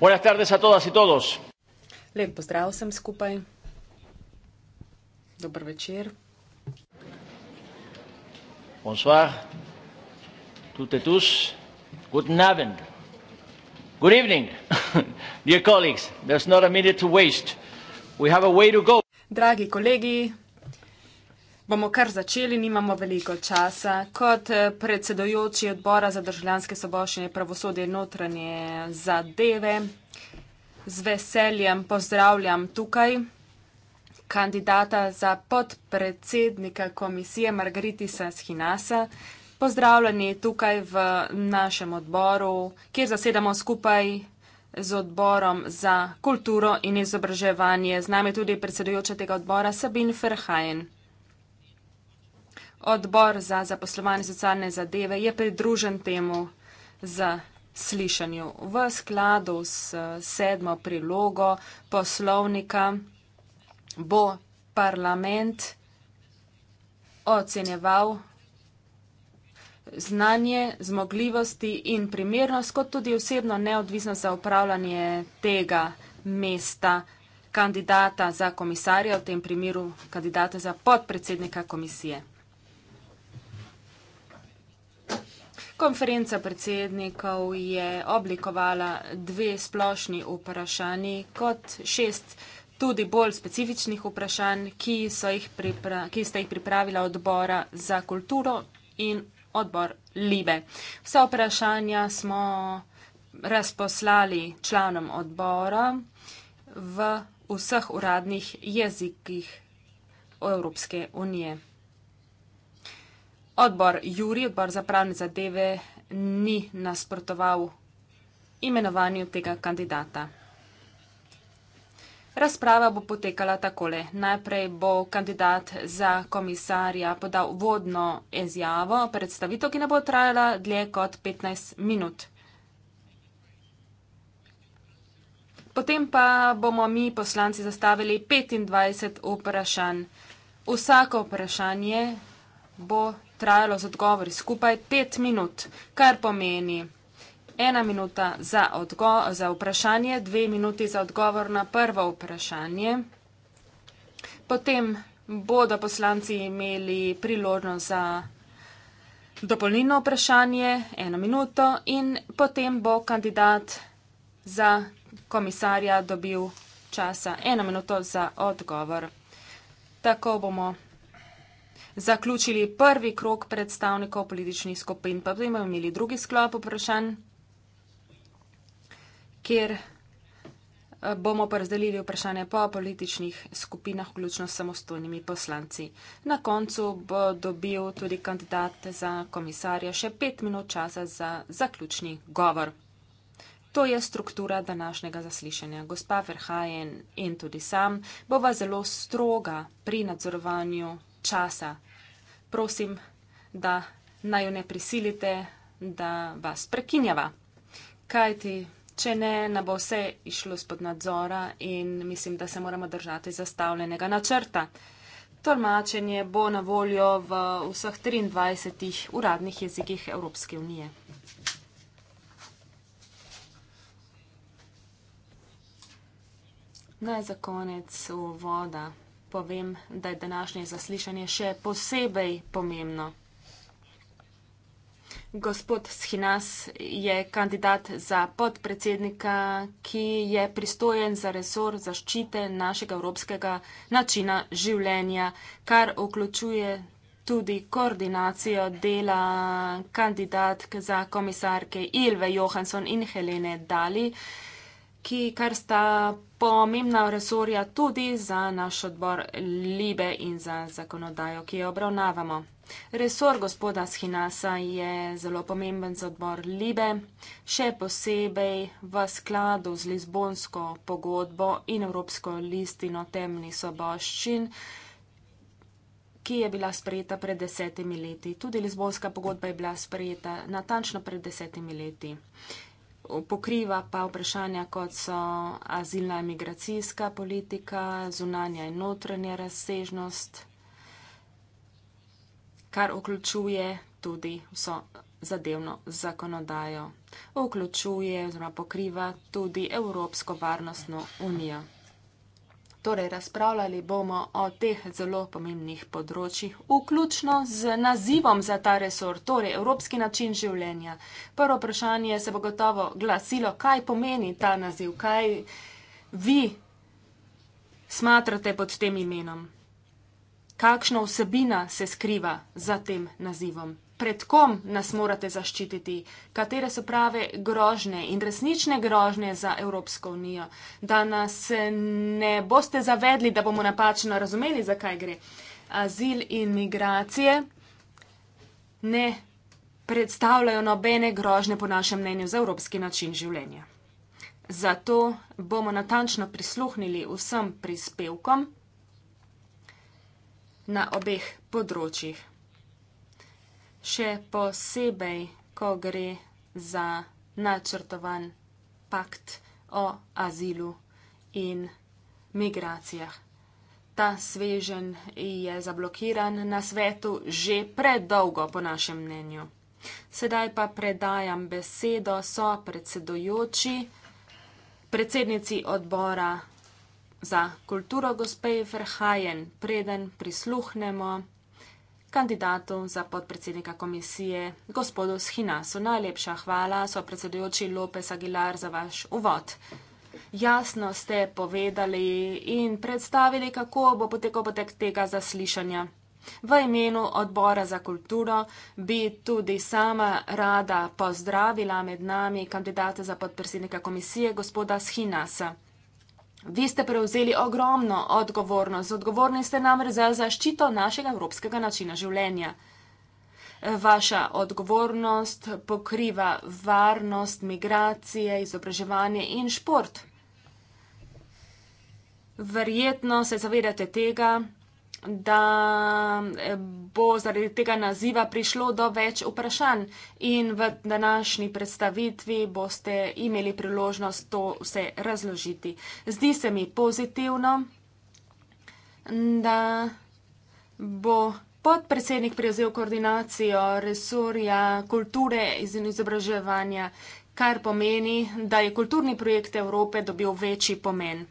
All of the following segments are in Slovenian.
Buenas tardes a todas y todos. Lep pozdrav vsem skupaj. Dobro večer. Bonsoir. Tutte tous. Guten Abend. Good evening. Dear colleagues, there's not a minute to waste. We have a way to go. Dragi kolegi, Bomo kar začeli, nimamo veliko časa. Kot eh, predsedojoči odbora za državljanske soboščine, pravosodje in notranje zadeve, z veseljem pozdravljam tukaj kandidata za podpredsednika komisije Margaritisa Schinasa. Pozdravljeni tukaj v našem odboru, kjer zasedamo skupaj z odborom za kulturo in izobraževanje. Z nami je tudi predsedujoča tega odbora Sabin Ferhajen. Odbor za zaposlovanje socialne zadeve je pridružen temu za slišanju. V skladu s eh, sedmo prilogo poslovnika bo parlament ocenjeval znanje, zmogljivosti in primernost, kot tudi osebno neodvisnost za upravljanje tega mesta kandidata za komisarja, v tem primeru kandidata za podpredsednika komisije. Konferenca predsednikov je oblikovala dve splošni vprašanji kot šest tudi bolj specifičnih vprašanj, ki, so jih pripra, ki sta jih pripravila odbora za kulturo in odbor Libe. Vsa vprašanja smo razposlali članom odbora v vseh uradnih jezikih Evropske unije. Odbor Juri, odbor za pravne zadeve, ni nasprotoval imenovanju tega kandidata. Razprava bo potekala takole. Najprej bo kandidat za komisarja podal vodno izjavo, predstavitev, ki ne bo trajala dlje kot 15 minut. Potem pa bomo mi poslanci zastavili 25 vprašanj. Vsako vprašanje bo trajalo z odgovori skupaj pet minut, kar pomeni ena minuta za, za vprašanje, dve minuti za odgovor na prvo vprašanje. Potem bodo poslanci imeli priložnost za dopolnilno vprašanje, eno minuto in potem bo kandidat za komisarja dobil časa, eno minuto za odgovor. Tako bomo zaključili prvi krok predstavnikov političnih skupin, pa bi imeli drugi sklop vprašanj, kjer eh, bomo pa razdelili vprašanje po političnih skupinah, vključno s samostojnimi poslanci. Na koncu bo dobil tudi kandidat za komisarja še pet minut časa za zaključni govor. To je struktura današnjega zaslišanja. Gospa Verhajen in tudi sam bova zelo stroga pri nadzorovanju časa prosim, da naj jo ne prisilite, da vas prekinjava. Kaj ti, če ne, ne bo vse išlo spod nadzora in mislim, da se moramo držati zastavljenega načrta. Tolmačenje bo na voljo v vseh 23 uradnih jezikih Evropske unije. Naj za konec uvoda povem, da je današnje zaslišanje še posebej pomembno. Gospod Schinas je kandidat za podpredsednika, ki je pristojen za resor zaščite našega evropskega načina življenja, kar vključuje tudi koordinacijo dela kandidatk za komisarke Ilve Johansson in Helene Dali, ki kar sta pomembna resorja tudi za naš odbor Libe in za zakonodajo, ki jo obravnavamo. Resor gospoda Schinasa je zelo pomemben za odbor Libe, še posebej v skladu z Lizbonsko pogodbo in Evropsko listino temni soboščin, ki je bila sprejeta pred desetimi leti. Tudi Lizbonska pogodba je bila sprejeta natančno pred desetimi leti pokriva pa vprašanja, kot so azilna in migracijska politika, zunanja in notranja razsežnost, kar vključuje tudi vso zadevno zakonodajo. Vključuje oziroma pokriva tudi Evropsko varnostno unijo. Torej, razpravljali bomo o teh zelo pomembnih področjih, vključno z nazivom za ta resor, torej Evropski način življenja. Prvo vprašanje se bo gotovo glasilo, kaj pomeni ta naziv, kaj vi smatrate pod tem imenom, kakšna vsebina se skriva za tem nazivom pred kom nas morate zaščititi, katere so prave grožne in resnične grožne za Evropsko unijo, da nas ne boste zavedli, da bomo napačno razumeli, zakaj gre. Azil in migracije ne predstavljajo nobene grožne, po našem mnenju, za evropski način življenja. Zato bomo natančno prisluhnili vsem prispevkom na obeh področjih še posebej, ko gre za načrtovan pakt o azilu in migracijah. Ta svežen je zablokiran na svetu že predolgo, po našem mnenju. Sedaj pa predajam besedo so predsedojoči, predsednici odbora za kulturo gospej Verhajen, preden prisluhnemo kandidatu za podpredsednika komisije, gospodu Schinasu. Najlepša hvala, so predsedujoči Lopes Aguilar, za vaš uvod. Jasno ste povedali in predstavili, kako bo potekal potek tega zaslišanja. V imenu odbora za kulturo bi tudi sama rada pozdravila med nami kandidata za podpredsednika komisije, gospoda Schinasa. Vi ste prevzeli ogromno odgovornost, odgovorni ste nam za zaščito našega evropskega načina življenja. Vaša odgovornost pokriva varnost, migracije, izobraževanje in šport. Verjetno se zavedate tega, da eh, bo zaradi tega naziva prišlo do več vprašanj in v današnji predstavitvi boste imeli priložnost to vse razložiti. Zdi se mi pozitivno, da bo podpredsednik prevzel koordinacijo resorja kulture in izobraževanja, kar pomeni, da je kulturni projekt Evrope dobil večji pomen.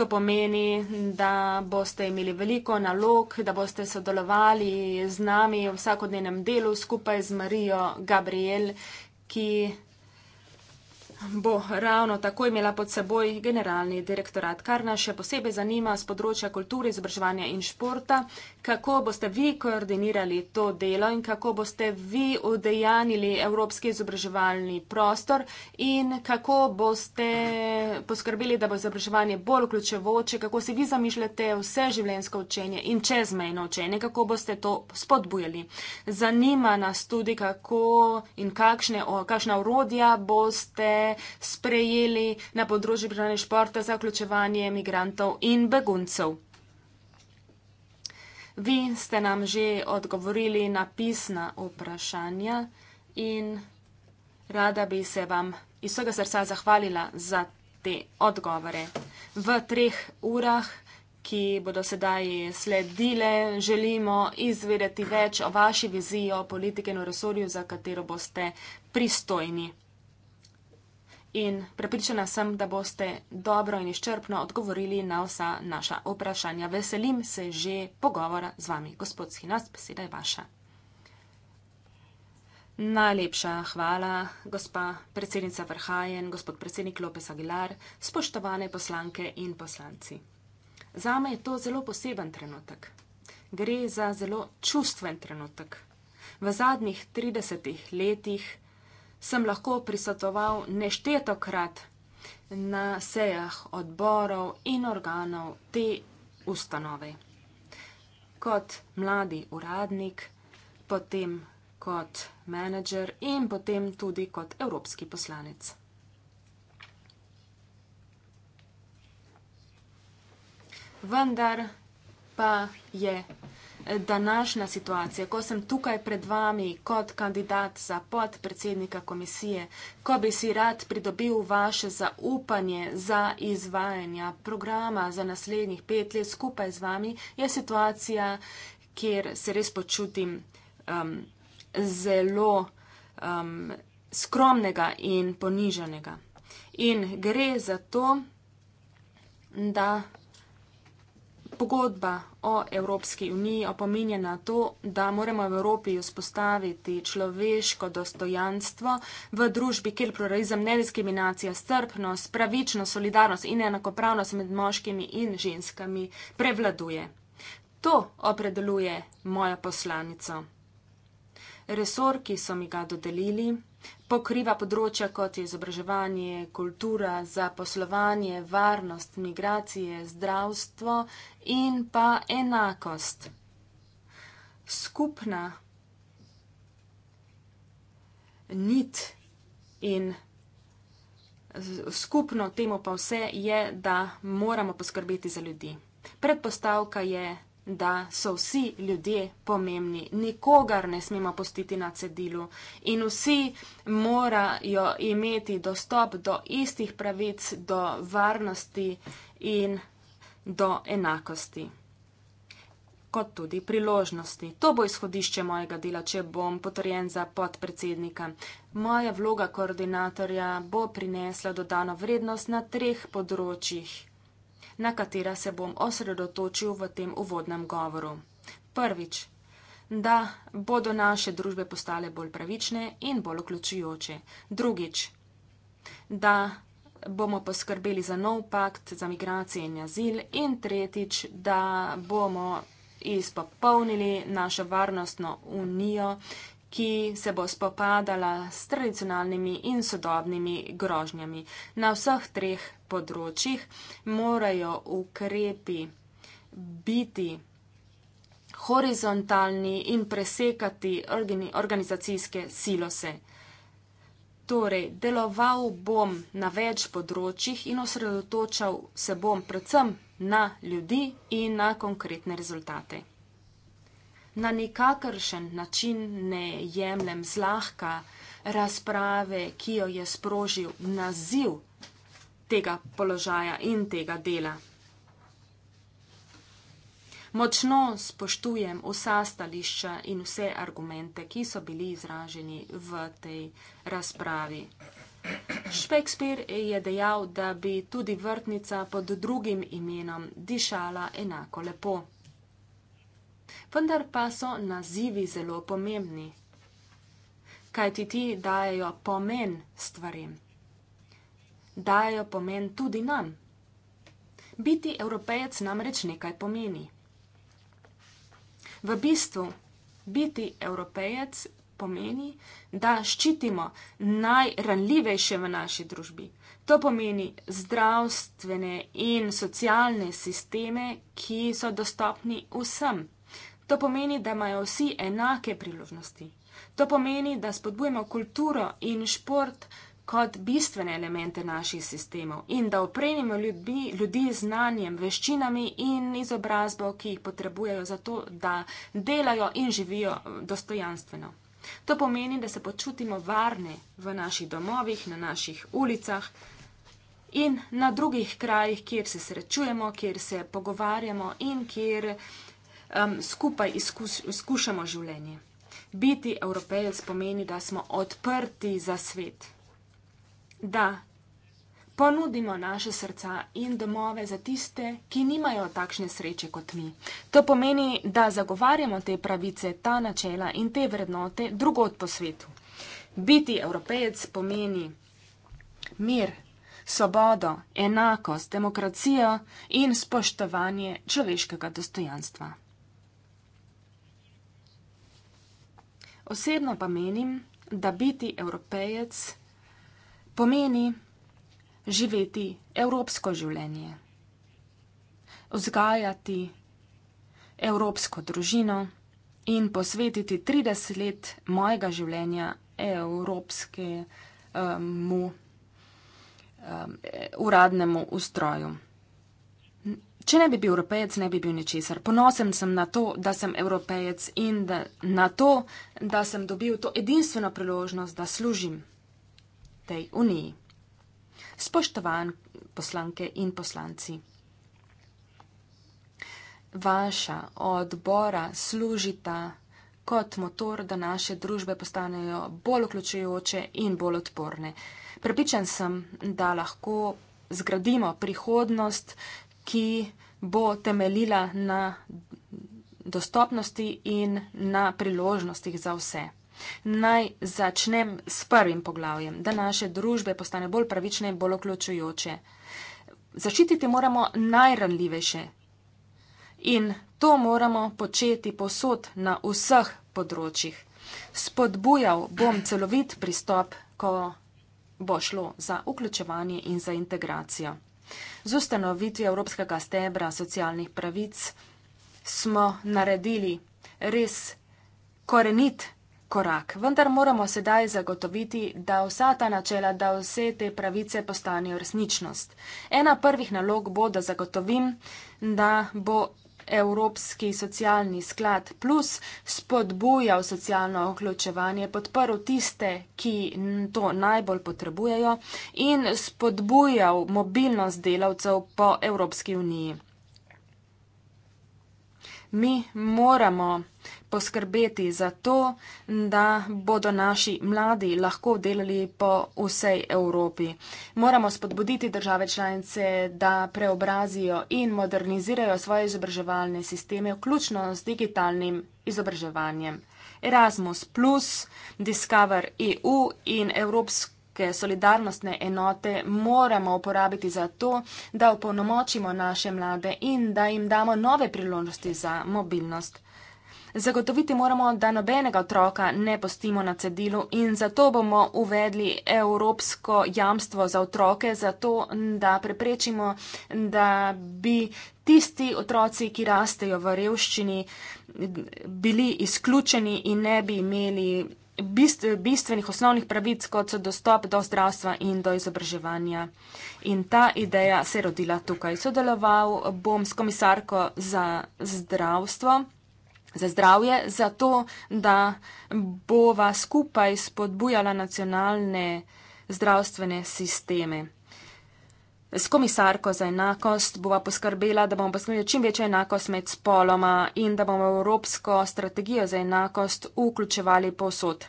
To pomeni, da boste imeli veliko nalog, da boste sodelovali z nami v vsakodnevnem delu skupaj z Marijo Gabriel, ki bo ravno tako imela pod seboj generalni direktorat, kar nas še posebej zanima z področja kulture, izobraževanja in športa kako boste vi koordinirali to delo in kako boste vi udejanili evropski izobraževalni prostor in kako boste poskrbeli, da bo izobraževanje bolj vključevoče, kako si vi zamišljate vse življenjsko učenje in čezmejno učenje, kako boste to spodbujali. Zanima nas tudi, kako in kakšne, o, kakšna urodja boste sprejeli na področju branja športa za vključevanje migrantov in beguncev. Vi ste nam že odgovorili na pisna vprašanja in rada bi se vam iz vsega srca zahvalila za te odgovore. V treh urah, ki bodo sedaj sledile, želimo izvedeti več o vaši viziji, o politike in o resorju, za katero boste pristojni in prepričana sem, da boste dobro in izčrpno odgovorili na vsa naša vprašanja. Veselim se že pogovora z vami. Gospod Schinas, beseda je vaša. Najlepša hvala, gospa predsednica Vrhajen, gospod predsednik Lopes Aguilar, spoštovane poslanke in poslanci. Zame je to zelo poseben trenutek. Gre za zelo čustven trenutek. V zadnjih 30 letih sem lahko prisotoval neštetokrat na sejah odborov in organov te ustanove. Kot mladi uradnik, potem kot menedžer in potem tudi kot evropski poslanec. Vendar pa je današnja situacija, ko sem tukaj pred vami kot kandidat za podpredsednika komisije, ko bi si rad pridobil vaše zaupanje za izvajanje programa za naslednjih pet let skupaj z vami, je situacija, kjer se res počutim um, zelo um, skromnega in ponižanega. In gre za to, da Pogodba o Evropski uniji opominja na to, da moramo v Evropi vzpostaviti človeško dostojanstvo v družbi, kjer pluralizem, nediskriminacija, strpnost, pravično solidarnost in enakopravnost med moškimi in ženskami prevladuje. To opredeluje moja poslanica. Resor, ki so mi ga dodelili pokriva področja kot je izobraževanje, kultura, zaposlovanje, varnost, migracije, zdravstvo in pa enakost. Skupna nit in skupno temu pa vse je, da moramo poskrbeti za ljudi. Predpostavka je, da so vsi ljudje pomembni, nikogar ne smemo pustiti na cedilu in vsi morajo imeti dostop do istih pravic, do varnosti in do enakosti. Kot tudi priložnosti. To bo izhodišče mojega dela, če bom potrjen za podpredsednika. Moja vloga koordinatorja bo prinesla dodano vrednost na treh področjih na katera se bom osredotočil v tem uvodnem govoru. Prvič, da bodo naše družbe postale bolj pravične in bolj vključujoče. Drugič, da bomo poskrbeli za nov pakt za migracije in azil. In tretjič, da bomo izpopolnili našo varnostno unijo ki se bo spopadala s tradicionalnimi in sodobnimi grožnjami. Na vseh treh področjih morajo ukrepi biti horizontalni in presekati organizacijske silose. Torej, deloval bom na več področjih in osredotočal se bom predvsem na ljudi in na konkretne rezultate na nikakršen način ne jemljem zlahka razprave, ki jo je sprožil naziv tega položaja in tega dela. Močno spoštujem vsa stališča in vse argumente, ki so bili izraženi v tej razpravi. Shakespeare je dejal, da bi tudi vrtnica pod drugim imenom dišala enako lepo vendar pa so nazivi zelo pomembni, kaj ti ti dajo pomen stvarem. Dajo pomen tudi nam. Biti evropejec namreč nekaj pomeni. V bistvu biti evropejec pomeni, da ščitimo najranljivejše v naši družbi. To pomeni zdravstvene in socialne sisteme, ki so dostopni vsem. To pomeni, da imajo vsi enake priložnosti. To pomeni, da spodbujamo kulturo in šport kot bistvene elemente naših sistemov in da opremimo ljudi, ljudi z znanjem, veščinami in izobrazbo, ki jih potrebujejo za to, da delajo in živijo dostojanstveno. To pomeni, da se počutimo varne v naših domovih, na naših ulicah in na drugih krajih, kjer se srečujemo, kjer se pogovarjamo in kjer um, skupaj izkušamo življenje. Biti evropejec pomeni, da smo odprti za svet, da ponudimo naše srca in domove za tiste, ki nimajo takšne sreče kot mi. To pomeni, da zagovarjamo te pravice, ta načela in te vrednote drugot po svetu. Biti evropejec pomeni mir, svobodo, enakost, demokracijo in spoštovanje človeškega dostojanstva. Osebno pa menim, da biti evropejec pomeni živeti evropsko življenje, vzgajati evropsko družino in posvetiti 30 let mojega življenja evropskemu um, uradnemu ustroju. Če ne bi bil evropejec, ne bi bil ničesar. Ponosen sem na to, da sem evropejec in da, na to, da sem dobil to edinstveno priložnost, da služim tej uniji. Spoštovan poslanke in poslanci, vaša odbora služita kot motor, da naše družbe postanejo bolj vključujoče in bolj odporne. Prepričan sem, da lahko zgradimo prihodnost, ki bo temeljila na dostopnosti in na priložnostih za vse. Naj začnem s prvim poglavjem, da naše družbe postane bolj pravične in bolj vključujoče. Zaščititi moramo najranljivejše in to moramo početi posod na vseh področjih. Spodbujal bom celovit pristop, ko bo šlo za vključevanje in za integracijo z ustanovitvijo Evropskega stebra socialnih pravic smo naredili res korenit korak, vendar moramo sedaj zagotoviti, da vsa ta načela, da vse te pravice postanejo resničnost. Ena prvih nalog bo, da zagotovim, da bo Evropski socialni sklad plus spodbujal socialno vključevanje, podporil tiste, ki to najbolj potrebujejo in spodbujal mobilnost delavcev po Evropski uniji. Mi moramo poskrbeti za to, da bodo naši mladi lahko delali po vsej Evropi. Moramo spodbuditi države članice, da preobrazijo in modernizirajo svoje izobraževalne sisteme, vključno s digitalnim izobraževanjem. Erasmus, Discover EU in Evropsko. Solidarnostne enote moramo uporabiti za to, da opolnomočimo naše mlade in da jim damo nove priložnosti za mobilnost. Zagotoviti moramo, da nobenega otroka ne postimo na cedilu in zato bomo uvedli evropsko jamstvo za otroke, zato da preprečimo, da bi tisti otroci, ki rastejo v revščini, bili izključeni in ne bi imeli bistvenih osnovnih pravic, kot so dostop do zdravstva in do izobraževanja. In ta ideja se je rodila tukaj. Sodeloval bom s komisarko za zdravstvo za zdravje, zato da bova skupaj spodbujala nacionalne zdravstvene sisteme. S komisarko za enakost bova poskrbela, da bomo poskrbeli čim večjo enakost med spoloma in da bomo evropsko strategijo za enakost vključevali povsod.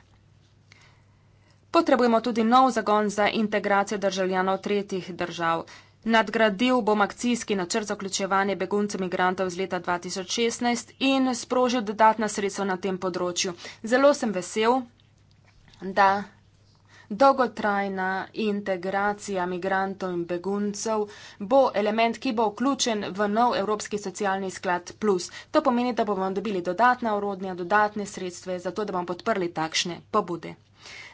Potrebujemo tudi nov zagon za integracijo državljanov tretjih držav. Nadgradil bom akcijski načrt za vključevanje beguncev imigrantov z leta 2016 in sprožil dodatna sredstva na tem področju. Zelo sem vesel, da dolgotrajna integracija imigrantov in beguncev bo element, ki bo vključen v nov Evropski socialni sklad plus. To pomeni, da bomo dobili dodatna orodnja, dodatne sredstve, zato da bomo podprli takšne pobude.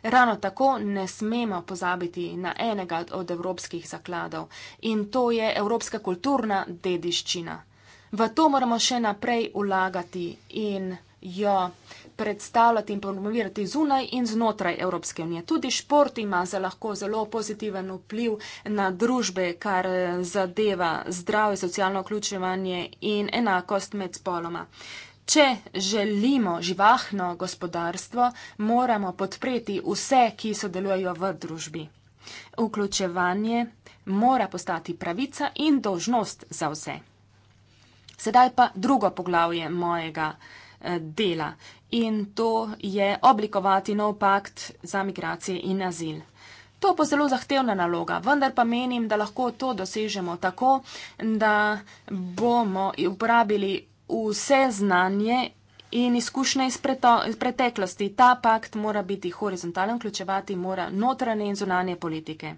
Ravno tako ne smemo pozabiti na enega od evropskih zakladov in to je evropska kulturna dediščina. V to moramo še naprej ulagati in jo predstavljati in promovirati zunaj in znotraj Evropske unije. Tudi šport ima za lahko zelo pozitiven vpliv na družbe, kar zadeva zdravje, socialno vključevanje in enakost med spoloma. Če želimo živahno gospodarstvo, moramo podpreti vse, ki sodelujejo v družbi. Vključevanje mora postati pravica in dožnost za vse. Sedaj pa drugo poglavje mojega eh, dela in to je oblikovati nov pakt za migracije in azil. To bo zelo zahtevna naloga, vendar pa menim, da lahko to dosežemo tako, da bomo uporabili vse znanje in izkušnje iz, iz preteklosti. Ta pakt mora biti horizontalen, vključevati mora notranje in zunanje politike.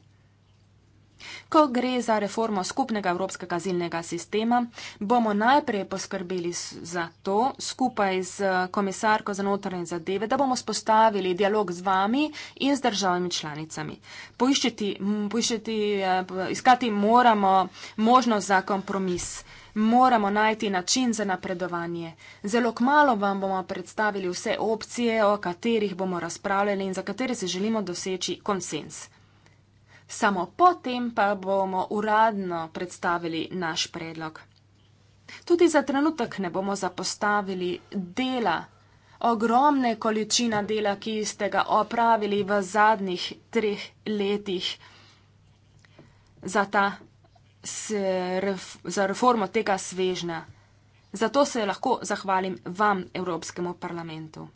Ko gre za reformo skupnega evropskega azilnega sistema, bomo najprej poskrbeli za to skupaj z komisarko za notranje zadeve, da bomo spostavili dialog z vami in z državami članicami. Poiščiti, poiščiti, eh, iskati moramo možnost za kompromis. Moramo najti način za napredovanje. Zelo kmalo vam bomo predstavili vse opcije, o katerih bomo razpravljali in za katere si želimo doseči konsens. Samo potem pa bomo uradno predstavili naš predlog. Tudi za trenutek ne bomo zapostavili dela, ogromne količina dela, ki ste ga opravili v zadnjih treh letih. Za ta ref, za reformo tega svežnja. Zato se lahko zahvalim vam, Evropskemu parlamentu.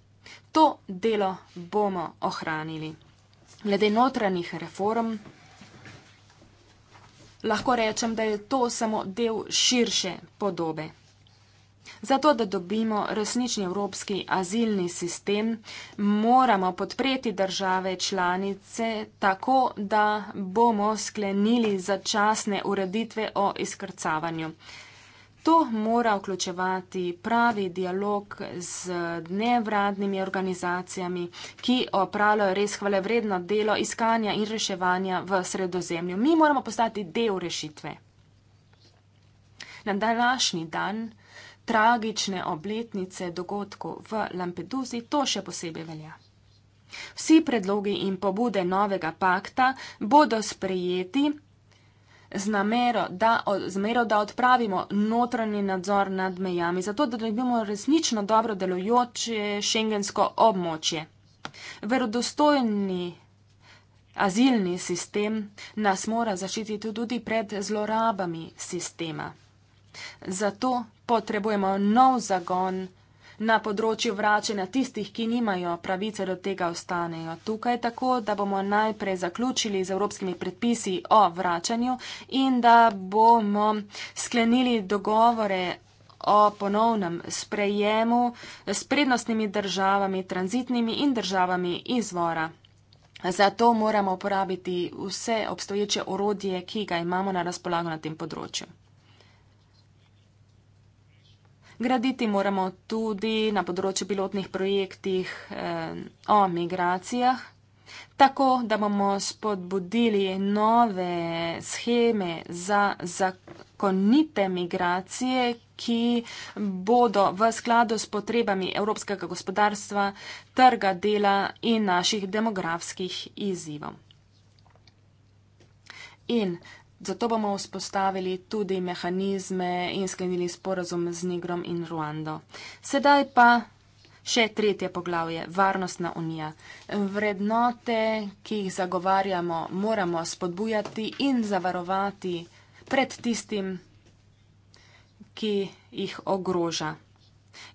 To delo bomo ohranili. Glede notranjih reform, lahko rečem, da je to samo del širše podobe. Zato, da dobimo resnični evropski azilni sistem, moramo podpreti države članice tako, da bomo sklenili začasne ureditve o izkrcavanju. To mora vključevati pravi dialog z nevradnimi organizacijami, ki opravljajo res hvale vredno delo iskanja in reševanja v sredozemlju. Mi moramo postati del rešitve. Na današnji dan tragične obletnice dogodkov v Lampeduzi, to še posebej velja. Vsi predlogi in pobude novega pakta bodo sprejeti z namero, da, z mero, da odpravimo notranji nadzor nad mejami, zato da dobimo resnično dobro delujoče šengensko območje. Verodostojni azilni sistem nas mora zaščititi tudi pred zlorabami sistema. Zato potrebujemo nov zagon na področju vračanja tistih, ki nimajo pravice do tega ostanejo. Tukaj tako, da bomo najprej zaključili z evropskimi predpisi o vračanju in da bomo sklenili dogovore o ponovnem sprejemu s prednostnimi državami, tranzitnimi in državami izvora. Zato moramo uporabiti vse obstoječe orodje, ki ga imamo na razpolago na tem področju. Graditi moramo tudi na področju pilotnih projektih eh, o migracijah, tako da bomo spodbudili nove scheme za zakonite migracije, ki bodo v skladu s potrebami evropskega gospodarstva, trga dela in naših demografskih izzivov. In Zato bomo vzpostavili tudi mehanizme in sklenili sporazum z Nigrom in Ruando. Sedaj pa še tretje poglavje, varnostna unija. Vrednote, ki jih zagovarjamo, moramo spodbujati in zavarovati pred tistim, ki jih ogroža.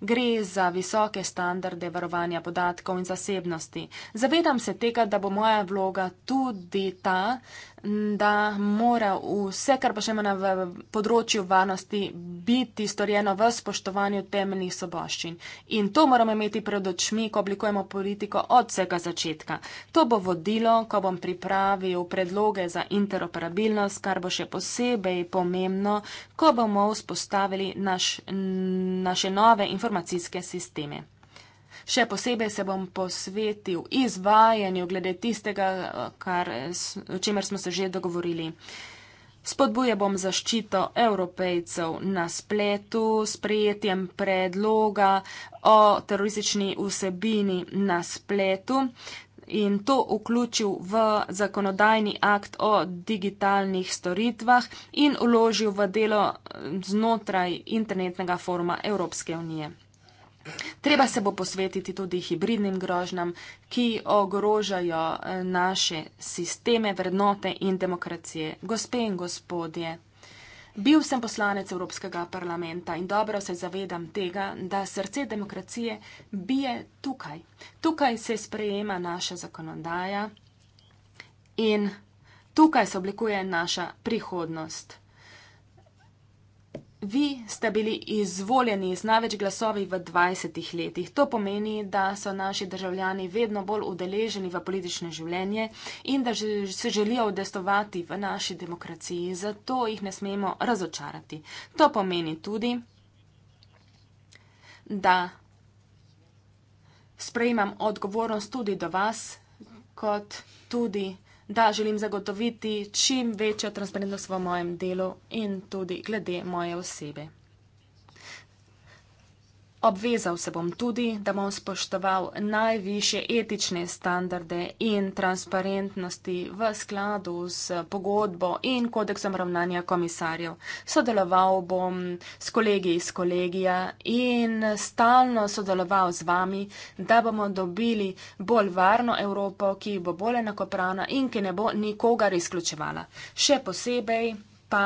Gre za visoke standarde varovanja podatkov in zasebnosti. Zavedam se tega, da bo moja vloga tudi ta, da mora vse, kar pa še ima na področju varnosti, biti storjeno v spoštovanju temeljnih soboščin. In to moramo imeti pred očmi, ko oblikujemo politiko od vsega začetka. To bo vodilo, ko bom pripravil predloge za interoperabilnost, kar bo še posebej pomembno, ko bomo vzpostavili naš, naše nove informacijske sisteme. Še posebej se bom posvetil izvajanju glede tistega, kar, o čemer smo se že dogovorili. Spodbuje bom zaščito evropejcev na spletu s prijetjem predloga o teroristični vsebini na spletu in to vključil v zakonodajni akt o digitalnih storitvah in uložil v delo znotraj internetnega foruma Evropske unije. Treba se bo posvetiti tudi hibridnim grožnjam, ki ogrožajo eh, naše sisteme, vrednote in demokracije. Gospe in gospodje, bil sem poslanec Evropskega parlamenta in dobro se zavedam tega, da srce demokracije bije tukaj. Tukaj se sprejema naša zakonodaja in tukaj se oblikuje naša prihodnost. Vi ste bili izvoljeni z največ glasovi v 20 letih. To pomeni, da so naši državljani vedno bolj udeleženi v politično življenje in da se želijo udestovati v naši demokraciji. Zato jih ne smemo razočarati. To pomeni tudi, da sprejemam odgovornost tudi do vas, kot tudi do vas da želim zagotoviti čim večjo transparentnost v mojem delu in tudi glede moje osebe. Obvezal se bom tudi, da bom spoštoval najviše etične standarde in transparentnosti v skladu z pogodbo in kodeksom ravnanja komisarjev. Sodeloval bom s kolegi iz kolegija in stalno sodeloval z vami, da bomo dobili bolj varno Evropo, ki bo bolj enakopravna in ki ne bo nikogar izključevala. Še posebej pa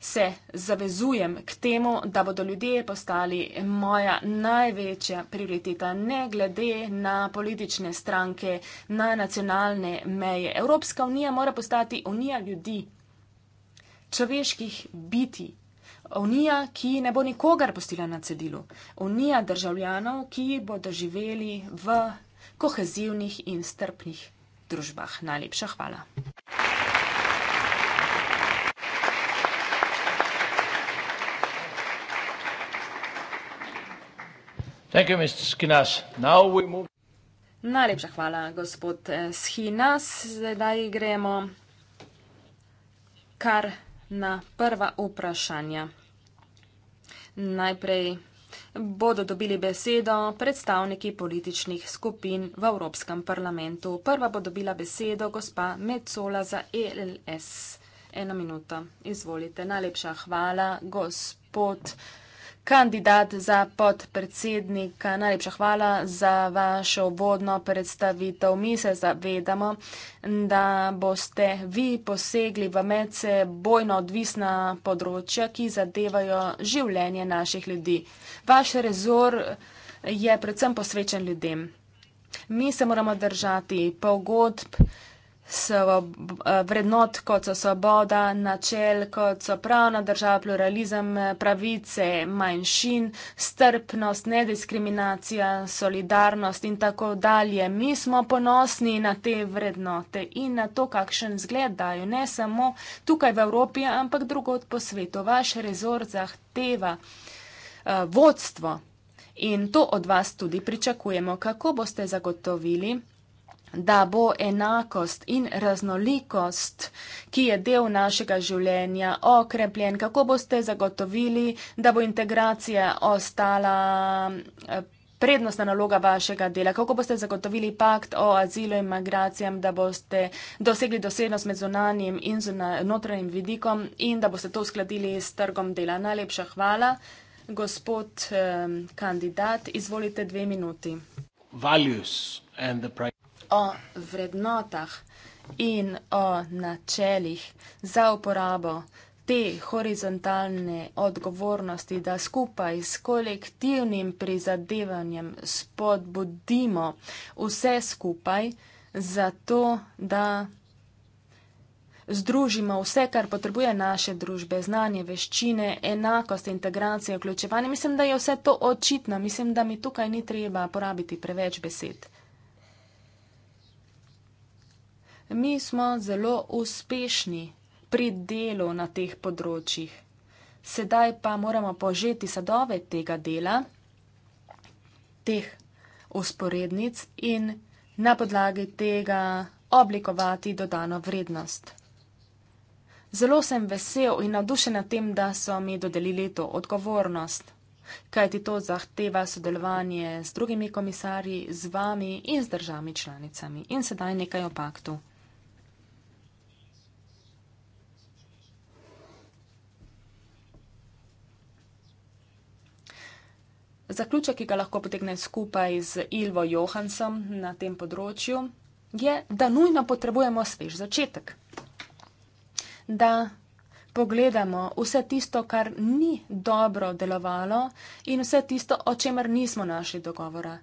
se zavezujem k temu, da bodo ljudje postali moja največja prioriteta, ne glede na politične stranke, na nacionalne meje. Evropska unija mora postati unija ljudi, človeških biti. Unija, ki ne bo nikogar postila na cedilu. Unija državljanov, ki bodo živeli v kohezivnih in strpnih družbah. Najlepša hvala. Thank you, Mr. Skinas. Now we move... Najlepša hvala, gospod eh, Skinas. Zdaj gremo kar na prva vprašanja. Najprej bodo dobili besedo predstavniki političnih skupin v Evropskem parlamentu. Prva bo dobila besedo gospa Mecola za ELS. Eno minuto, izvolite. Najlepša hvala, gospod Skinas kandidat za podpredsednika. Najlepša hvala za vašo vodno predstavitev. Mi se zavedamo, da boste vi posegli v medsebojno odvisna področja, ki zadevajo življenje naših ljudi. Vaš rezor je predvsem posvečen ljudem. Mi se moramo držati pogodb, Eh, vrednot, kot so svoboda, načel, kot so pravna država, pluralizem, eh, pravice manjšin, strpnost, nediskriminacija, solidarnost in tako dalje. Mi smo ponosni na te vrednote in na to, kakšen zgled dajo ne samo tukaj v Evropi, ampak drugot po svetu. Vaš rezort zahteva eh, vodstvo. In to od vas tudi pričakujemo. Kako boste zagotovili da bo enakost in raznolikost, ki je del našega življenja, okrepljen, kako boste zagotovili, da bo integracija ostala eh, prednostna naloga vašega dela, kako boste zagotovili pakt o azilu in migracijam, da boste dosegli dosednost med zunanjim in notranjim vidikom in da boste to uskladili s trgom dela. Najlepša hvala, gospod eh, kandidat, izvolite dve minuti. Values o vrednotah in o načelih za uporabo te horizontalne odgovornosti, da skupaj s kolektivnim prizadevanjem spodbudimo vse skupaj, zato da združimo vse, kar potrebuje naše družbe, znanje, veščine, enakost, integracijo, vključevanje. Mislim, da je vse to očitno, mislim, da mi tukaj ni treba porabiti preveč besed. Mi smo zelo uspešni pri delu na teh področjih. Sedaj pa moramo požeti sadove tega dela, teh usporednic in na podlagi tega oblikovati dodano vrednost. Zelo sem vesel in navdušen nad tem, da so mi dodelili to odgovornost, kajti to zahteva sodelovanje z drugimi komisarji, z vami in z državami članicami. In sedaj nekaj o paktu. Zaključek, ki ga lahko potegnem skupaj z Ilvo Johansom na tem področju, je, da nujno potrebujemo svež začetek. Da pogledamo vse tisto, kar ni dobro delovalo in vse tisto, o čemer nismo našli dogovora.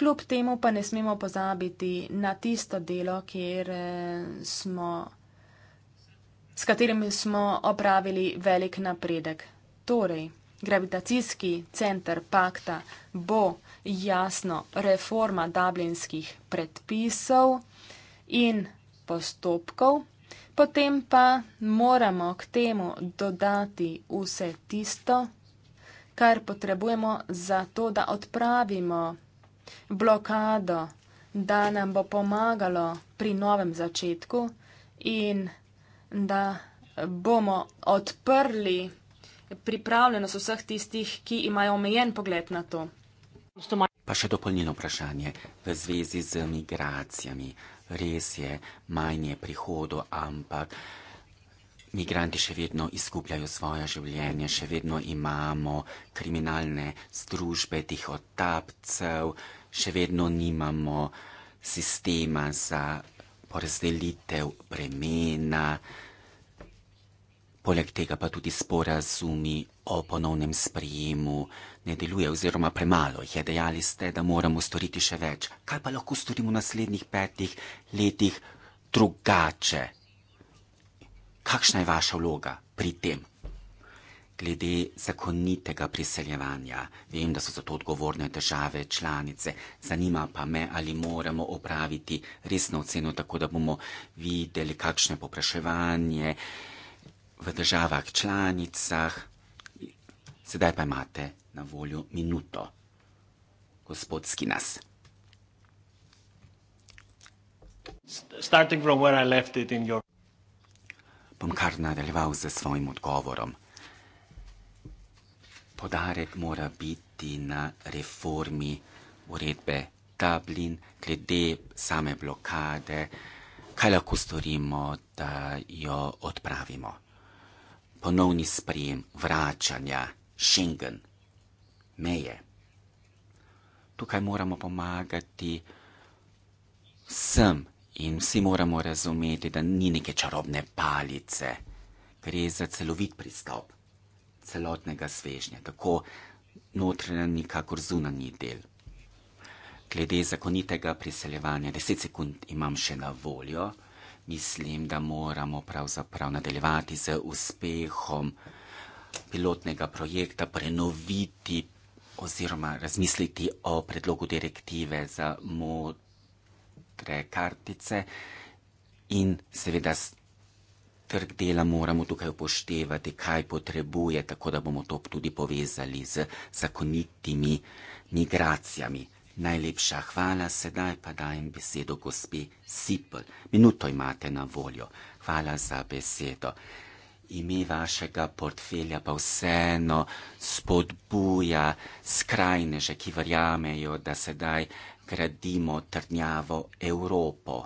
Kljub temu pa ne smemo pozabiti na tisto delo, kjer eh, smo, s katerim smo opravili velik napredek. Torej, gravitacijski center pakta bo jasno reforma dublinskih predpisov in postopkov, potem pa moramo k temu dodati vse tisto, kar potrebujemo za to, da odpravimo blokado, da nam bo pomagalo pri novem začetku in da bomo odprli pripravljenost vseh tistih, ki imajo omejen pogled na to. Pa še dopolnilno vprašanje v zvezi z migracijami. Res je, manj je prihodo, ampak migranti še vedno izgubljajo svoje življenje, še vedno imamo kriminalne združbe tih otapcev, še vedno nimamo sistema za porazdelitev bremena. Poleg tega pa tudi sporazumi o ponovnem sprijemu ne deluje oziroma premalo jih je. Dejali ste, da moramo storiti še več. Kaj pa lahko storimo v naslednjih petih letih drugače? Kakšna je vaša vloga pri tem? Glede zakonitega priseljevanja, vem, da so za to odgovorne države članice, zanima pa me, ali moramo opraviti resno oceno, tako da bomo videli, kakšno je popraševanje, eh, v državah članicah. Sedaj pa imate na voljo minuto, gospod Skinas. Your... Bom kar nadaljeval z vašim odgovorom. Podarek mora biti na reformi uredbe Dublin, glede same blokade, kaj lahko storimo, da jo odpravimo ponovni sprijem, vračanja, šengen, meje. Tukaj moramo pomagati vsem in vsi moramo razumeti, da ni neke čarobne palice, gre za celovit pristop celotnega svežnja, tako notranji, kakor zunanji del. Glede zakonitega priseljevanja, 10 sekund imam še na voljo mislim, da moramo pravzaprav nadaljevati z uspehom pilotnega projekta, prenoviti oziroma razmisliti o predlogu direktive za modre kartice in seveda trg dela moramo tukaj upoštevati, kaj potrebuje, tako da bomo to tudi povezali z zakonitimi migracijami. Najlepša hvala, sedaj pa dajem besedo gospe Sipl. Minuto imate na voljo. Hvala za besedo. Ime vašega portfelja pa vseeno spodbuja skrajneže, ki verjamejo, da sedaj gradimo trdnjavo Evropo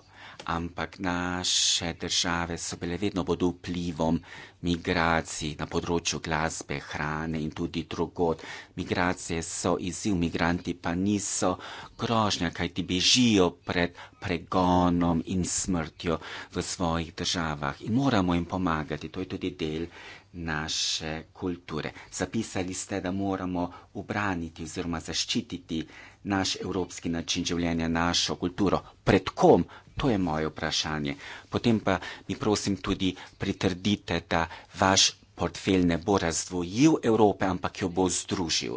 ampak naše države so bile vedno pod vplivom migracij na področju glasbe, hrane in tudi drugot. Migracije so izziv, migranti pa niso grožnja, kaj ti bežijo pred pregonom in smrtjo v svojih državah in moramo jim pomagati, to je tudi del naše kulture. Zapisali ste, da moramo obraniti oziroma zaščititi naš evropski način življenja, našo kulturo. Pred kom? To je moje vprašanje. Potem pa mi prosim tudi pritrdite, da vaš portfelj ne bo razdvojil Evrope, ampak jo bo združil.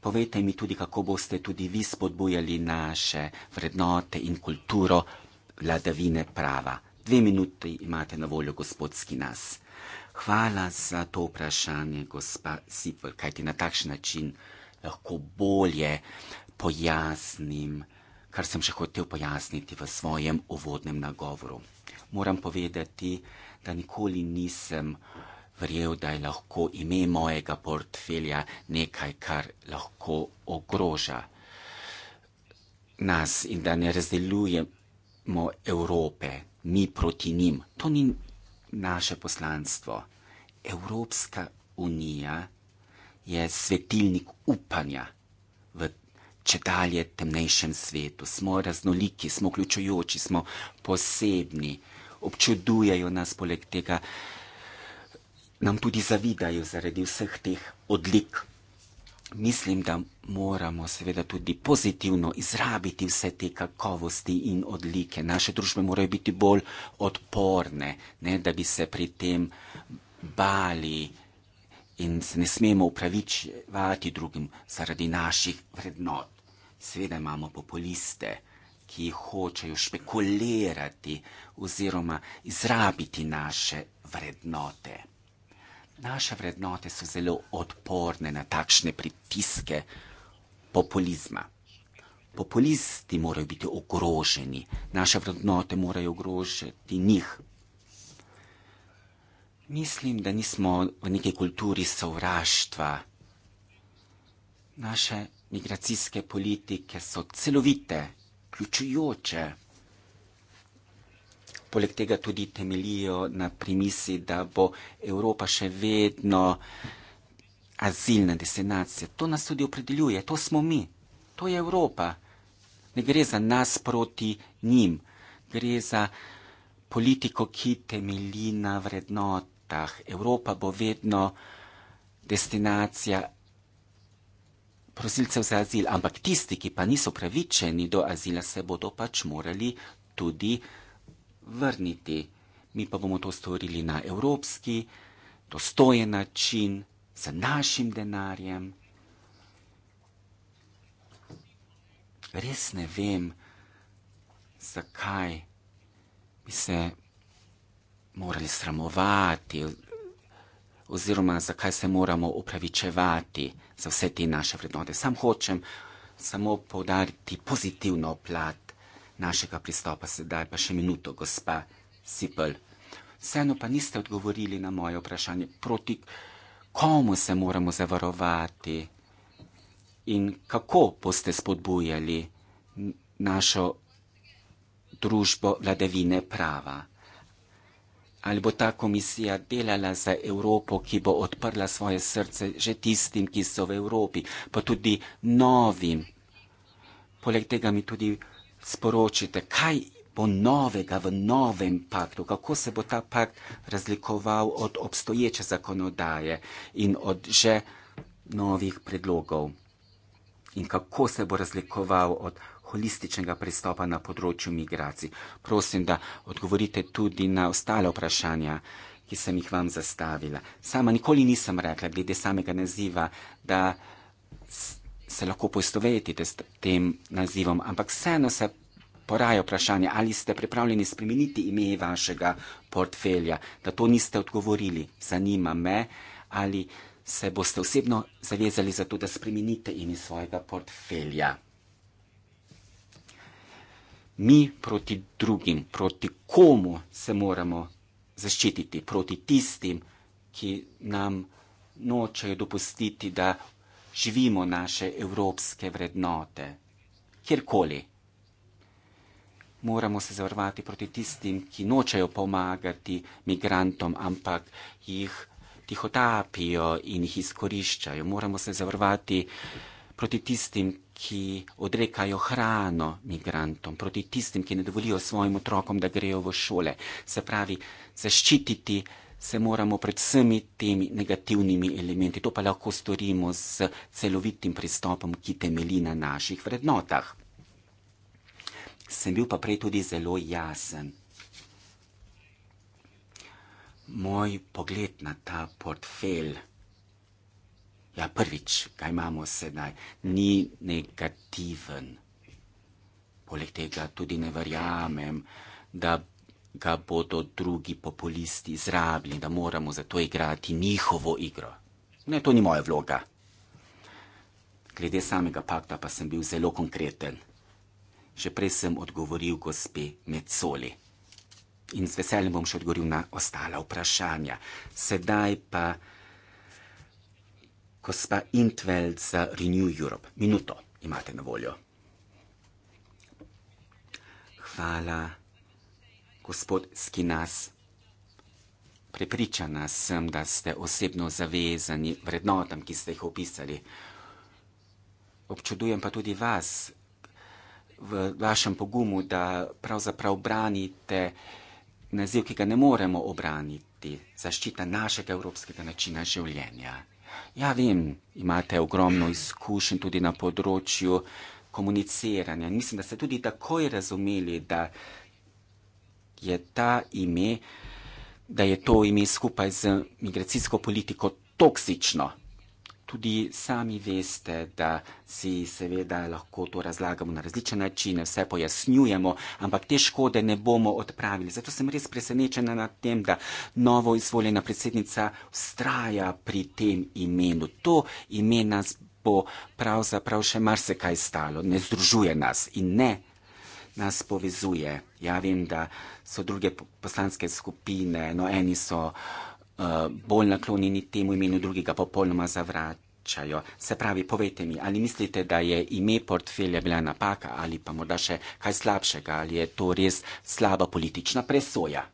Povejte mi tudi, kako boste tudi vi spodbujali naše vrednote in kulturo vladavine prava. Dve minuti imate na voljo, gospod Skinas. Hvala za to vprašanje, gospa Sipr, kajti na takšen način lahko bolje pojasnim kar sem še hotel pojasniti v svojem uvodnem nagovoru. Moram povedati, da nikoli nisem verjel, da je lahko ime mojega portfelja nekaj, kar lahko ogroža nas in da ne razdeljujemo Evrope, mi proti njim. To ni naše poslanstvo. Evropska unija je svetilnik upanja če dalje temnejšem svetu. Smo raznoliki, smo vključujoči, smo posebni, občudujejo nas poleg tega, nam tudi zavidajo zaradi vseh teh odlik. Mislim, da moramo seveda tudi pozitivno izrabiti vse te kakovosti in odlike. Naše družbe morajo biti bolj odporne, ne, da bi se pri tem bali in se ne smemo upravičevati drugim zaradi naših vrednot. Seveda imamo populiste, ki hočejo špekulirati oziroma izrabiti naše vrednote. Naše vrednote so zelo odporne na takšne pritiske populizma. Populisti morajo biti ogroženi, naše vrednote morajo ogrožiti njih. Mislim, da nismo v neki kulturi sovraštva. Naše migracijske politike so celovite, ključujoče. Poleg tega tudi temelijo na premisi, da bo Evropa še vedno azilna destinacija. To nas tudi opredeljuje, to smo mi, to je Evropa. Ne gre za nas proti njim, gre za politiko, ki temelji na vrednotah. Evropa bo vedno destinacija prosilcev za azil, ampak tisti, ki pa niso pravičeni do azila, se bodo pač morali tudi vrniti. Mi pa bomo to storili na evropski, dostojen način, z našim denarjem. Res ne vem, zakaj bi se morali sramovati, oziroma zakaj se moramo upravičevati za vse te naše vrednote. Sam hočem samo povdariti pozitivno plat našega pristopa, sedaj pa še minuto, gospa Sipel. Vseeno pa niste odgovorili na moje vprašanje, proti komu se moramo zavarovati in kako boste spodbujali našo družbo vladavine prava ali bo ta komisija delala za Evropo, ki bo odprla svoje srce že tistim, ki so v Evropi, pa tudi novim. Poleg tega mi tudi sporočite, kaj bo novega v novem paktu, kako se bo ta pakt razlikoval od obstoječe zakonodaje in od že novih predlogov in kako se bo razlikoval od holističnega pristopa na področju migracij. Prosim, da odgovorite tudi na ostale vprašanja, ki sem jih vam zastavila. Sama nikoli nisem rekla, glede samega naziva, da se lahko poistovetite s tem nazivom, ampak vseeno se poraja vprašanje, ali ste pripravljeni spremeniti ime vašega portfelja, da to niste odgovorili. Zanima me, ali se boste osebno zavezali za to, da spremenite ime svojega portfelja mi proti drugim, proti komu se moramo zaščititi, proti tistim, ki nam nočejo dopustiti, da živimo naše evropske vrednote, kjerkoli. Moramo se zavarovati proti tistim, ki nočejo pomagati migrantom, ampak jih tihotapijo in jih izkoriščajo. Moramo se zavarovati proti proti tistim, ki odrekajo hrano migrantom, proti tistim, ki ne dovolijo svojim otrokom, da grejo v šole. Se pravi, zaščititi se moramo pred vsemi temi negativnimi elementi. To pa lahko storimo s celovitim pristopom, ki temeli na naših vrednotah. Sem bil pa prej tudi zelo jasen. Moj pogled na ta portfelj. Ja, prvič, kaj imamo sedaj, ni negativen. Poleg tega tudi ne verjamem, da ga bodo drugi populisti izrabili, da moramo zato igrati njihovo igro. Ne, to ni moja vloga. Glede samega pakta pa sem bil zelo konkreten. Že prej sem odgovoril gospe Mecoli in z veseljem bom še odgovoril na ostala vprašanja. Sedaj pa gospa Intveld za Renew Europe. Minuto imate na voljo. Hvala, gospod Skinas. Prepričana sem, da ste osebno zavezani vrednotam, ki ste jih opisali. Občudujem pa tudi vas v vašem pogumu, da pravzaprav branite naziv, ki ga ne moremo obraniti, zaščita našega evropskega načina življenja. Ja, vem, imate ogromno izkušenj tudi na področju komuniciranja. Mislim, da ste tudi takoj razumeli, da je, ta ime, da je to ime skupaj z migracijsko politiko toksično. Tudi sami veste, da si seveda lahko to razlagamo na različne načine, vse pojasnjujemo, ampak te škode ne bomo odpravili. Zato sem res presenečena nad tem, da novo izvoljena predsednica ustraja pri tem imenu. To ime nas bo pravzaprav še marsikaj stalo, ne združuje nas in ne nas povezuje. Ja vem, da so druge poslanske skupine, no eni so. Uh, Eh, bolj naklonjeni temu imenu drugega popolnoma zavračajo. Se pravi, povejte mi, ali mislite, da je ime portfelja bila napaka ali pa morda še kaj slabšega, ali je to res slaba politična presoja?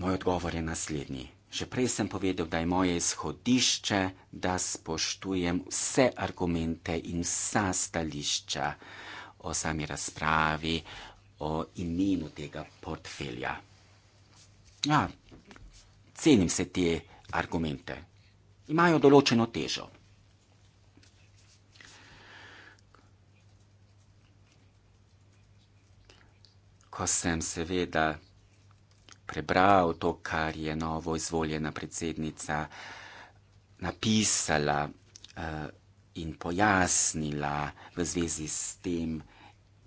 Moj odgovor je naslednji. Že prej sem povedal, da je moje izhodišče, da spoštujem vse argumente in vsa stališča o sami razpravi, o imenu tega portfelja. Ja, cenim se te argumente. Imajo določeno težo. Ko sem seveda prebral to, kar je novo izvoljena predsednica napisala uh, in pojasnila v zvezi s tem,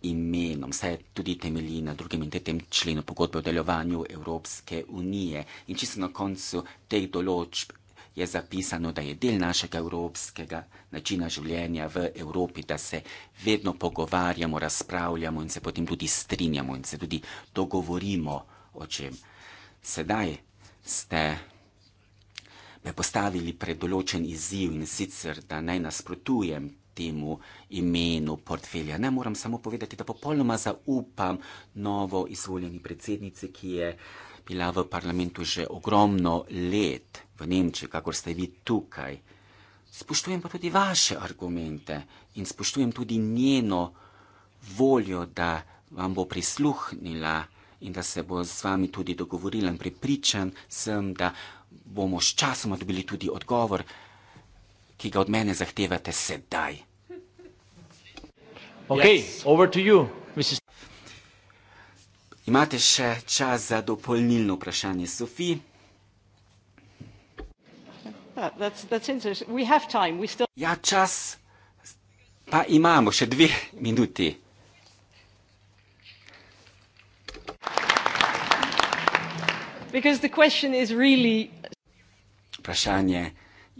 imenom. Vse tudi temelji na drugem in tretjem členu pogodbe o delovanju Evropske unije. In čisto na koncu teh določb je zapisano, da je del našega evropskega načina življenja v Evropi, da se vedno pogovarjamo, razpravljamo in se potem tudi strinjamo in se tudi dogovorimo o čem. Sedaj ste me postavili pred določen izziv in sicer, da naj nasprotujem temu imenu portfelja. Ne moram samo povedati, da popolnoma zaupam novo izvoljeni predsednici, ki je bila v parlamentu že ogromno let v Nemčiji, kakor ste vi tukaj. Spoštujem pa tudi vaše argumente in spoštujem tudi njeno voljo, da vam bo prisluhnila in da se bo z vami tudi dogovorila in pripričan sem, da bomo s časoma dobili tudi odgovor ki ga od mene zahtevate sedaj. Okay, you, Imate še čas za dopolnilno vprašanje, Sofi? Still... Ja, čas pa imamo, še dve minuti. Really... Vprašanje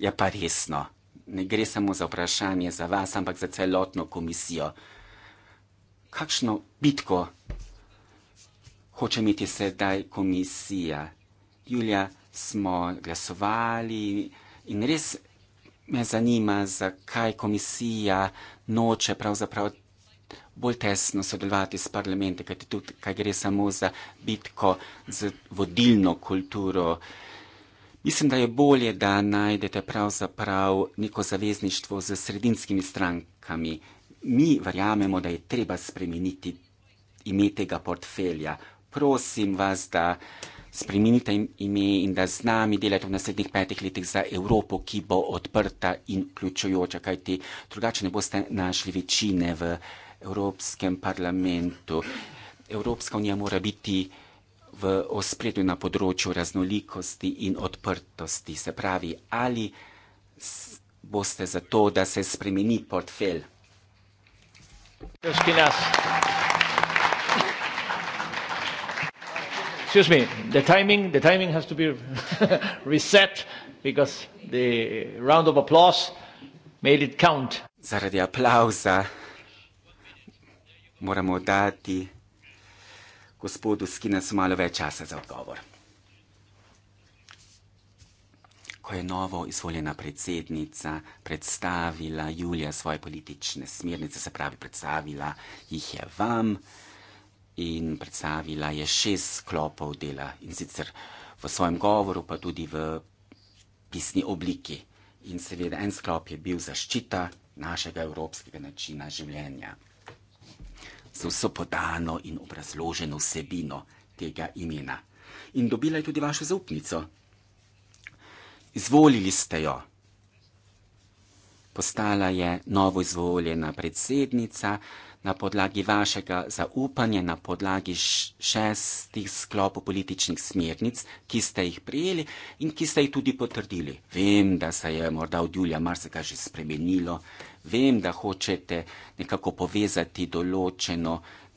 je pa resno ne gre samo za vprašanje za vas, ampak za celotno komisijo. Kakšno bitko hoče imeti sedaj komisija? Julija smo glasovali in res me zanima, zakaj komisija noče pravzaprav bolj tesno sodelovati s parlamentom, kajti tukaj gre samo za bitko z vodilno kulturo. Mislim, da je bolje, da najdete pravzaprav neko zavezništvo z sredinskimi strankami. Mi verjamemo, da je treba spremeniti ime tega portfelja. Prosim vas, da spremenite ime in da z nami delate v naslednjih petih letih za Evropo, ki bo odprta in vključujoča, kajti drugače ne boste našli večine v Evropskem parlamentu. Evropska unija mora biti v ospredju na področju raznolikosti in odprtosti. Se pravi, ali boste za to, da se spremeni portfel? Excuse me, the timing, the timing has to be reset because the round of applause made it count. Zaradi aplauza moramo dati gospodu Skinas malo več časa za odgovor. Ko je novo izvoljena predsednica predstavila Julija svoje politične smernice, se pravi, predstavila jih je vam in predstavila je šest sklopov dela in sicer v svojem govoru, pa tudi v pisni obliki. In seveda en sklop je bil zaščita našega evropskega načina življenja z vso podano in obrazloženo vsebino tega imena. In dobila je tudi vašo zaupnico. Izvolili ste jo. Postala je novo izvoljena predsednica na podlagi vašega zaupanja, na podlagi šestih sklopov političnih smernic, ki ste jih prijeli in ki ste jih tudi potrdili. Vem, da se je morda od Julja marsikaj že spremenilo, vem, da hočete nekako povezati določeno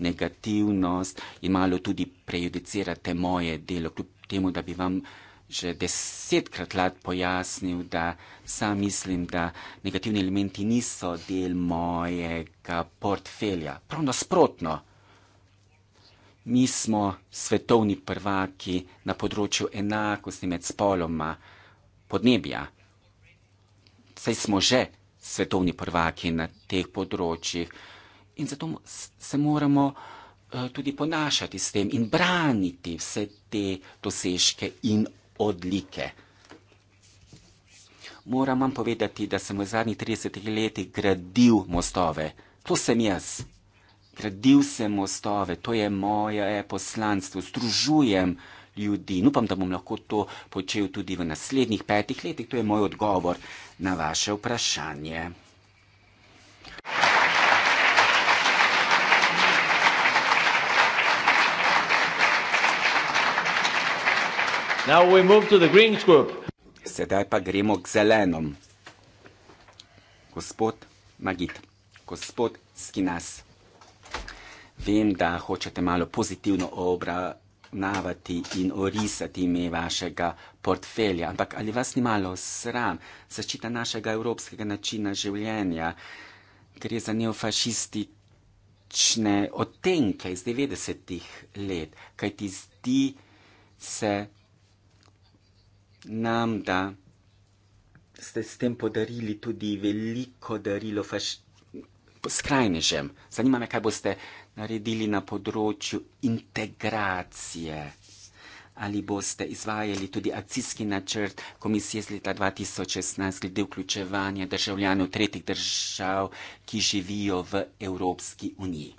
negativnost in malo tudi prejudicirate moje delo, kljub temu, da bi vam že desetkrat lat pojasnil, da sam mislim, da negativni elementi niso del mojega portfelja. Prav nasprotno. Mi smo svetovni prvaki na področju enakosti med spoloma podnebja. Saj smo že svetovni prvaki na teh področjih. In zato se moramo eh, tudi ponašati s tem in braniti vse te dosežke in odlike. Moram vam povedati, da sem v zadnjih 30 letih gradil mostove. To sem jaz. Gradil sem mostove, to je moje poslanstvo. Združujem ljudi in upam, da bom lahko to počel tudi v naslednjih petih letih. To je moj odgovor na vaše vprašanje. Sedaj pa gremo k zelenom. Gospod Magit, gospod Skinas, vem, da hočete malo pozitivno obrati obravnavati in orisati ime vašega portfelja. Ampak ali vas ni malo sram zaščita našega evropskega načina življenja, gre za neofašistične otenke iz 90-ih let, kaj ti zdi se nam, da ste s tem podarili tudi veliko darilo fašistične skrajnežem. Zanima me, kaj boste naredili na področju integracije. Ali boste izvajali tudi akcijski načrt komisije z leta 2016 glede vključevanja državljanov tretjih držav, ki živijo v Evropski uniji.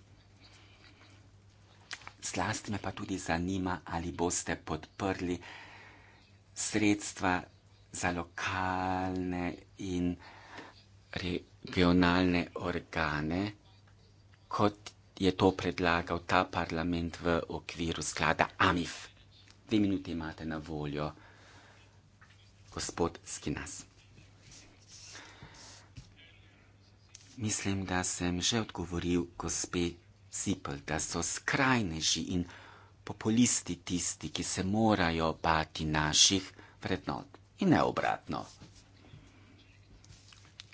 Zlasti me pa tudi zanima, ali boste podprli sredstva za lokalne in re, regionalne organe, kot je to predlagal ta parlament v okviru sklada AMIF. Dve minuti imate na voljo, gospod Skinas. Mislim, da sem že odgovoril gospe Zipel, da so skrajneži in populisti tisti, ki se morajo bati naših vrednot in ne obratno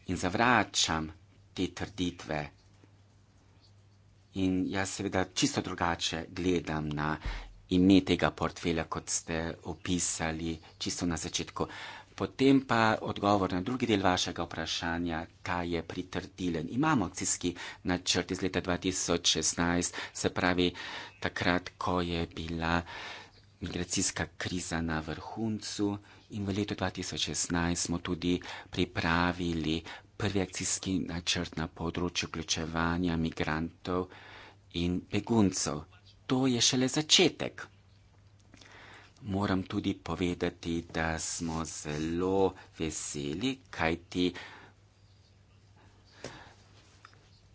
in zavračam te trditve. In jaz seveda čisto drugače gledam na ime tega portfelja, kot ste opisali čisto na začetku. Potem pa odgovor na drugi del vašega vprašanja, ta je pritrdilen. Imamo akcijski načrt iz leta 2016, se pravi takrat, ko je bila migracijska kriza na vrhuncu in v letu 2016 smo tudi pripravili prvi akcijski načrt na področju vključevanja migrantov in beguncev. To je šele začetek. Moram tudi povedati, da smo zelo veseli, kajti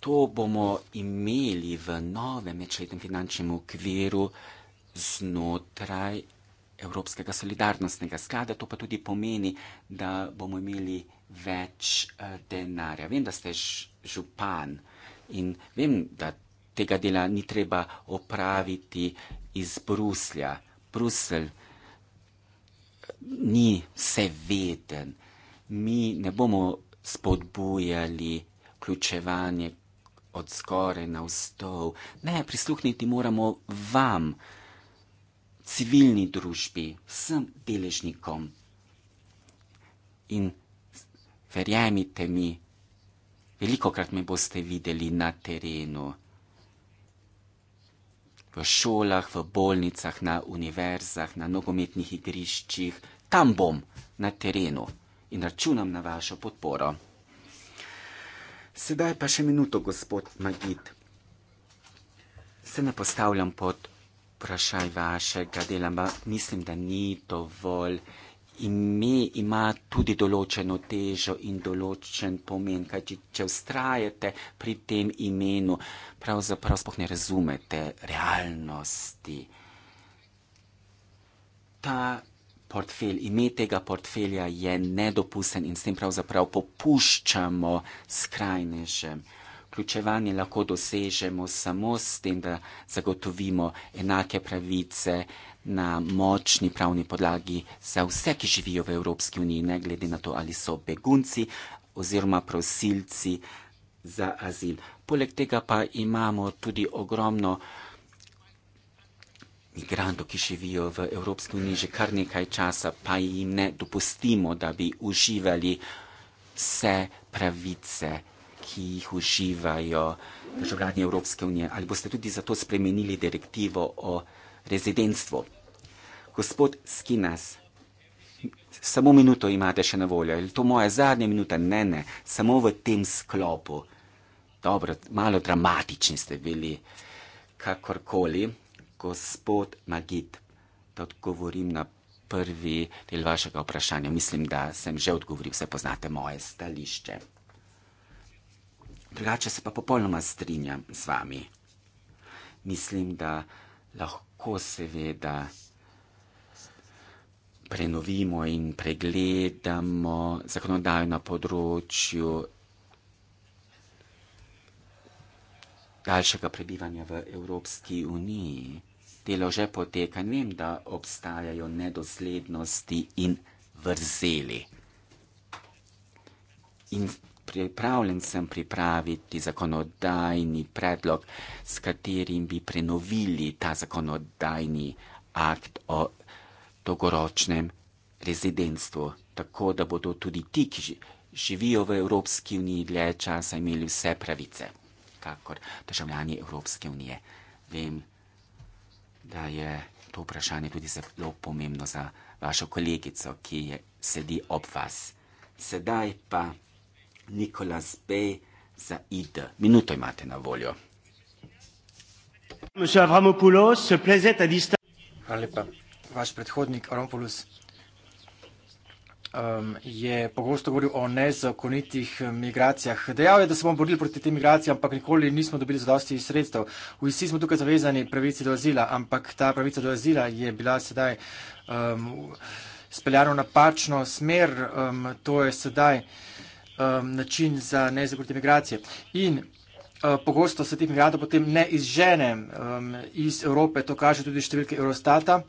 to bomo imeli v novem večletnem finančnem okviru znotraj Evropskega solidarnostnega sklada. To pa tudi pomeni, da bomo imeli več eh, denarja. Vem, da ste župan in vem, da tega dela ni treba opraviti iz Bruslja. Brusel eh, ni vseveden. Mi ne bomo spodbujali vključevanje od zgore na vstov. Ne, prisluhniti moramo vam civilni družbi, vsem deležnikom. In verjemite mi, veliko krat me boste videli na terenu, v šolah, v bolnicah, na univerzah, na nogometnih igriščih, tam bom, na terenu in računam na vašo podporo. Sedaj pa še minuto, gospod Magid. Se ne postavljam pod vprašaj vašega dela, ampak mislim, da ni dovolj. Ime ima tudi določeno težo in določen pomen, kaj če, če ustrajate pri tem imenu, pravzaprav spoh ne razumete realnosti. Ta portfelj, ime tega portfelja je nedopusten in s tem pravzaprav popuščamo skrajnežem vključevanje lahko dosežemo samo s tem, da zagotovimo enake pravice na močni pravni podlagi za vse, ki živijo v Evropski uniji, ne glede na to, ali so begunci oziroma prosilci za azil. Poleg tega pa imamo tudi ogromno migrantov, ki živijo v Evropski uniji že kar nekaj časa, pa jim ne dopustimo, da bi uživali vse pravice ki jih uživajo državljani Evropske unije. Ali boste tudi zato spremenili direktivo o rezidentstvu? Gospod Skinas, samo minuto imate še na voljo. Je to moja zadnja minuta? Ne, ne, samo v tem sklopu. Dobro, malo dramatični ste bili. Kakorkoli, gospod Magid, da odgovorim na prvi del vašega vprašanja. Mislim, da sem že odgovoril, vse poznate moje stališče. Drugače se pa popolnoma strinjam z vami. Mislim, da lahko seveda prenovimo in pregledamo zakonodajo na področju daljšega prebivanja v Evropski uniji. Delo že poteka, ne vem, da obstajajo nedoslednosti in vrzeli. In pripravljen sem pripraviti zakonodajni predlog, s katerim bi prenovili ta zakonodajni akt o dolgoročnem rezidentstvu, tako da bodo tudi ti, ki živijo v Evropski uniji dlje časa, imeli vse pravice, kakor državljani Evropske unije. Vem, da je to vprašanje tudi zelo pomembno za vašo kolegico, ki je, sedi ob vas. Sedaj pa. Nikolas B. za ID. Minuto imate na voljo. Hvala lepa. Vaš predhodnik Avramopoulos um, je pogosto govoril o nezakonitih eh, migracijah. Dejal je, da se bomo borili proti tem migracijam, ampak nikoli nismo dobili zadosti sredstev. Vsi smo tukaj zavezani pravici do azila, ampak ta pravica do azila je bila sedaj um, speljana v napačno smer. Um, to je sedaj um, način za nezakonite migracije. In uh, pogosto se tih migrantov potem ne izžene um, iz Evrope, to kaže tudi številke Eurostata.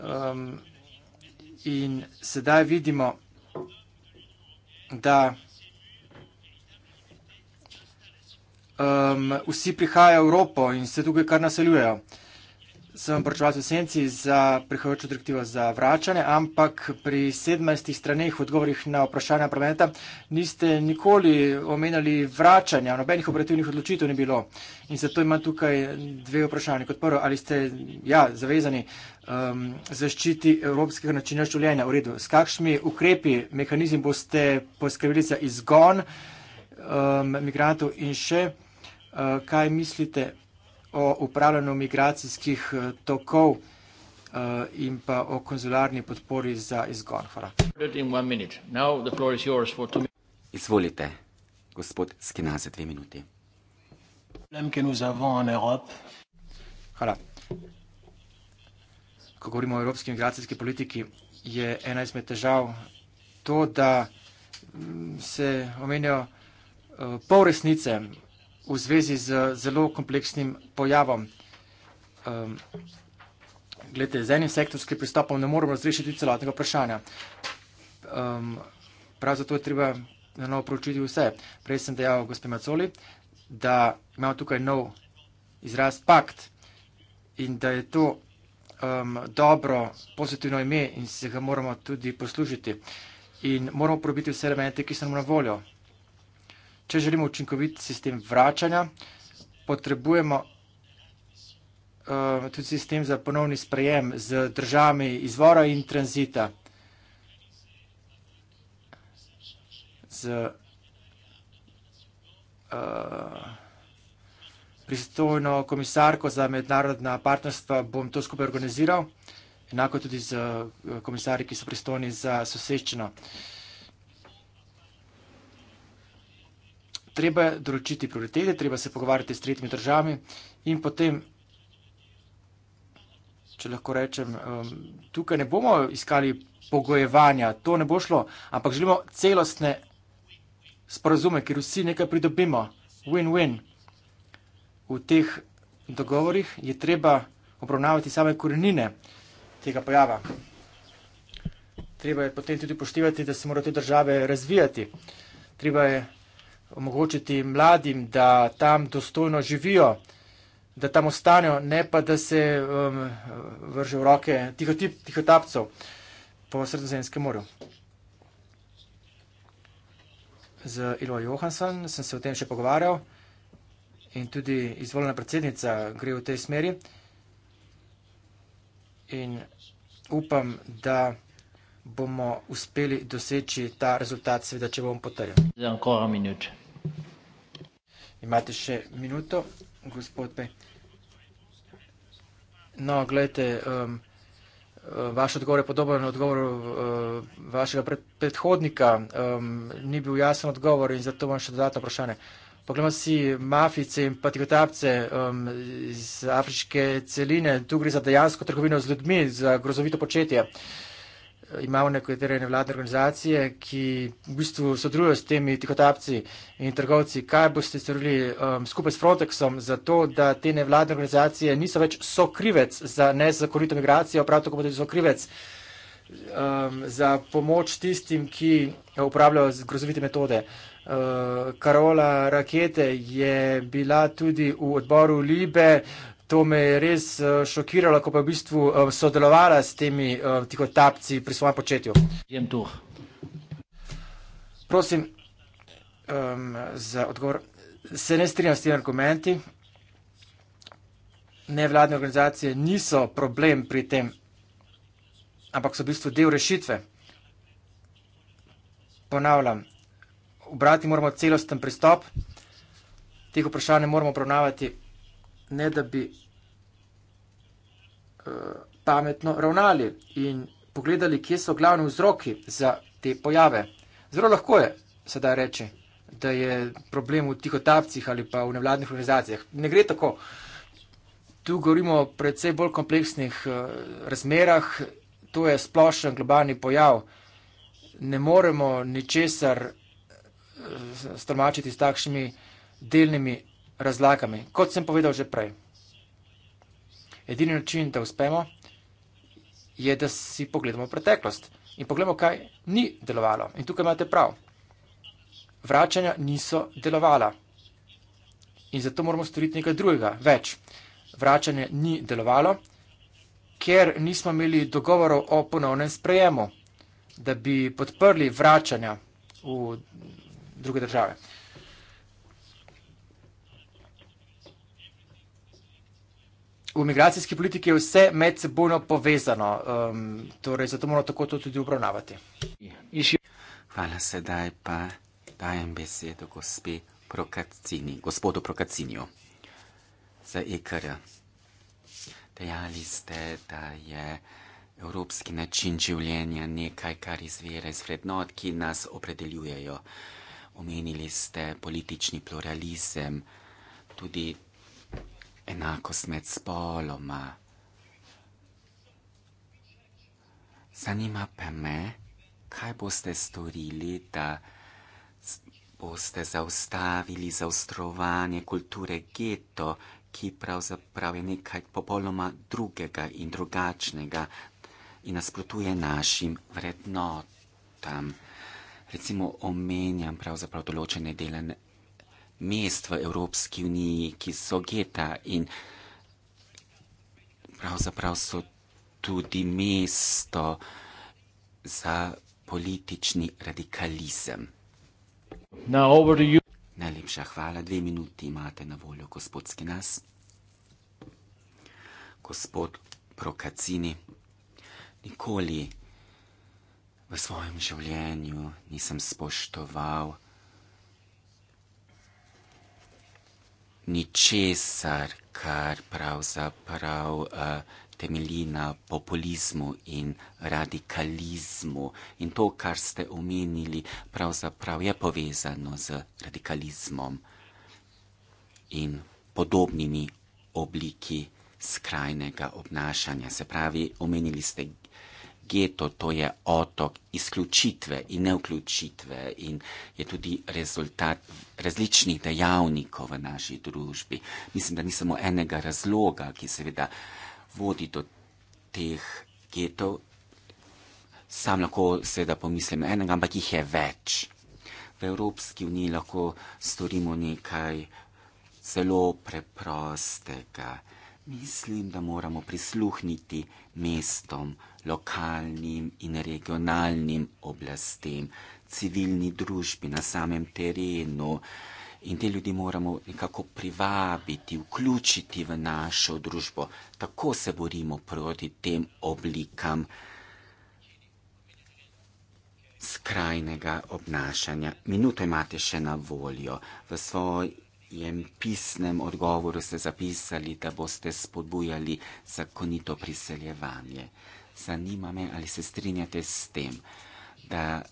Um, in sedaj vidimo, da um, vsi prihajajo v Evropo in se tukaj kar naseljujejo sem poročevalcu Senci za prihajajočo direktivo za vračanje, ampak pri 17 straneh odgovorih na vprašanja prometa niste nikoli omenjali vračanja, nobenih operativnih odločitev ni bilo. In zato imam tukaj dve vprašanje. Kot prvo, ali ste ja, zavezani um, zaščiti evropskega načina življenja v redu? S kakšnimi ukrepi, mehanizmi boste poskrbeli za izgon um, migrantov in še uh, kaj mislite o upravljanju migracijskih eh, tokov eh, in pa o konzularni podpori za izgon. Hvala. Izvolite, gospod Skinaze, dve minuti. Hvala. Ko govorimo o evropski migracijski politiki, je ena izmed težav to, da mm, se omenjajo eh, pol resnice v zvezi z zelo kompleksnim pojavom. Um, ehm, glede, z enim sektorskim pristopom ne moremo razrešiti celotnega vprašanja. Um, prav zato je treba na novo proučiti vse. Prej sem dejal gospe Macoli, da imamo tukaj nov izraz pakt in da je to um, dobro, pozitivno ime in se ga moramo tudi poslužiti. In moramo probiti vse elemente, ki so nam na voljo. Če želimo učinkovit sistem vračanja, potrebujemo eh, tudi sistem za ponovni sprejem z državami izvora in tranzita. Z eh, pristojno komisarko za mednarodna partnerstva bom to skupaj organiziral, enako tudi z eh, komisarji, ki so pristojni za soseščino. treba je določiti prioritete, treba se pogovarjati s tretjimi državami in potem, če lahko rečem, um, tukaj ne bomo iskali pogojevanja, to ne bo šlo, ampak želimo celostne sporozume, ker vsi nekaj pridobimo, win-win. V teh dogovorih je treba obravnavati same korenine tega pojava. Treba je potem tudi poštivati, da se morajo te države razvijati. Treba je omogočiti mladim, da tam dostojno živijo, da tam ostanejo, ne pa da se um, vržejo v roke tihotapcev po Sredozemskem morju. Z Ilo Johansson sem se o tem še pogovarjal in tudi izvoljena predsednica gre v tej smeri. In upam, da bomo uspeli doseči ta rezultat, seveda, če bom potrjen. Za koga minut? Imate še minuto, gospod Pej. No, gledajte, um, uh, vaš odgovor je podoben odgovoru uh, vašega pred, predhodnika. Um, ni bil jasen odgovor in zato imam še dodatno vprašanje. Poglejmo si mafice in patriotapce um, iz afriške celine. Tu gre za dejansko trgovino z ljudmi, za grozovito početje. Uh, imamo nekatere nevladne organizacije, ki v bistvu sodelujejo s temi tihotapci in trgovci. Kaj boste storili um, skupaj s Frontexom za to, da te nevladne organizacije niso več sokrivec za nezakonito migracijo, prav tako bodo sokrivec um, za pomoč tistim, ki uporabljajo grozovite metode. Uh, Karola Rakete je bila tudi v odboru Libe, To me je res eh, šokiralo, ko pa je v bistvu eh, sodelovala s temi eh, tihotapci pri svojem početju. Jem tu. Prosim um, za odgovor. Se ne strinjam s temi argumenti. Nevladne organizacije niso problem pri tem, ampak so v bistvu del rešitve. Ponavljam, obrati moramo celosten pristop, teh vprašanj ne moramo obravnavati ne da bi uh, pametno ravnali in pogledali, kje so glavni vzroki za te pojave. Zelo lahko je sedaj reči, da je problem v tihotapcih ali pa v nevladnih organizacijah. Ne gre tako. Tu govorimo o predvsej bolj kompleksnih uh, razmerah, to je splošen globalni pojav. Ne moremo ničesar uh, eh, strmačiti s takšnimi delnimi razlagami, kot sem povedal že prej. Edini način, da uspemo, je, da si pogledamo preteklost in pogledamo, kaj ni delovalo. In tukaj imate prav. Vračanja niso delovala. In zato moramo storiti nekaj drugega. Več. Vračanje ni delovalo, ker nismo imeli dogovorov o ponovnem sprejemu, da bi podprli vračanja v druge države. v migracijski politiki je vse medsebojno povezano. Um, torej, zato moramo tako to tudi obravnavati. Hvala, sedaj pa dajem besedo gospe Prokacini, gospodu Prokacinju za EKR. Dejali ste, da je evropski način življenja nekaj, kar izvira iz vrednot, ki nas opredeljujejo. Omenili ste politični pluralizem, tudi enakost med spoloma. Zanima pa me, kaj boste storili, da boste zaustavili zaostrovanje kulture geto, ki pravzaprav je nekaj popolnoma drugega in drugačnega in nasprotuje našim vrednotam. Recimo omenjam pravzaprav določene delene mest v Evropski uniji, ki so geta in pravzaprav so tudi mesto za politični radikalizem. Najlepša hvala, dve minuti imate na voljo, gospod Skinas. Gospod Prokacini, nikoli v svojem življenju nisem spoštoval. ničesar, kar pravzaprav uh, temelji na populizmu in radikalizmu. In to, kar ste omenili, pravzaprav je povezano z radikalizmom in podobnimi obliki skrajnega obnašanja. Se pravi, omenili ste G7, geto, to je otok izključitve in neuključitve in je tudi rezultat različnih dejavnikov v naši družbi. Mislim, da ni samo enega razloga, ki seveda vodi do teh getov. Sam lahko seveda pomislim enega, ampak jih je več. V Evropski uniji lahko storimo nekaj zelo preprostega. Mislim, da moramo prisluhniti mestom, lokalnim in regionalnim oblastem, civilni družbi na samem terenu in te ljudi moramo nekako privabiti, vključiti v našo družbo. Tako se borimo proti tem oblikam skrajnega obnašanja. Minuto imate še na voljo v svoji svojem pisnem odgovoru ste zapisali, da boste spodbujali zakonito priseljevanje. Zanima me, ali se strinjate s tem, da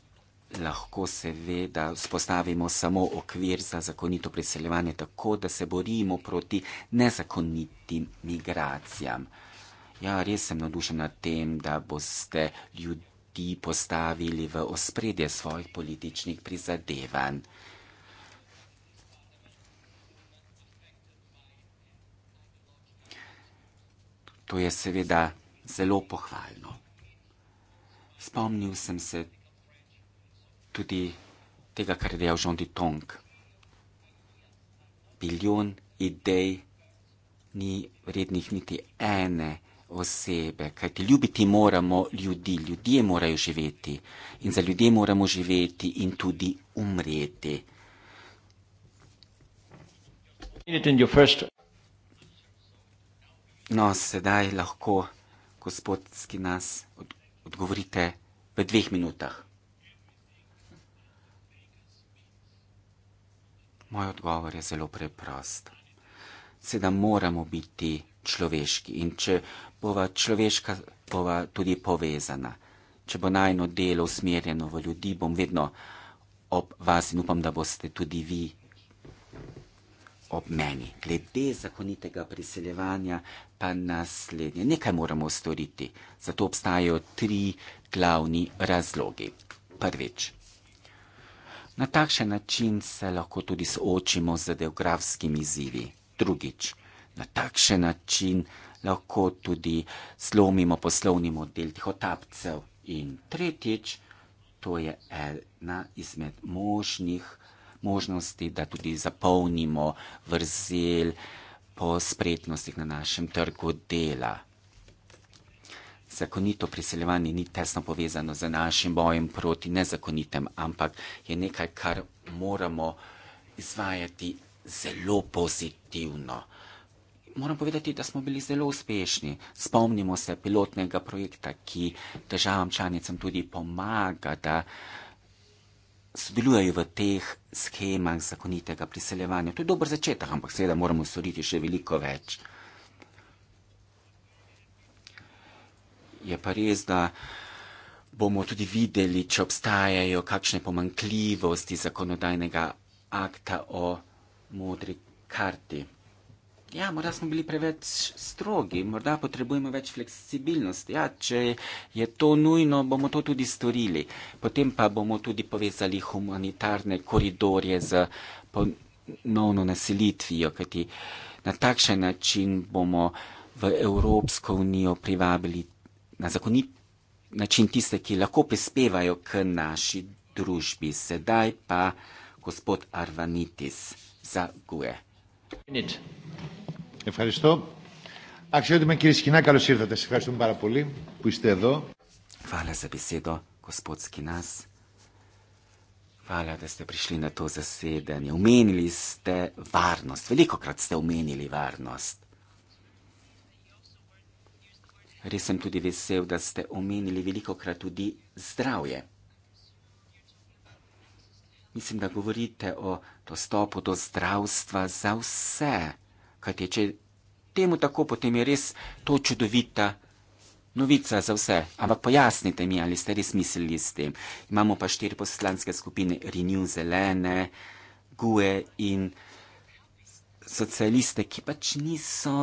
lahko seveda spostavimo samo okvir za zakonito priseljevanje, tako da se borimo proti nezakonitim migracijam. Ja, res sem nadušen nad tem, da boste ljudi postavili v ospredje svojih političnih prizadevanj. To je seveda zelo pohvalno. Spomnil sem se tudi tega, kar je dejal Jean de Tong. Biljon idej ni vrednih niti ene osebe, kajti ljubiti moramo ljudi, ljudje morajo živeti in za ljudje moramo živeti in tudi umreti. In it in your first... No, sedaj lahko, gospod Skinas, od, odgovorite v dveh minutah. Moj odgovor je zelo preprost. Seda moramo biti človeški in če bova človeška, bova tudi povezana. Če bo najno delo usmerjeno v ljudi, bom vedno ob vas in upam, da boste tudi vi ob meni. Glede zakonitega priseljevanja pa naslednje. Nekaj moramo storiti. Zato obstajajo tri glavni razlogi. Prvič. Na takšen način se lahko tudi soočimo z geografskimi izzivi. Drugič, na takšen način lahko tudi slomimo poslovni model tihotapcev. In tretjič, to je ena izmed možnih možnosti, da tudi zapolnimo vrzel po spretnostih na našem trgu dela. Zakonito priseljevanje ni tesno povezano z našim bojem proti nezakonitem, ampak je nekaj, kar moramo izvajati zelo pozitivno. Moram povedati, da smo bili zelo uspešni. Spomnimo se pilotnega projekta, ki državam članicam tudi pomaga, da uh, sodelujejo v teh schemah zakonitega priseljevanja. To je dober začetek, ampak seveda moramo storiti še veliko več. Je pa res, da bomo tudi videli, če obstajajo kakšne pomankljivosti zakonodajnega akta o modri karti. Ja, morda smo bili preveč strogi, morda potrebujemo več fleksibilnosti. Ja, če je to nujno, bomo to tudi storili. Potem pa bomo tudi povezali humanitarne koridorje z ponovno naselitvijo, kajti na takšen način bomo v Evropsko unijo privabili na zakonit način tiste, ki lahko prispevajo k naši družbi. Sedaj pa gospod Arvanitis za GUE. Ευχαριστώ. Αξιότιμα κύριε Σκινά, καλώ ήρθατε. Σα ευχαριστούμε πάρα πολύ που είστε εδώ. Hvala za besedo, gospod Skinas. Hvala, da ste prišli na to zasedanje. Umenili ste varnost, veliko krat ste umenili varnost. Res sem tudi vesel, da ste omenili veliko krat tudi zdravje. Mislim, da govorite o dostopu do zdravstva za vse. Kajte, če temu tako, potem je res to čudovita novica za vse. Ampak pojasnite mi, ali ste res mislili s tem. Imamo pa štiri poslanske skupine, Renew Zelene, Gue in socialiste, ki pač niso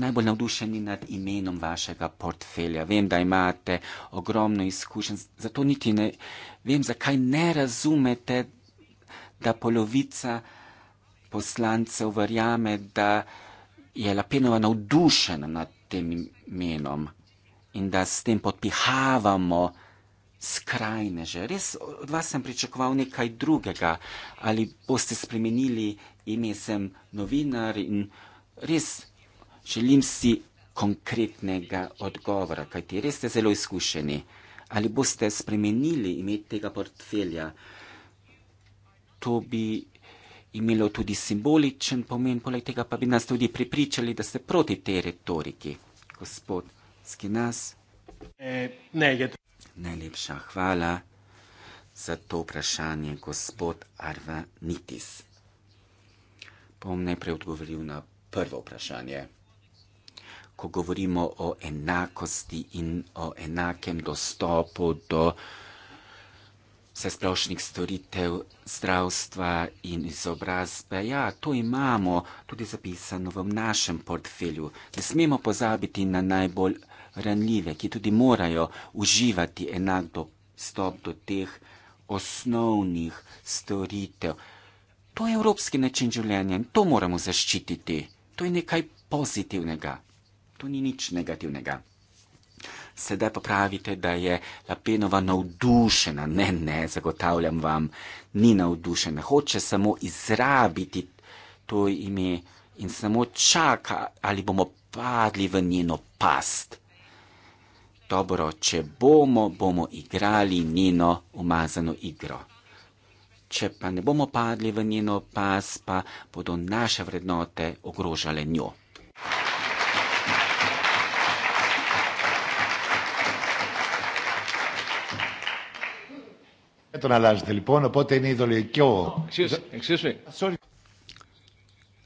najbolj navdušeni nad imenom vašega portfelja. Vem, da imate ogromno izkušen, zato niti ne vem, zakaj ne razumete, da polovica poslancev verjame, da je Lapenova navdušena nad tem imenom in da s tem podpihavamo skrajneže. Res od vas sem pričakoval nekaj drugega. Ali boste spremenili ime, sem novinar in res želim si konkretnega odgovora, kajti res ste zelo izkušeni. Ali boste spremenili ime tega portfelja? To bi imelo tudi simboličen pomen, poleg tega pa bi nas tudi pripričali, da ste proti tej retoriki. Gospod Skinas. E, Najlepša hvala za to vprašanje, gospod Arva Nitis. Bom najprej odgovoril na prvo vprašanje. Ko govorimo o enakosti in o enakem dostopu do vse splošnih storitev zdravstva in izobrazbe. Ja, to imamo tudi zapisano v našem portfelju. Ne smemo pozabiti na najbolj ranljive, ki tudi morajo uživati enak dostop do teh osnovnih storitev. To je evropski način življenja in to moramo zaščititi. To je nekaj pozitivnega. To ni nič negativnega sedaj pa pravite, da je Lapenova navdušena. Ne, ne, zagotavljam vam, ni navdušena. Hoče samo izrabiti to ime in samo čaka, ali bomo padli v njeno past. Dobro, če bomo, bomo igrali njeno umazano igro. Če pa ne bomo padli v njeno past, pa bodo naše vrednote ogrožale njo. Thank you. Δεν τον αλλάζετε λοιπόν, οπότε είναι είδωλοι και ο...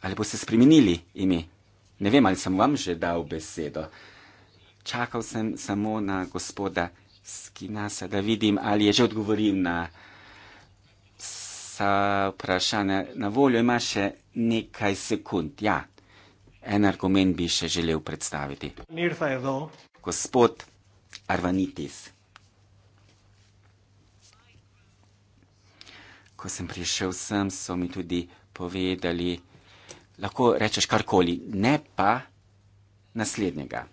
Ali boste spremenili ime? Ne vem, ali sem vam že dal besedo. Čakal sem samo na gospoda Skinasa, da vidim, ali je že odgovoril na vsa vprašanja. Na voljo ima še nekaj sekund. Ja, en argument bi še želel predstaviti. Gospod Arvanitis. ko sem prišel sem, so mi tudi povedali, lahko rečeš karkoli, ne pa naslednjega.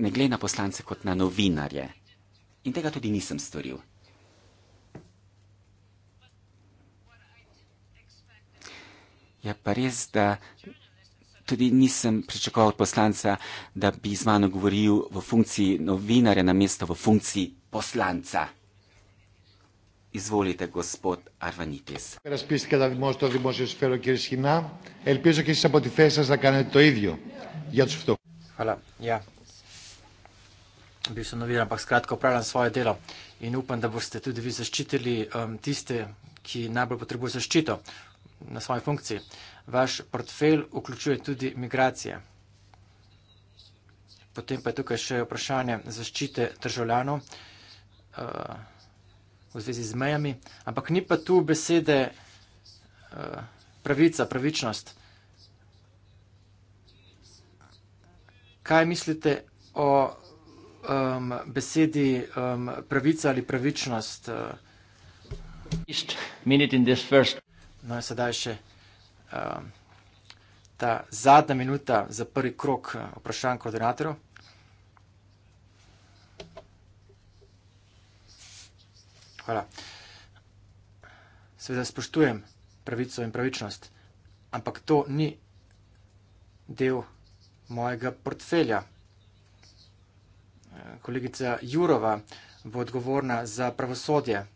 Ne glede na poslance kot na novinarje. In tega tudi nisem storil. Je pa res, da tudi nisem pričakoval od poslanca, da bi z mano govoril v funkciji novinarja na mesto v funkciji poslanca. Izvolite, gospod Arvanitis. Razpiske, da bi mož to vimožil spelo, kjer si ima. Elpizo, ki se bo ti fesa, da kane to idijo. Jaz v to. Hvala. Ja. Bil sem novinar, ampak skratka upravljam svoje delo in upam, da boste tudi vi zaščitili um, tiste, ki najbolj potrebujejo zaščito na svoji funkciji. Vaš portfelj vključuje tudi migracije. Potem pa je tukaj še vprašanje zaščite državljanov eh, v zvezi z mejami, ampak ni pa tu besede eh, pravica, pravičnost. Kaj mislite o besedi pravica ali pravičnost? Eh? Minute in this first. No, in sedaj še um, ta zadnja minuta za prvi krok uh, vprašanj koordinatorjev. Hvala. Seveda spoštujem pravico in pravičnost, ampak to ni del mojega portfelja. Uh, kolegica Jurova bo odgovorna za pravosodje.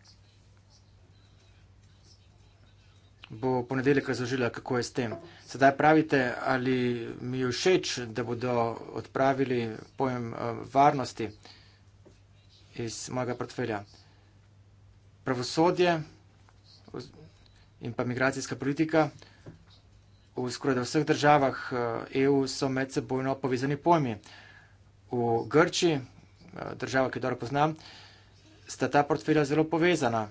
bo ponedeljek razložila, kako je s tem. Sedaj pravite, ali mi je všeč, da bodo odpravili pojem eh, varnosti iz mojega portfelja. Pravosodje in pa migracijska politika v skoraj vseh državah EU eh, e so medsebojno povezani pojmi. V Grči, eh, država, ki jo dobro poznam, sta ta portfelja zelo povezana.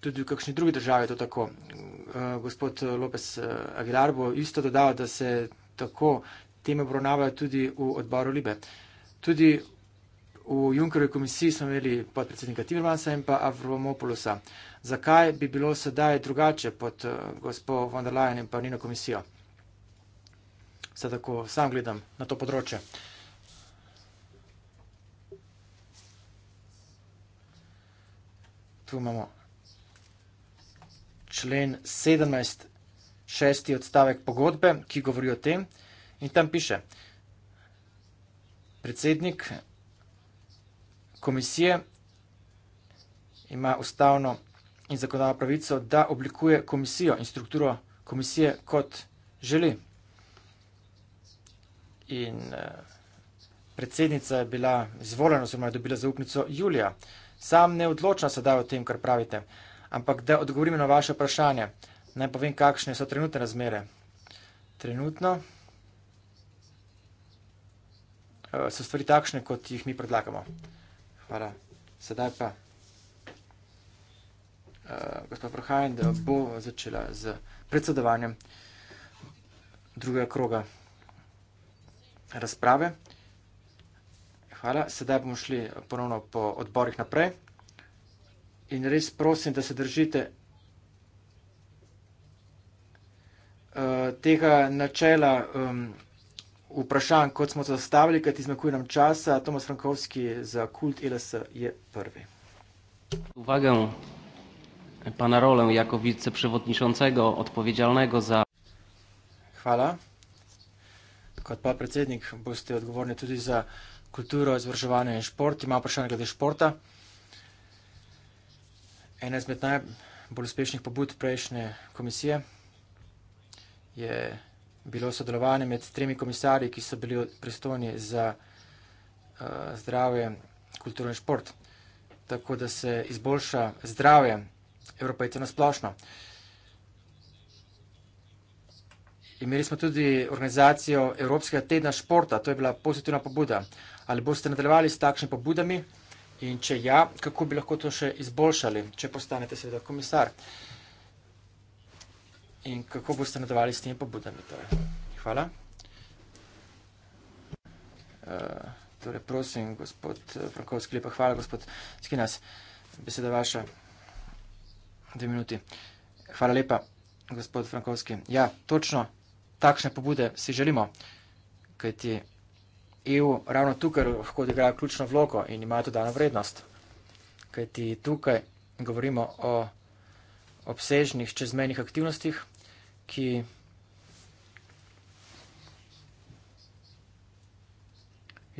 Tudi v kakšni drugi državi je to tako. Eh, gospod eh, Lopes eh, Aguilar bo isto dodal, da se tako teme obravnavajo tudi v odboru Libe. Tudi v Junkerovi komisiji smo imeli podpredsednika Timmermansa in pa Avromopolusa. Zakaj bi bilo sedaj drugače pod gospod von der Leyen in pa njeno komisijo? Vse tako sam gledam na to področje. Tu imamo člen 17, šesti odstavek pogodbe, ki govori o tem in tam piše, predsednik komisije ima ustavno in zakonalno pravico, da oblikuje komisijo in strukturo komisije kot želi. In eh, predsednica je bila izvoljena, oziroma je dobila zaupnico Julija. Sam ne odloča sedaj o tem, kar pravite. Ampak da odgovorim na vaše vprašanje, naj povem, kakšne so trenutne razmere. Trenutno eh, so stvari takšne, kot jih mi predlagamo. Hvala. Sedaj pa, eh, gospod Prohajen, da bo začela z predsedovanjem drugega kroga razprave. Hvala. Sedaj bomo šli ponovno po odborih naprej in res prosim, da se držite uh, tega načela um, vprašanj, kot smo zastavili, kaj ti zmakuje nam časa. Tomas Frankovski za kult ILS je prvi. Uvagam pana rolem jako viceprzewodniczącego odpowiedzialnego za... Hvala. Kot pa predsednik boste odgovorni tudi za kulturo, izvrževanje in šport. Imam vprašanje glede športa. Ena izmed najbolj uspešnih pobud prejšnje komisije je bilo sodelovanje med tremi komisarji, ki so bili pristojni za uh, zdravje, kulturo in šport, tako da se izboljša zdravje Evropejce na splošno. Imeli smo tudi organizacijo Evropskega tedna športa, to je bila pozitivna pobuda. Ali boste nadaljevali s takšnimi pobudami? In če ja, kako bi lahko to še izboljšali, če postanete seveda komisar? In kako boste nadaljevali s temi pobudami? Torej. Hvala. Uh, torej, prosim, gospod eh, Frankovski, lepa hvala, gospod Skinas. Beseda vaša, dve minuti. Hvala lepa, gospod Frankovski. Ja, točno takšne pobude si želimo, kajti EU ravno tukaj lahko odigra ključno vlogo in ima to dano vrednost. Kaj ti tukaj govorimo o obsežnih čezmenih aktivnostih, ki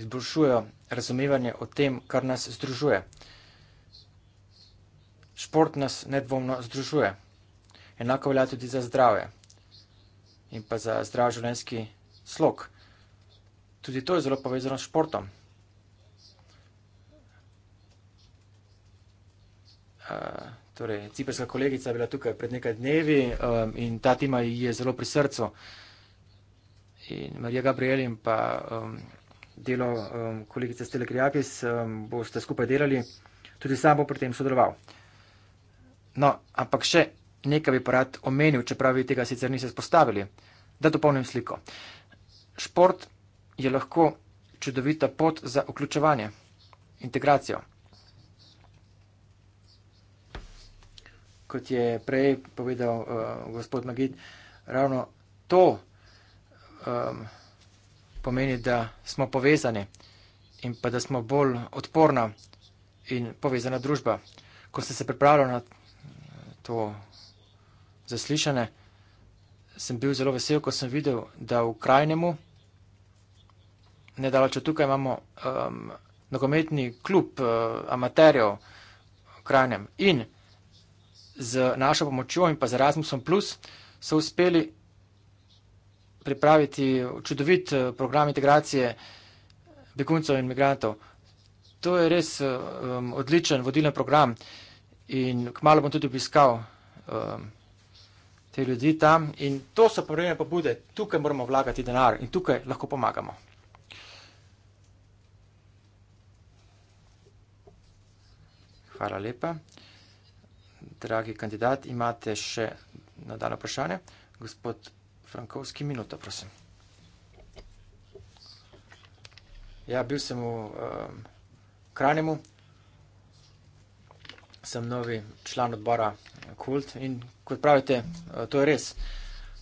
izboljšujejo razumevanje o tem, kar nas združuje. Šport nas nedvomno združuje. Enako velja tudi za zdravje in pa za zdrav življenjski slog. Tudi to je zelo povezano s športom. Uh, torej, ciperska kolegica je bila tukaj pred nekaj dnevi um, in ta tima ji je zelo pri srcu. In Marija Gabriel in pa um, delo um, kolegice Stele Krijakis um, boste skupaj delali. Tudi sam bom pri tem sodeloval. No, ampak še nekaj bi pa rad omenil, čeprav vi tega sicer niste spostavili. Da dopolnim sliko. Šport je lahko čudovita pot za vključevanje, integracijo. Kot je prej povedal uh, gospod Magid, ravno to um, pomeni, da smo povezani in pa da smo bolj odporna in povezana družba. Ko sem se pripravljal na to zaslišanje, sem bil zelo vesel, ko sem videl, da v krajnemu nedaleko tukaj imamo um, nogometni klub uh, amaterjev v Kranjem. In z našo pomočjo in pa z Erasmusom Plus so uspeli pripraviti čudovit uh, program integracije beguncev in migrantov. To je res uh, um, odličen vodilni program in kmalo bom tudi obiskal um, te ljudi tam. In to so pravilne pobude, tukaj moramo vlagati denar in tukaj lahko pomagamo. Hvala lepa. Dragi kandidat, imate še nadaljno vprašanje. Gospod Frankovski, minuto, prosim. Ja, bil sem v um, Kranjemu, sem novi član odbora Kult in kot pravite, eh, to je res.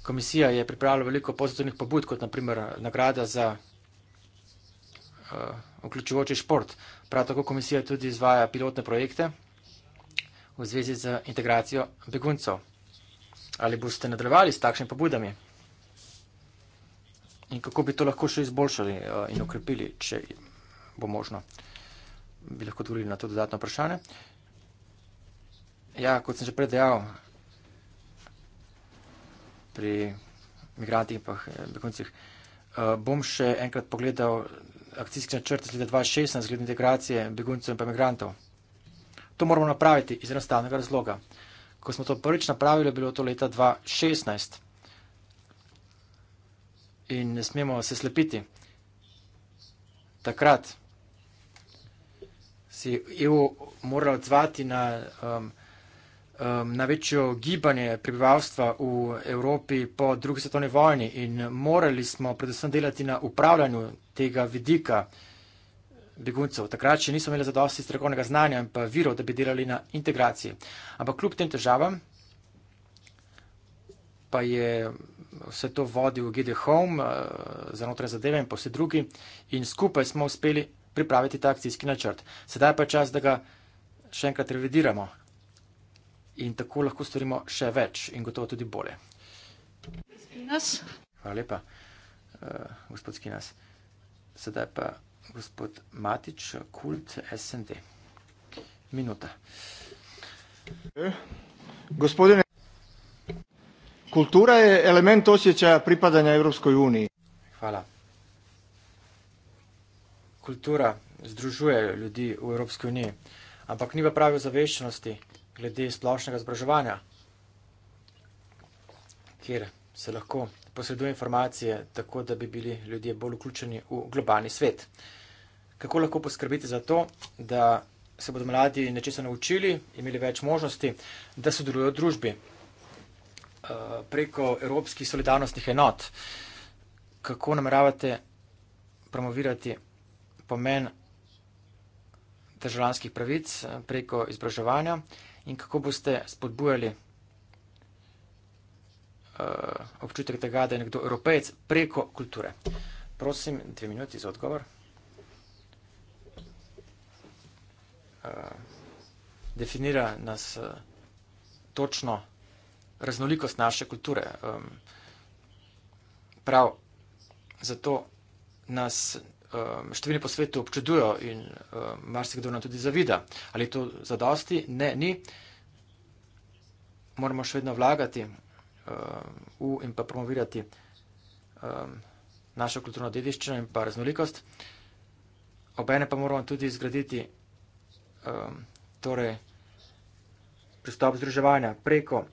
Komisija je pripravila veliko pozitivnih pobud, kot naprimer nagrada za uh, vključujoče šport. Prav tako komisija tudi izvaja pilotne projekte v zvezi z integracijo beguncov. Ali boste nadaljevali s takšnimi pobudami? In kako bi to lahko še izboljšali eh, in ukrepili, če bo možno? Bi lahko odgovorili na to dodatno vprašanje? Ja, kot sem že prej dejal, pri migrantih in pa beguncih, eh, bom še enkrat pogledal akcijski načrt iz leta 2016 glede integracije beguncev in pa imigrantov. To moramo napraviti iz enostavnega razloga. Ko smo to prvič napravili, je bilo to leta 2016 in ne smemo se slepiti. Takrat si EU morala odzvati na um, um, največjo gibanje prebivalstva v Evropi po drugi svetovni vojni in morali smo predvsem delati na upravljanju tega vidika beguncev. Takrat še nismo imeli zadosti strokovnega znanja in pa virov, da bi delali na integraciji. Ampak kljub tem težavam pa je vse to vodil GD Home eh, za notranje zadeve in pa vsi drugi in skupaj smo uspeli pripraviti ta akcijski načrt. Sedaj pa je čas, da ga še enkrat revidiramo in tako lahko storimo še več in gotovo tudi bolje. Hvala lepa, uh, gospod Skinas. Sedaj pa gospod Matič, kult SND. Minuta. E, gospodine, kultura je element osjećaja pripadanja Evropskoj uniji. Hvala. Kultura združuje ljudi v Evropski uniji, ampak ni v pravi zaveščenosti glede splošnega zbraževanja, kjer se lahko posreduje informacije, tako da bi bili ljudje bolj vključeni v globalni svet. Kako lahko poskrbite za to, da se bodo mladi nečesa naučili, imeli več možnosti, da sodelujo v družbi eh, preko evropskih solidarnostnih enot? Kako nameravate promovirati pomen državljanskih pravic eh, preko izobraževanja in kako boste spodbujali Eh, občutek tega, da je nekdo evropejec preko kulture. Prosim, dve minuti za odgovor. Eh, definira nas eh, točno raznolikost naše kulture. Prav zato nas številni po svetu občudujo in marsikdo nam tudi zavida. Ali je to zadosti? Ne, ni. Moramo še vedno vlagati vlagati uh, eh, v in pa promovirati um, našo kulturno dediščino in pa raznolikost. Obene pa moramo tudi zgraditi um, torej pristop združevanja preko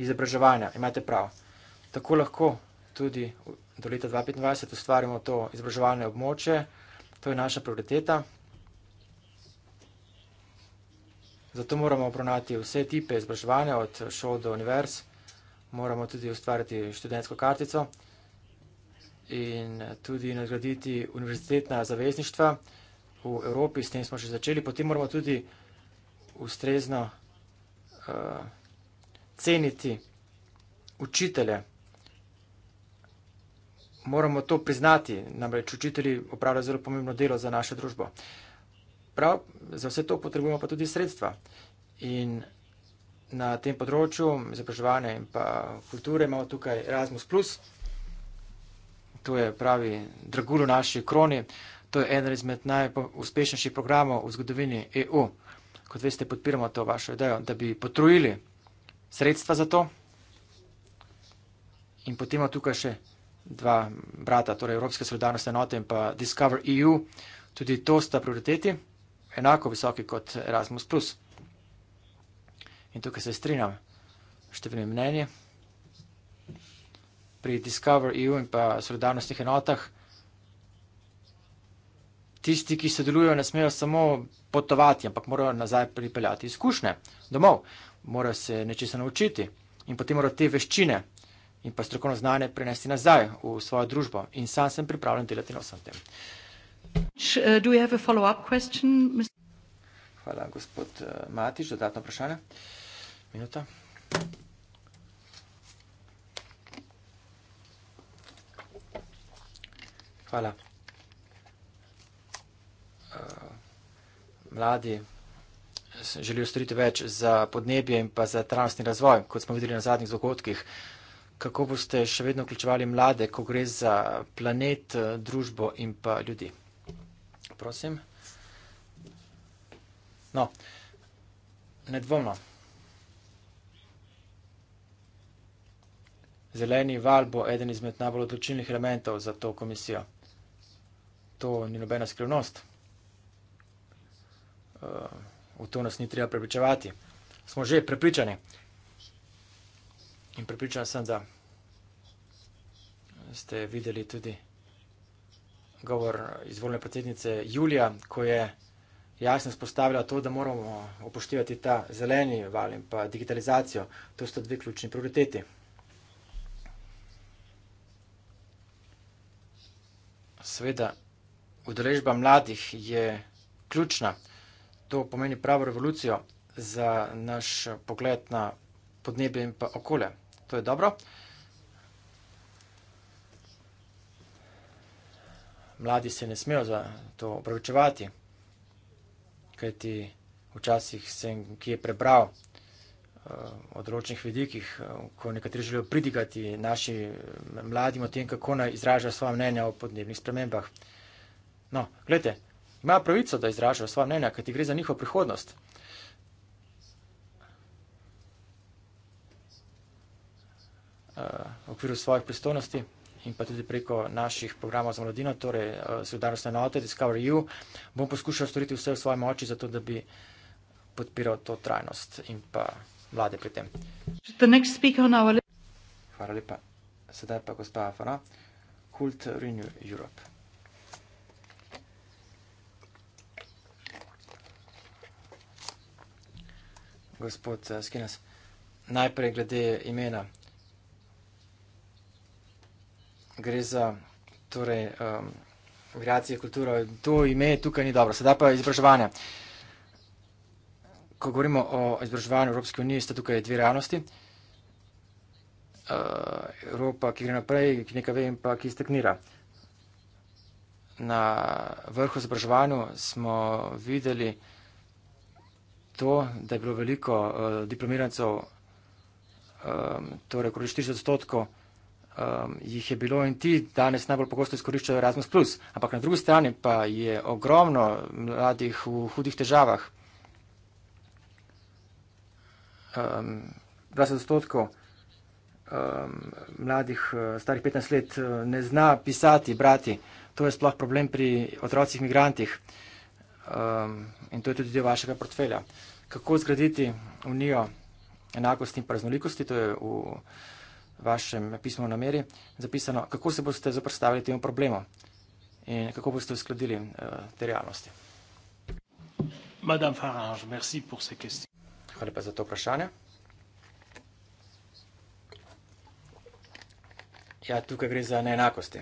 izobraževanja. Imate prav. Tako lahko tudi do leta 2025 ustvarimo to izobraževalne območje. To je naša prioriteta, Zato moramo obravnati vse tipe izobraževanja, od šol do univerz, moramo tudi ustvariti študentsko kartico in tudi nadgraditi univerzitetna zavezništva v Evropi, s tem smo še začeli. Potem moramo tudi ustrezno uh, ceniti učitelje. Moramo to priznati, namreč učitelji opravljajo zelo pomembno delo za našo družbo. Uh, Prav, za vse to potrebujemo pa tudi sredstva. In na tem področju izobraževanja in pa kulture imamo tukaj Erasmus. To je pravi dragulj v naši kroni. To je eden izmed najuspešnejših programov v zgodovini EU. Kot veste, podpiramo to vašo idejo, da bi potrojili sredstva za to. In potem imamo tukaj še dva brata, torej Evropske solidarnostne enote in pa Discover EU. Tudi to sta prioriteti enako visoki kot Erasmus. In tukaj se strinjam številni mnenji. Pri Discover EU in pa solidarnostnih enotah, tisti, ki sodelujo, ne smejo samo potovati, ampak morajo nazaj pripeljati izkušnje domov, morajo se nečesa naučiti in potem morajo te veščine in pa strokovno znanje prenesti nazaj v svojo družbo. In sam sem pripravljen delati na vsem tem. Uh, Uh, do you have a follow-up question, Hvala, gospod uh, Matiš. Dodatno vprašanje? Minuta. Hvala. Uh, mladi želijo storiti več za podnebje in pa za trajnostni razvoj, kot smo videli na zadnjih dogodkih. Kako boste še vedno vključevali mlade, ko gre za planet, družbo in pa ljudi? prosim. No, nedvomno. Zeleni val bo eden izmed najbolj odločilnih elementov za to komisijo. To ni nobena skrivnost. Eh, v to nas ni treba prepričevati. Smo že prepričani. In prepričan sem, da ste videli tudi vse, govor izvoljene predsednice Julija, ko je jasno spostavila to, da moramo upoštevati ta zeleni val in pa digitalizacijo. To sta dve ključni prioriteti. Seveda, udeležba mladih je ključna. To pomeni pravo revolucijo za naš pogled na podnebje in pa okolje. To je dobro. mladi se ne smejo za to opravičevati, kaj ti včasih sem kje prebral uh, o določenih vidikih, eh, ko nekateri želijo pridigati naši eh, mladim o tem, kako naj izražajo svoje mnenja o podnebnih spremembah. No, gledajte, imajo pravico, da izražajo svoje mnenja, kaj ti gre za njihovo prihodnost. Uh, v okviru svojih pristojnosti in pa tudi preko naših programov za mladino, torej uh, Solidarnostne enote, Discover EU, bom poskušal storiti vse v svoji moči, zato da bi podpiral to trajnost in pa mlade pri tem. Hvala lepa. Sedaj pa gospa Afana, Kult Renew Europe. Gospod eh, Skinas, najprej glede imena gre za torej, um, migracije, kulturo. To ime tukaj ni dobro. Sedaj pa izobraževanje. Ko govorimo o izobraževanju Evropske unije, sta tukaj dve realnosti. Uh, Evropa, ki gre naprej, ki nekaj ve in pa ki stagnira. Na vrhu izobraževanja smo videli to, da je bilo veliko uh, diplomirancov, um, torej okoli 40 odstotkov, um, jih je bilo in ti danes najbolj pogosto izkoriščajo Erasmus. Plus. Ampak na drugi strani pa je ogromno mladih v hudih težavah. Um, 20 odstotkov um, mladih eh, starih 15 let eh, ne zna pisati, brati. To je sploh problem pri otrocih migrantih um, in to je tudi del vašega portfelja. Kako zgraditi unijo enakosti in raznolikosti? To je v vašem pismu nameri zapisano, kako se boste zaprstavili temu problemu in kako boste uskladili uh, te realnosti. Farage, pour ces Hvala pa za to vprašanje. Ja, tukaj gre za neenakosti.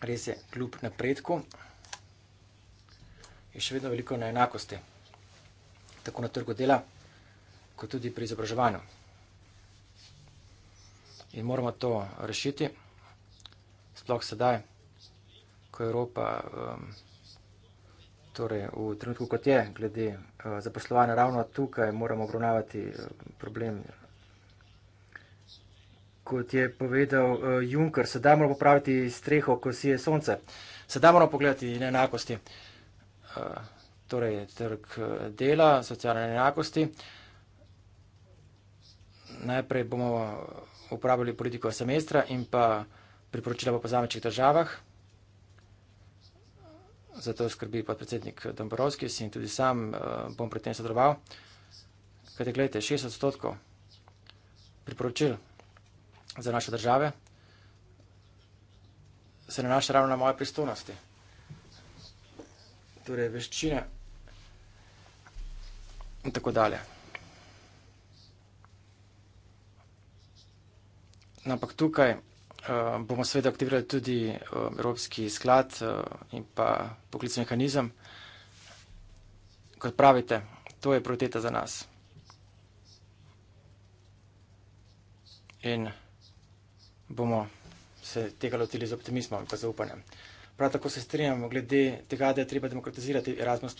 Res je, kljub napredku je še vedno veliko neenakosti. Na tako na trgu dela, kot tudi pri izobraževanju. In moramo to rešiti, sploh sedaj, ko Evropa, um, torej v trenutku kot je, glede uh, zaposlovanja ravno tukaj, moramo obravnavati uh, problem. Kot je povedal uh, Juncker, sedaj moramo popraviti streho, ko si je sonce. Sedaj moramo pogledati neenakosti. Uh, torej trg eh, dela, socialne enakosti. Najprej bomo uporabljali politiko semestra in pa priporočila po posameznih državah. Za to skrbi podpredsednik Domborovski in tudi sam eh, bom pri tem sodeloval. Kaj te gledate, 60 odstotkov priporočil za naše države se nanaša ravno na moje pristojnosti. Torej, veščine in tako dalje. No, ampak tukaj uh, bomo seveda aktivirali tudi uh, Evropski sklad uh, in pa poklicni mehanizem. Kot pravite, to je prioriteta za nas. In bomo se tega lotili z optimizmom in pa zaupanjem. Prav tako se strinjam glede tega, da je treba demokratizirati Erasmus.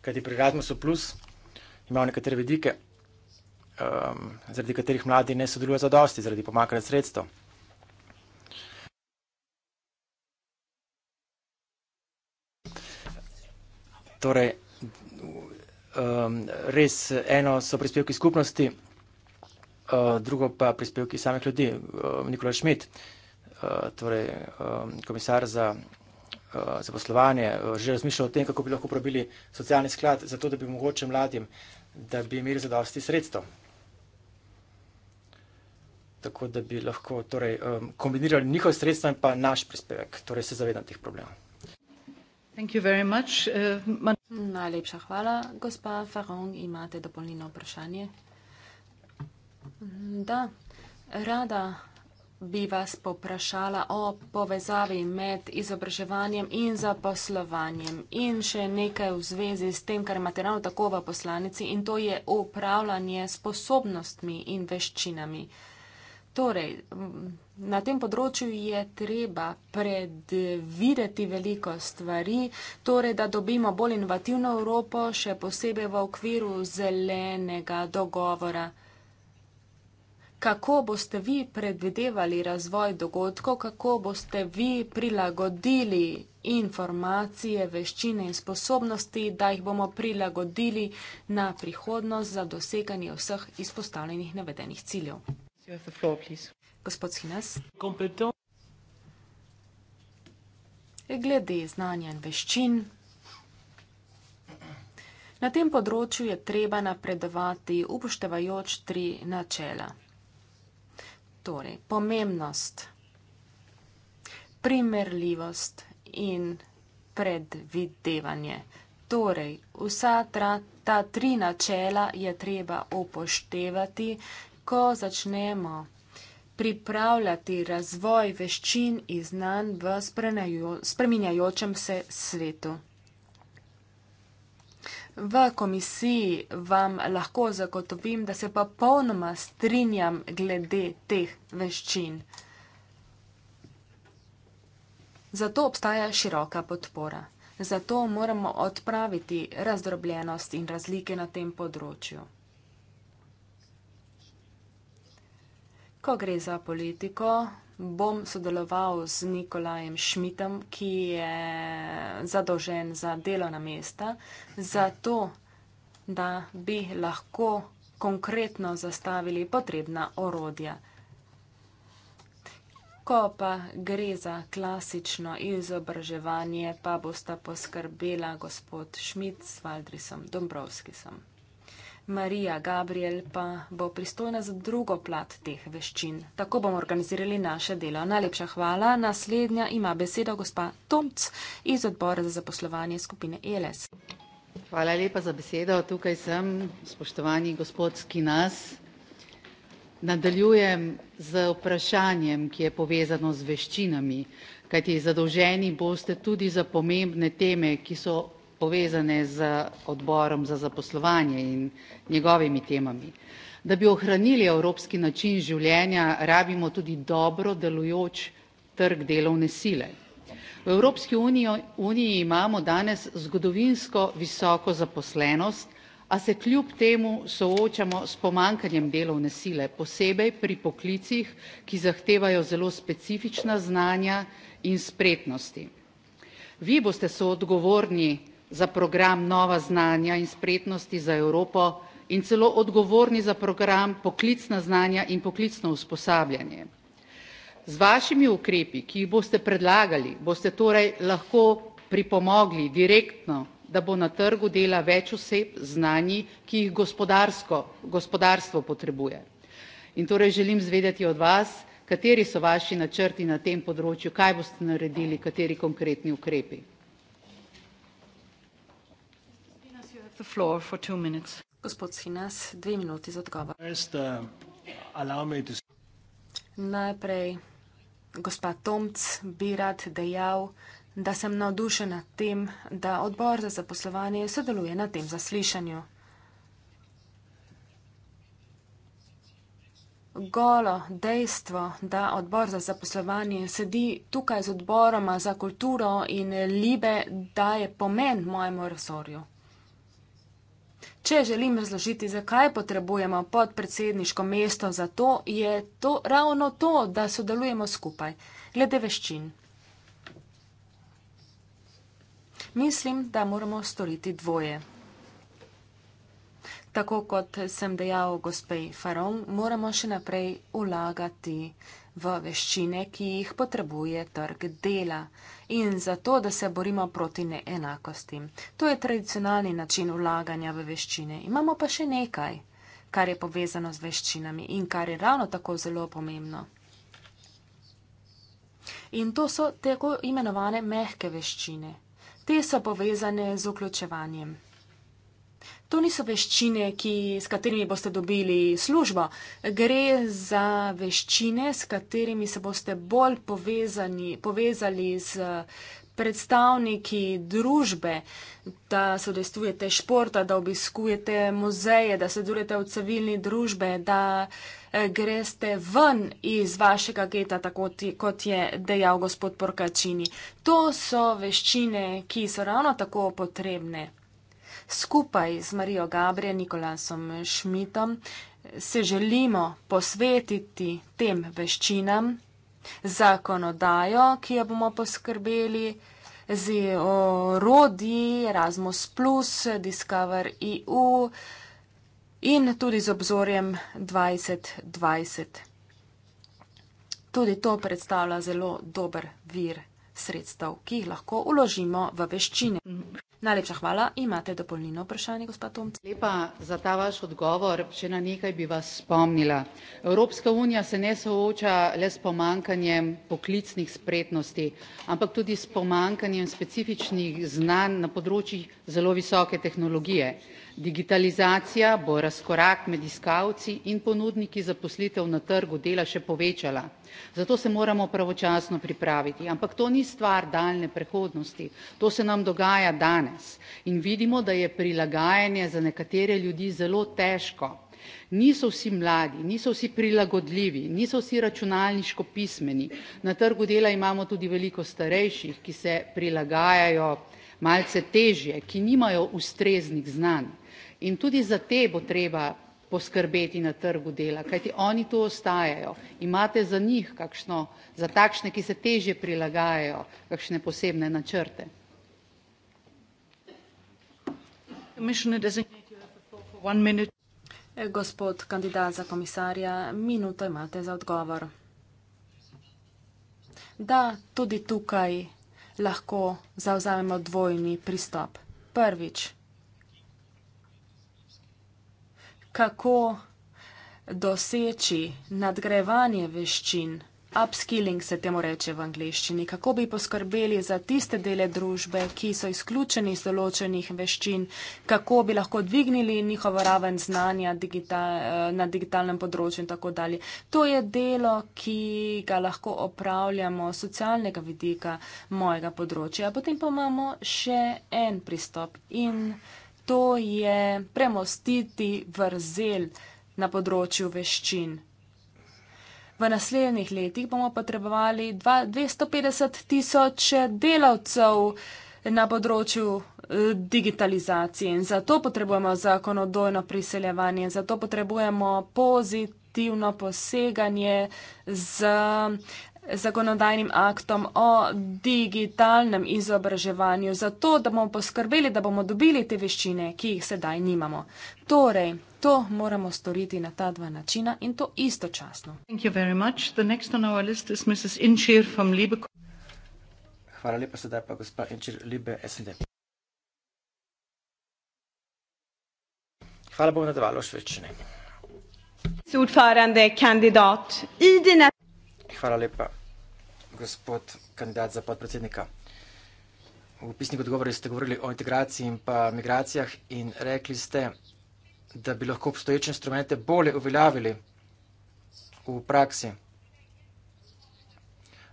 kajti pri Erasmusu Plus imamo nekatere vidike, um, zaradi katerih mladi ne sodelujejo zadosti, zaradi pomakanja sredstev. Torej, um, res eno so prispevki skupnosti, uh, drugo pa prispevki samih ljudi. Uh, Nikola Šmit, uh, torej, um, komisar za uh, zaposlovanje, uh, že razmišljal o tem, kako bi lahko uporabili socialni sklad, zato da bi mogoče mladim, da bi imeli zadosti sredstev. Tako da bi lahko torej, um, kombinirali njihove sredstva in pa naš prispevek, torej se zavedam teh problemov. Uh, man... Najlepša hvala. Gospa Faron, imate dopolnjeno vprašanje? Da, rada bi vas poprašala o povezavi med izobraževanjem in zaposlovanjem in še nekaj v zvezi s tem, kar imate ravno tako v poslanici in to je upravljanje sposobnostmi in veščinami. Torej, na tem področju je treba predvideti veliko stvari, torej, da dobimo bolj inovativno Evropo, še posebej v okviru zelenega dogovora kako boste vi predvidevali razvoj dogodkov, kako boste vi prilagodili informacije, veščine in sposobnosti, da jih bomo prilagodili na prihodnost za doseganje vseh izpostavljenih navedenih ciljev. Floor, Gospod Schines. Glede znanja in veščin. Na tem področju je treba napredovati upoštevajoč tri načela torej pomembnost, primerljivost in predvidevanje. Torej, vsa tra, ta tri načela je treba upoštevati, ko začnemo pripravljati razvoj veščin in znanj v spremenjajočem se svetu. V komisiji vam lahko zagotovim, da se pa polnoma strinjam glede teh veščin. Zato obstaja široka podpora. Zato moramo odpraviti razdrobljenost in razlike na tem področju. Ko gre za politiko, bom sodeloval z Nikolajem Šmitom, ki je zadolžen za delovna mesta, zato da bi lahko konkretno zastavili potrebna orodja. Ko pa gre za klasično izobraževanje, pa bosta poskrbela gospod Šmit s Valdrisom Dombrovskisom. Marija Gabriel pa bo pristojna za drugo plat teh veščin. Tako bomo organizirali naše delo. Najlepša hvala. Naslednja ima besedo gospa Tomc iz odbora za zaposlovanje skupine ELS. Hvala lepa za besedo. Tukaj sem, spoštovani gospod Skinas. Nadaljujem z vprašanjem, ki je povezano z veščinami, kajti zadolženi boste tudi za pomembne teme, ki so povezane z odborom za zaposlovanje in njegovimi temami. Da bi ohranili evropski način življenja, rabimo tudi dobro delujoč trg delovne sile. V Evropski unijo, uniji imamo danes zgodovinsko visoko zaposlenost, a se kljub temu soočamo s pomankanjem delovne sile, posebej pri poklicih, ki zahtevajo zelo specifična znanja in spretnosti. Vi boste soodgovorni za program Nova znanja in spretnosti za Evropo in celo odgovorni za program Poklicna znanja in poklicno usposabljanje. Z vašimi ukrepi, ki jih boste predlagali, boste torej lahko pripomogli direktno, da bo na trgu dela več oseb z znanji, ki jih gospodarsko, gospodarstvo potrebuje. In torej želim zvedeti od vas, kateri so vaši načrti na tem področju, kaj boste naredili, kateri konkretni ukrepi. the floor for two minutes. Gospod Sinas, dve minuti za odgovor. First, uh, Najprej, gospod Tomc, bi rad dejal, da sem navdušen nad tem, da odbor za zaposlovanje sodeluje na tem zaslišanju. Golo dejstvo, da odbor za zaposlovanje sedi tukaj z odboroma za kulturo in libe, daje pomen mojemu resorju. Če želim razložiti, zakaj potrebujemo podpredsedniško mesto za to, je to ravno to, da sodelujemo skupaj. Glede veščin. Mislim, da moramo storiti dvoje. Tako kot sem dejal gospej Faron, moramo še naprej ulagati v veščine, ki jih potrebuje trg dela in zato, da se borimo proti neenakosti. To je tradicionalni način vlaganja v veščine. Imamo pa še nekaj, kar je povezano z veščinami in kar je ravno tako zelo pomembno. In to so tako imenovane mehke veščine. Te so povezane z vključevanjem. To niso veščine, ki, s katerimi boste dobili službo. Gre za veščine, s katerimi se boste bolj povezani, povezali z predstavniki družbe, da sodestujete športa, da obiskujete muzeje, da sodelujete v civilni družbe, da eh, greste ven iz vašega geta, tako kot je dejal gospod Porkačini. To so veščine, ki so ravno tako potrebne skupaj z Marijo Gabrije, Nikolasom Šmitom, se želimo posvetiti tem veščinam, zakonodajo, ki jo bomo poskrbeli, z orodji Erasmus, Discover EU in tudi z obzorjem 2020. Tudi to predstavlja zelo dober vir sredstev, ki jih lahko uložimo v veščine. Najlepša hvala, imate dopolnilno vprašanje, gospod Tomc. Lepa za ta vaš odgovor, še na nekaj bi vas spomnila. Evropska unija se ne sooča le s pomankanjem poklicnih spretnosti, ampak tudi s pomankanjem specifičnih znanj na področjih zelo visoke tehnologije. Digitalizacija bo razkorak med iskalci in ponudniki zaposlitev na trgu dela še povečala. Zato se moramo pravočasno pripraviti. Ampak to ni stvar daljne prehodnosti. To se nam dogaja danes. In vidimo, da je prilagajanje za nekatere ljudi zelo težko. Niso vsi mladi, niso vsi prilagodljivi, niso vsi računalniško pismeni. Na trgu dela imamo tudi veliko starejših, ki se prilagajajo malce težje, ki nimajo ustreznih znanj in tudi za te bo treba poskrbeti na trgu dela kajti oni tu ostajajo imate za njih kakšno za takšne ki se težje prilagajajo kakšne posebne načrte eh, Gospod kandidat za komisarja, minuto imate za odgovor. Da, tudi tukaj lahko zauzamemo dvojni pristop. Prvič, kako doseči nadgrevanje veščin, upskilling se temu reče v angleščini, kako bi poskrbeli za tiste dele družbe, ki so izključeni iz določenih veščin, kako bi lahko dvignili njihovo raven znanja digital, na digitalnem področju in tako dalje. To je delo, ki ga lahko opravljamo z socialnega vidika mojega področja. Potem pa imamo še en pristop in to je premostiti vrzel na področju veščin. V naslednjih letih bomo potrebovali 250 tisoč delavcev na področju eh, digitalizacije in zato potrebujemo zakonodojno priseljevanje, zato potrebujemo pozitivno poseganje z zakonodajnim aktom o digitalnem izobraževanju, zato da bomo poskrbeli, da bomo dobili te veščine, ki jih sedaj nimamo. Torej, to moramo storiti na ta dva načina in to istočasno. Hvala lepa, sedaj pa gospa Inčir Libe, SND. Hvala bomo nadaljevali o veščine. Sodfarande kandidat Idina hvala lepa, gospod kandidat za podpredsednika. V pisnih odgovorih ste govorili o integraciji in pa migracijah in rekli ste, da bi lahko obstoječe instrumente bolje uveljavili v praksi.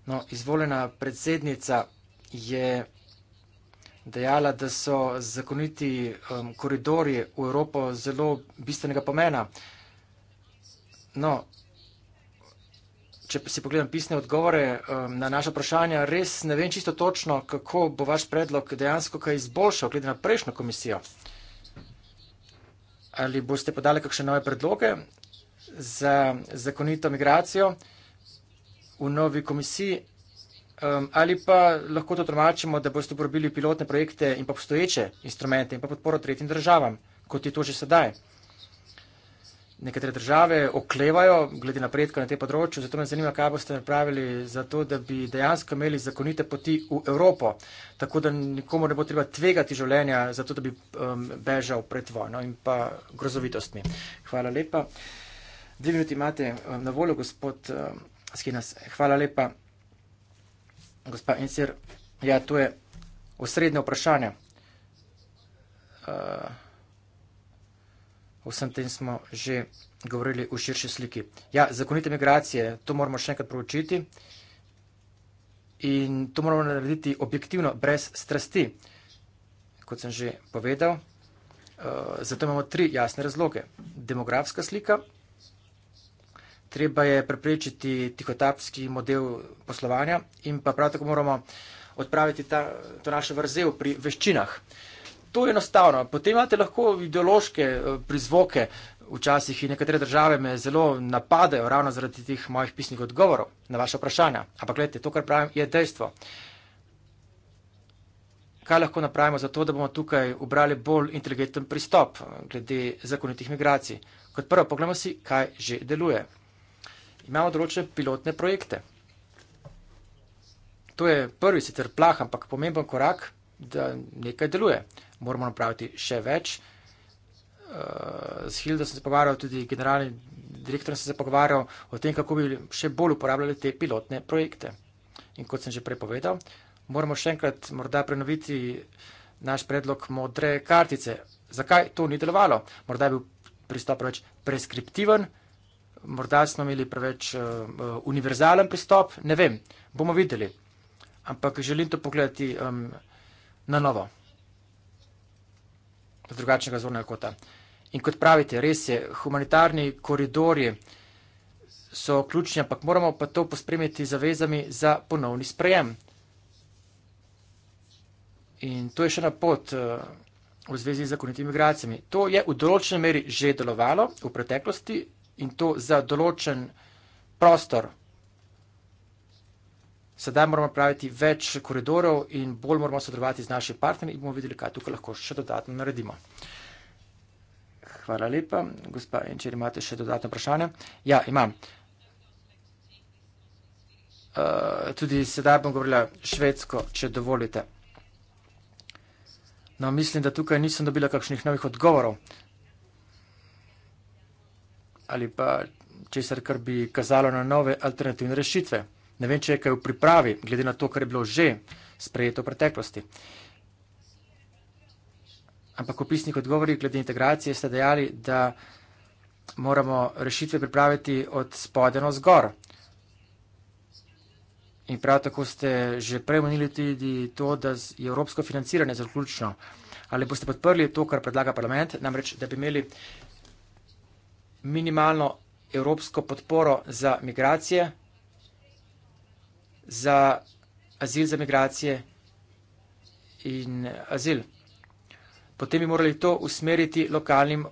No, izvoljena predsednica je dejala, da so zakoniti um, koridori v Evropo zelo bistvenega pomena. No, če si pogledam pisne odgovore um, na naša vprašanja, res ne vem čisto točno, kako bo vaš predlog dejansko kaj izboljšal, glede na prejšnjo komisijo. Ali boste podali kakšne nove predloge za zakonito migracijo v novi komisiji? Um, ali pa lahko to tolmačimo, da boste uporabili pilotne projekte in pa obstoječe instrumente in pa podporo tretjim državam, kot je to že sedaj. Nekatere države oklevajo glede napredka na tem področju, zato me zanima, kaj boste napravili za to, da bi dejansko imeli zakonite poti v Evropo, tako da nikomu ne bo treba tvegati življenja, zato da bi um, bežal pred vojno in pa grozovitostmi. Hvala lepa. Dve minuti imate um, na voljo, gospod um, Skinas. Hvala lepa, gospa Insir. Ja, to je osrednje vprašanje. Uh, vsem tem smo že govorili v širši sliki. Ja, zakonite migracije, to moramo še enkrat proučiti in to moramo narediti objektivno, brez strasti, kot sem že povedal. Eh, zato imamo tri jasne razloge. Demografska slika, treba je preprečiti tihotapski model poslovanja in pa prav tako moramo odpraviti ta, to naše vrzel pri veščinah to je enostavno. Potem imate lahko ideološke eh, prizvoke, včasih in nekatere države me zelo napadajo ravno zaradi teh mojih pisnih odgovorov na vaše vprašanja. Ampak gledajte, to, kar pravim, je dejstvo. Kaj lahko napravimo za to, da bomo tukaj ubrali bolj inteligenten pristop eh, glede zakonitih migracij? Kot prvo, pogledamo si, kaj že deluje. Imamo določene pilotne projekte. To je prvi sicer plah, ampak pomemben korak, da nekaj deluje moramo napraviti še več. Z eh, Hildo sem se pogovarjal, tudi generalni direktor sem se pogovarjal o tem, kako bi še bolj uporabljali te pilotne projekte. In kot sem že prepovedal, moramo še enkrat morda prenoviti naš predlog modre kartice. Zakaj to ni delovalo? Morda je bil pristop preveč preskriptiven, morda smo imeli preveč uh, univerzalen pristop, ne vem, bomo videli. Ampak želim to pogledati um, na novo z drugačnega zornega kota. In kot pravite, res je, humanitarni koridori so ključni, ampak moramo pa to pospremiti zavezami za ponovni sprejem. In to je še na pot eh, v zvezi z zakonitimi migracijami. To je v določenem meri že delovalo v preteklosti in to za določen prostor Sedaj moramo praviti več koridorov in bolj moramo sodelovati z našimi partnerji in bomo videli, kaj tukaj lahko še dodatno naredimo. Hvala lepa. Gospa, in če imate še dodatno vprašanje? Ja, imam. Uh, tudi sedaj bom govorila švedsko, če dovolite. No, mislim, da tukaj nisem dobila kakšnih novih odgovorov. Ali pa česar, kar bi kazalo na nove alternativne rešitve. Ne vem, če je kaj v pripravi, glede na to, kar je bilo že sprejeto v preteklosti. Ampak v pisnih odgovorih glede integracije ste dejali, da moramo rešitve pripraviti od spodaj na zgor. In prav tako ste že prej omenili tudi to, da je evropsko financiranje zelo ključno. Ali boste podprli to, kar predlaga parlament, namreč, da bi imeli minimalno evropsko podporo za migracije? za azil, za migracije in azil. Potem bi morali to usmeriti lokalnim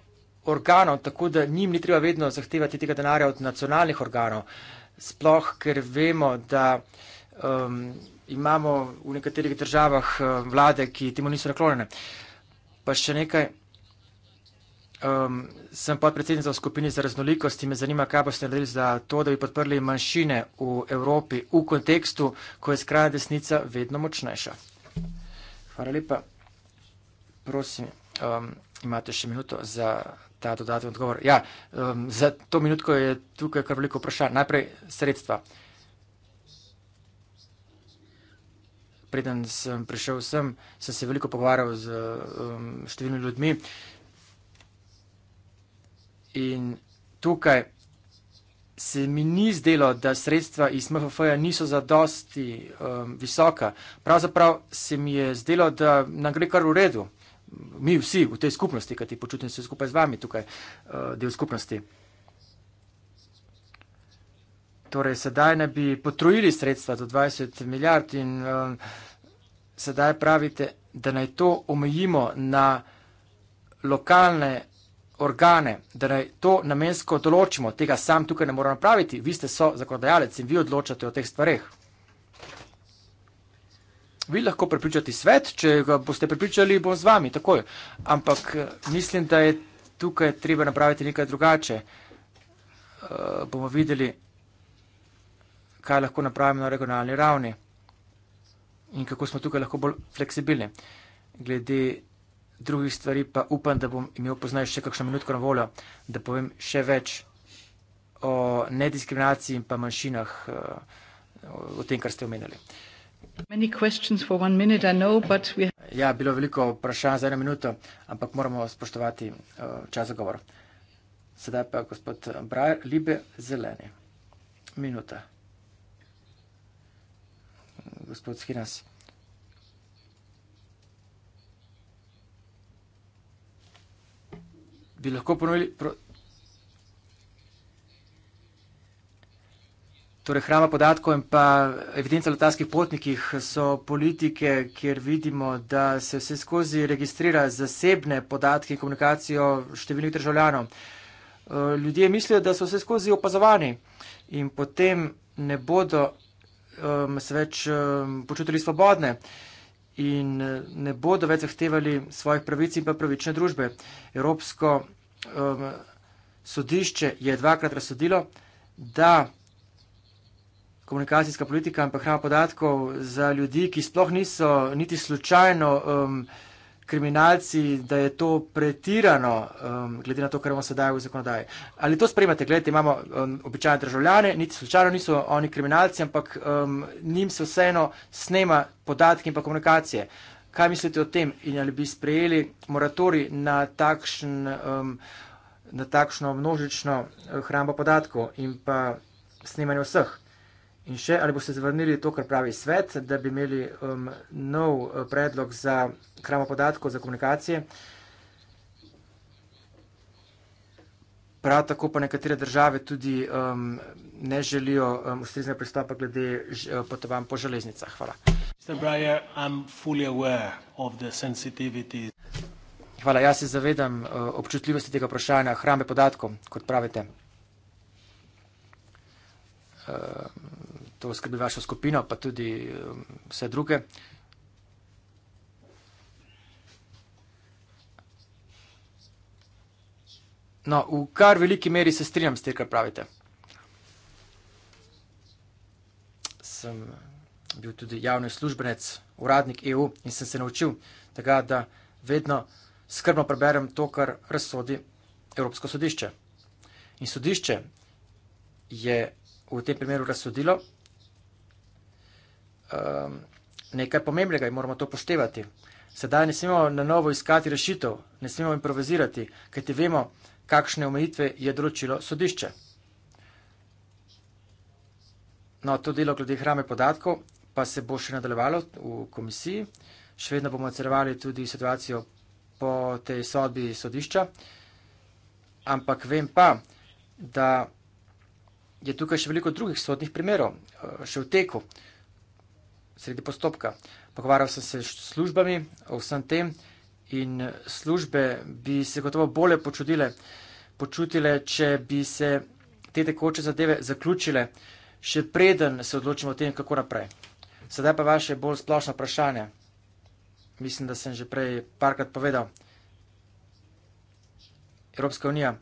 organom, tako da njim ni treba vedno zahtevati tega denarja od nacionalnih organov. Sploh, ker vemo, da um, imamo v nekaterih državah um, vlade, ki temu niso naklonjene. Pa še nekaj. Um, sem podpredsednica v skupini za raznolikost in me zanima, kaj boste naredili za to, da bi podprli manjšine v Evropi v kontekstu, ko je skrajna desnica vedno močnejša. Hvala lepa. Prosim, um, imate še minuto za ta dodatni odgovor. Ja, um, za to minutko je tukaj kar veliko vprašanj. Najprej sredstva. Preden sem prišel sem, sem se veliko pogovarjal z um, številnimi ljudmi. In tukaj se mi ni zdelo, da sredstva iz MFF-ja niso zadosti um, visoka. Pravzaprav se mi je zdelo, da nam gre kar v redu. Mi vsi v tej skupnosti, kajti počutim se skupaj z vami tukaj, uh, del skupnosti. Torej, sedaj ne bi potrojili sredstva do 20 milijard in um, sedaj pravite, da naj to omejimo na lokalne organe, da naj to namensko določimo. Tega sam tukaj ne moramo napraviti, vi ste so zakonodajalec in vi odločate o teh stvareh. Vi lahko prepričate svet, če ga boste prepričali, bom z vami takoj. Ampak eh, mislim, da je tukaj treba napraviti nekaj drugače. Uh, bomo videli, kaj lahko napravimo na regionalni ravni in kako smo tukaj lahko bolj fleksibilni. Glede drugih stvari, pa upam, da bom imel poznaj še kakšno minutko na voljo, da povem še več o nediskriminaciji in pa manjšinah, eh, o tem, kar ste omenjali. Ja, bilo je veliko vprašanj za eno minuto, ampak moramo spoštovati eh, čas za govor. Sedaj pa gospod Brajer, Libe Zeleni. Minuta. Gospod Skinas. Gospod Skinas. bi lahko ponovili. Pro... Torej, hrama podatkov in pa evidenca letalskih potnikih so politike, kjer vidimo, da se vse skozi registrira zasebne podatke in komunikacijo številnih državljanov. Eh, ljudje mislijo, da so vse skozi opazovani in potem ne bodo um, se več um, počutili svobodne. Uh, in eh, ne bodo več zahtevali svojih pravic in pa pravične družbe. Evropsko um, sodišče je dvakrat razsodilo, da komunikacijska politika in pa hrana podatkov za ljudi, ki sploh niso niti slučajno um, kriminalci, da je to pretirano, um, glede na to, kar imamo sedaj v zakonodaji. Ali to spremljate? Gledajte, imamo um, običajne državljane, niti slučajno niso oni kriminalci, ampak um, njim se vseeno snema podatki in pa komunikacije. Kaj mislite o tem in ali bi sprejeli moratori na, takšen, um, na takšno množično eh, hrambo podatkov in pa snemanje vseh? In še, ali boste zavrnili to, kar pravi svet, da bi imeli um, nov uh, predlog za hramo podatkov, za komunikacije. Prav tako pa nekatere države tudi um, ne želijo um, ustreznega pristopa glede uh, potovan po železnicah. Hvala. Hvala, jaz se zavedam uh, občutljivosti tega vprašanja hrambe podatkov, kot pravite. Uh, to skrbi vašo skupino, pa tudi um, vse druge. No, v kar veliki meri se strinjam s tem, kar pravite. Sem bil tudi javni službenec, uradnik EU in sem se naučil tega, da vedno skrbno preberem to, kar razsodi Evropsko sodišče. In sodišče je v tem primeru razsodilo, um, nekaj pomembnega in moramo to poštevati. Sedaj ne smemo na novo iskati rešitev, ne smemo improvizirati, ker ti vemo, kakšne omejitve je določilo sodišče. No, to delo glede hrame podatkov pa se bo še nadaljevalo v komisiji. Še vedno bomo ocenjevali tudi situacijo po tej sodbi sodišča. Ampak vem pa, da je tukaj še veliko drugih sodnih primerov eh, še v teku sredi postopka. Pogovarjal sem se s službami o vsem tem in službe bi se gotovo bolje počutile, počutile če bi se te tekoče zadeve zaključile, še preden se odločimo o tem, kako naprej. Sedaj pa vaše bolj splošno vprašanje. Mislim, da sem že prej parkrat povedal. Evropska unija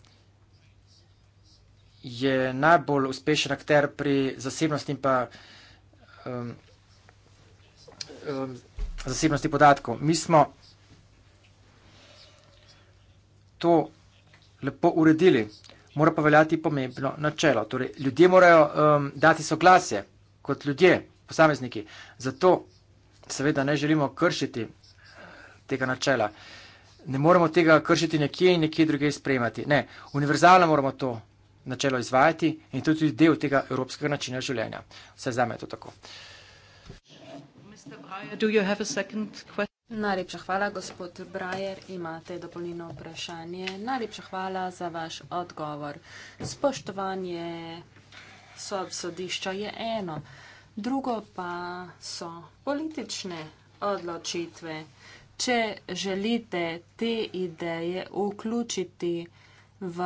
je najbolj uspešen akter pri zasebnosti in pa um, um, zasebnosti podatkov. Mi smo to lepo uredili, mora pa veljati pomembno načelo. Torej, ljudje morajo um, dati soglasje kot ljudje, posamezniki. Zato seveda ne želimo kršiti tega načela. Ne moremo tega kršiti nekje in nekje druge sprejemati. Ne, univerzalno moramo to načelo izvajati in to je tudi del tega evropskega načina življenja. Vse zame je to tako. Najlepša hvala, gospod Brajer. Imate dopolnjeno vprašanje. Najlepša hvala za vaš odgovor. Spoštovanje sodišča je eno. Drugo pa so politične odločitve. Če želite te ideje vključiti v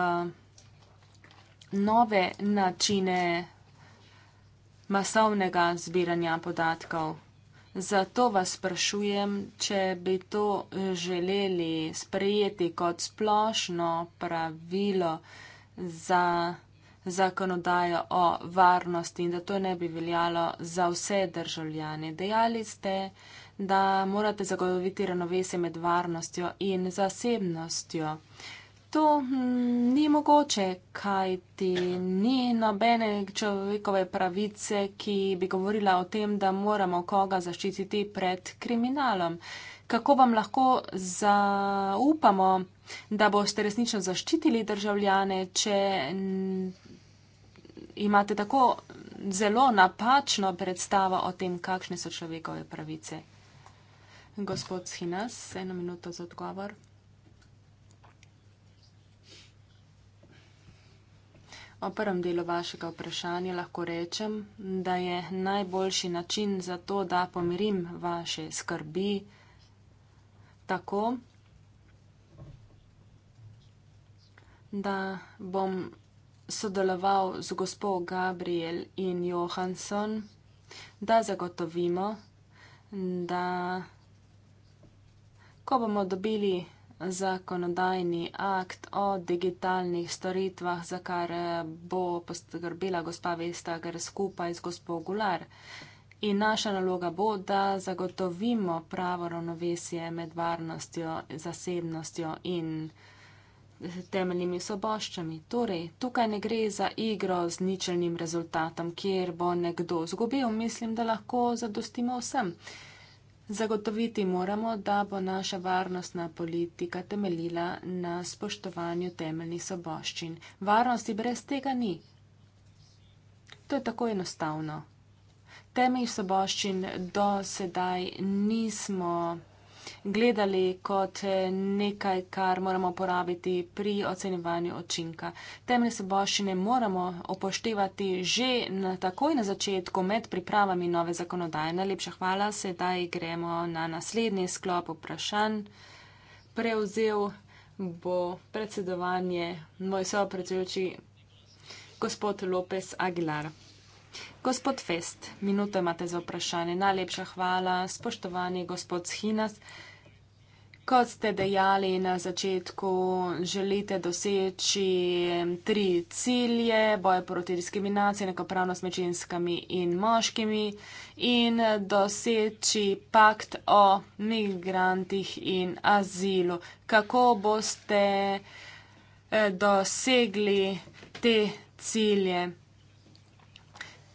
nove načine masovnega zbiranja podatkov, Zato vas sprašujem, če bi to želeli sprejeti kot splošno pravilo za zakonodajo o varnosti in da to ne bi veljalo za vse državljane. Dejali ste, da morate zagotoviti ravnovesje med varnostjo in zasebnostjo. To hm, ni mogoče, kaj ti ni nobene človekove pravice, ki bi govorila o tem, da moramo koga zaščititi pred kriminalom. Kako vam lahko zaupamo, da boste resnično zaščitili državljane, če imate tako zelo napačno predstavo o tem, kakšne so človekove pravice? Gospod Schinas, eno minuto za odgovor. O prvem delu vašega vprašanja lahko rečem, da je najboljši način za to, da pomirim vaše skrbi tako, da bom sodeloval z gospod Gabriel in Johansson, da zagotovimo, da ko bomo dobili zakonodajni akt o digitalnih storitvah, za kar eh, bo poskrbela gospa Vestager skupaj z gospo Gular. In naša naloga bo, da zagotovimo pravo ravnovesje med varnostjo, zasebnostjo in temeljnimi soboščami. Torej, tukaj ne gre za igro z ničelnim rezultatom, kjer bo nekdo zgubil. Mislim, da lahko zadostimo vsem. Zagotoviti moramo, da bo naša varnostna politika temeljila na spoštovanju temeljnih soboščin. Varnosti brez tega ni. To je tako enostavno. Temeljnih soboščin do sedaj nismo gledali kot eh, nekaj, kar moramo uporabiti pri ocenjevanju očinka. Temne seboščine moramo upoštevati že na, takoj na začetku med pripravami nove zakonodaje. Najlepša hvala, sedaj gremo na naslednji sklop vprašanj. Prevzel bo predsedovanje moj sopredsedujoči gospod Lopes Aguilar. Gospod Fest, minuto imate za vprašanje. Najlepša hvala, spoštovani gospod Schinas. Kot ste dejali na začetku, želite doseči tri cilje, boj proti diskriminaciji, nekopravnost med ženskami in moškimi in doseči pakt o migrantih in azilu. Kako boste eh, dosegli te cilje?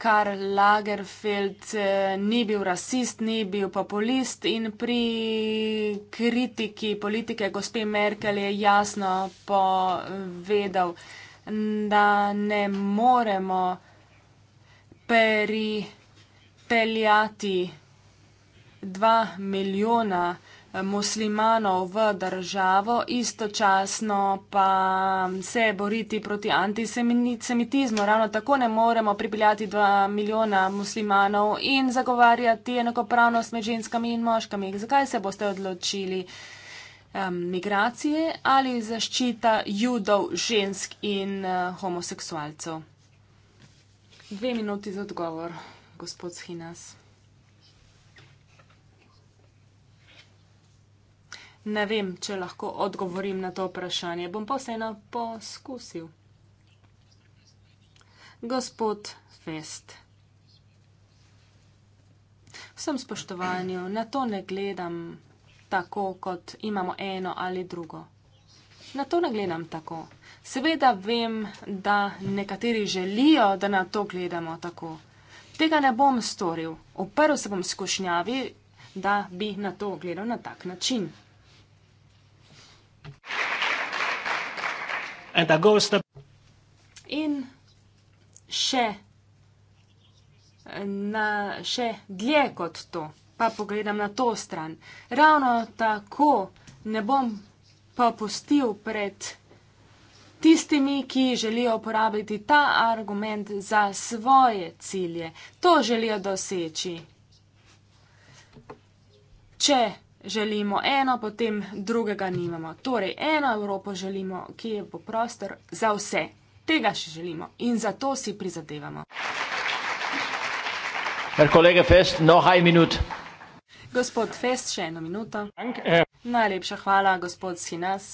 Karl Lagerfeld eh, ni bil rasist, ni bil populist in pri kritiki politike gospe Merkel je jasno povedal, da ne moremo peripeljati dva milijona ljudi muslimanov v državo, istočasno pa se boriti proti antisemitizmu. Ravno tako ne moremo pripeljati 2 milijona muslimanov in zagovarjati enakopravnost med ženskami in moškami. Zakaj se boste odločili? Migracije ali zaščita judov, žensk in eh, homoseksualcev? Dve minuti za odgovor, gospod Schinas. Ne vem, če lahko odgovorim na to vprašanje, bom pa vseeno poskusil. Gospod Fest. Vsem spoštovanju, na to ne gledam tako, kot imamo eno ali drugo. Na to ne gledam tako. Seveda vem, da nekateri želijo, da na to gledamo tako. Tega ne bom storil. Oprl se bom skušnjavi, da bi na to gledal na tak način. In tako ste. In še, na, še dlje kot to, pa pogledam na to stran. Ravno tako ne bom pa postil pred tistimi, ki želijo uporabiti ta argument za svoje cilje. To želijo doseči. Če želimo eno, potem drugega nimamo. Torej, eno Evropo želimo, ki je bo prostor za vse. Tega še želimo in zato si prizadevamo. Ker kolega Fest, nohaj minut. Gospod Fest, še eno minuto. Najlepša hvala, gospod Sinas.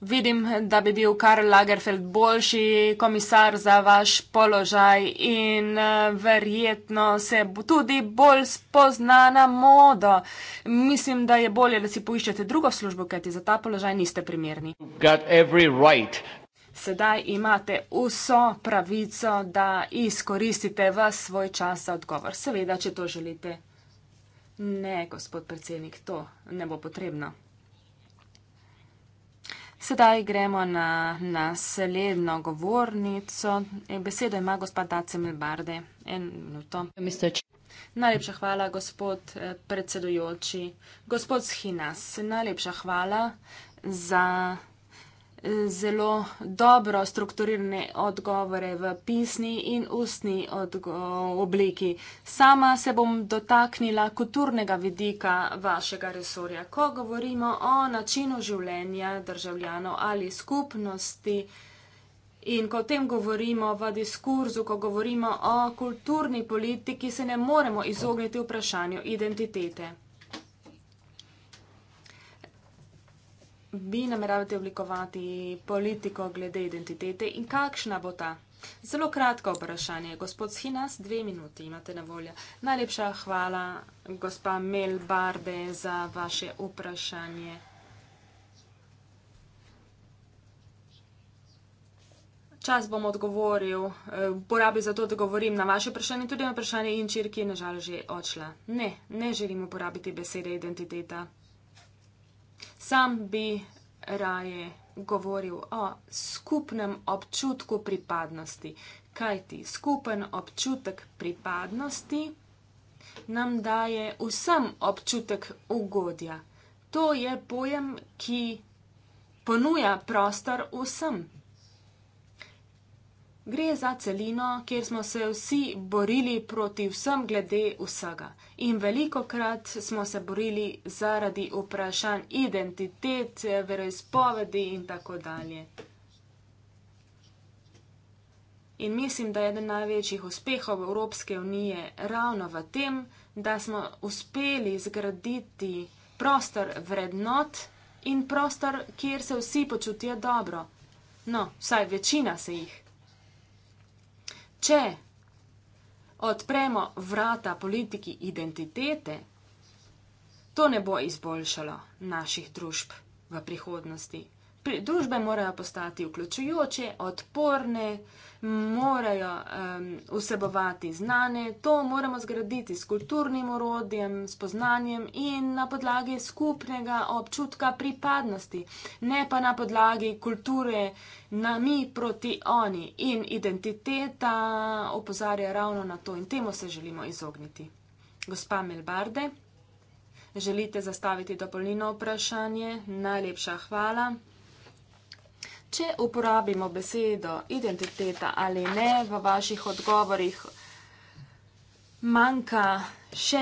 Vidim, da bi bil Karl Lagerfeld boljši komisar za vaš položaj in eh, verjetno se tudi bolj spozna na modo. Mislim, da je bolje, da si poiščete drugo službo, kajti za ta položaj niste primerni. Right. Sedaj imate vso pravico, da izkoristite v svoj čas za odgovor. Seveda, če to želite. Ne, gospod predsednik, to ne bo potrebno. Sedaj gremo na naslednjo govornico. Besedo ima gospod Dacemil Barde. En minuto. Najlepša hvala, gospod eh, predsedujoči. Gospod Schinas, najlepša hvala za zelo dobro strukturirane odgovore v pisni in ustni obliki. Sama se bom dotaknila kulturnega vidika vašega resorja. Ko govorimo o načinu življenja državljanov ali skupnosti in ko o tem govorimo v diskurzu, ko govorimo o kulturni politiki, se ne moremo izogniti vprašanju identitete. vi nameravate oblikovati politiko glede identitete in kakšna bo ta? Zelo kratko vprašanje. Gospod Schinas, dve minuti imate na voljo. Najlepša hvala, gospa Mel Barbe, za vaše vprašanje. Čas bom odgovoril, porabil za to, da govorim na vaše vprašanje, tudi na vprašanje Inčir, ki je nažal že odšla. Ne, ne želim uporabiti besede identiteta. Sam bi raje govoril o skupnem občutku pripadnosti, kajti skupen občutek pripadnosti nam daje vsem občutek ugodja. To je pojem, ki ponuja prostor vsem Gre za celino, kjer smo se vsi borili proti vsem glede vsega. In veliko krat smo se borili zaradi vprašanj identitet, veroizpovedi in tako dalje. In mislim, da je eden največjih uspehov Evropske unije ravno v tem, da smo uspeli zgraditi prostor vrednot in prostor, kjer se vsi počutijo dobro. No, vsaj večina se jih če odpremo vrata politiki identitete, to ne bo izboljšalo naših družb v prihodnosti. Družbe morajo postati vključujoče, odporne, morajo um, vsebovati znanje, to moramo zgraditi s kulturnim urodjem, s poznanjem in na podlagi skupnega občutka pripadnosti, ne pa na podlagi kulture na mi proti oni in identiteta opozarja ravno na to in temu se želimo izogniti. Gospa Melbarde, želite zastaviti dopolnino vprašanje? Najlepša hvala. Če uporabimo besedo identiteta ali ne v vaših odgovorih, manjka še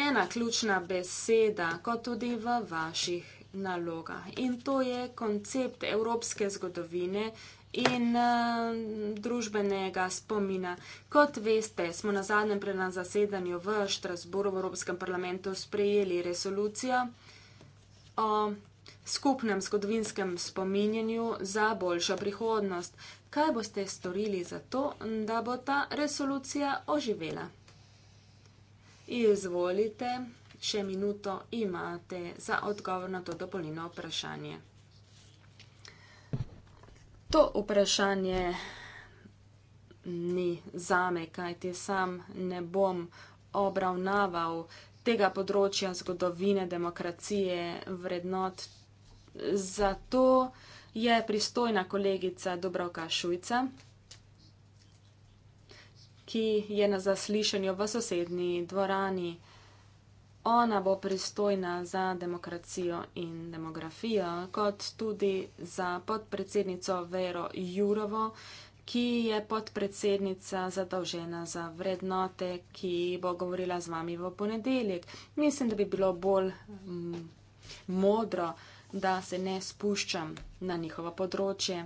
ena ključna beseda, kot tudi v vaših nalogah. In to je koncept evropske zgodovine in uh, družbenega spomina. Kot veste, smo na zadnjem prenam zasedanju v Štrasburu v Evropskem parlamentu sprejeli resolucijo o skupnem zgodovinskem spominjanju za boljšo prihodnost. Kaj boste storili za to, da bo ta resolucija oživela? Izvolite, še minuto imate za odgovor na to dopolnjeno vprašanje. To vprašanje ni zame, kajti sam ne bom obravnaval tega področja zgodovine, demokracije, vrednot, Zato je pristojna kolegica Dobroka Šujca, ki je na zaslišanju v sosednji dvorani. Ona bo pristojna za demokracijo in demografijo, kot tudi za podpredsednico Vero Jurovo, ki je podpredsednica zadolžena za vrednote, ki bo govorila z vami v ponedeljek. Mislim, da bi bilo bolj mm, modro da se ne spuščam na njihovo področje.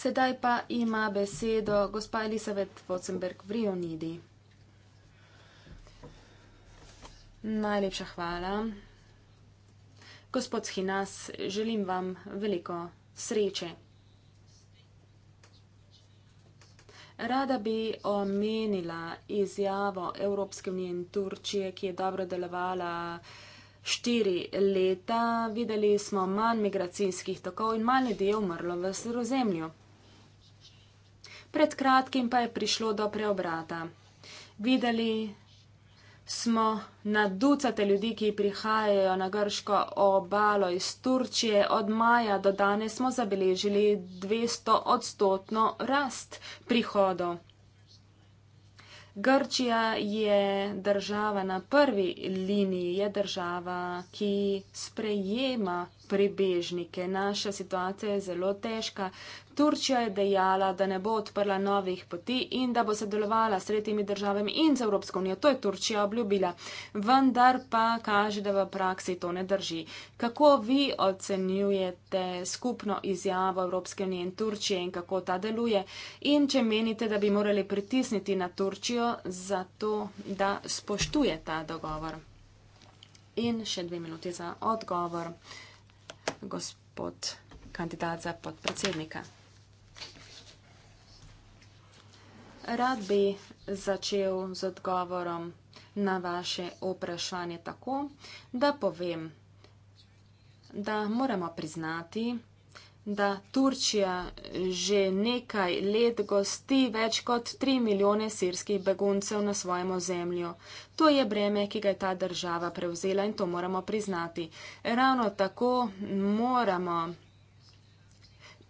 Sedaj pa ima besedo gospa Elisabeth Vocenberg v Rionidi. Najlepša hvala. Gospod Hinas, želim vam veliko sreče. Rada bi omenila izjavo Evropske unije in Turčije, ki je dobro delovala uh, štiri leta videli smo manj migracijskih tokov in manj ljudi je umrlo v sredozemlju. Pred kratkim pa je prišlo do preobrata. Videli smo na ducate ljudi, ki prihajajo na grško obalo iz Turčije. Od maja do danes smo zabeležili 200 odstotno rast prihodov. Grčija je država na prvi liniji, je država, ki sprejema prebežnike. Naša situacija je zelo težka. Turčija je dejala, da ne bo odprla novih poti in da bo sodelovala s tretjimi državami in z Evropsko unijo. To je Turčija obljubila. Vendar pa kaže, da v praksi to ne drži. Kako vi ocenjujete skupno izjavo Evropske unije in Turčije in kako ta deluje? In če menite, da bi morali pritisniti na Turčijo za to, da spoštuje ta dogovor? In še dve minuti za odgovor gospod kandidat za podpredsednika. Rad bi začel z odgovorom na vaše vprašanje tako, da povem, da moramo priznati, da Turčija že nekaj let gosti več kot 3 milijone sirskih beguncev na svojem ozemlju. To je breme, ki ga je ta država prevzela in to moramo priznati. Ravno tako moramo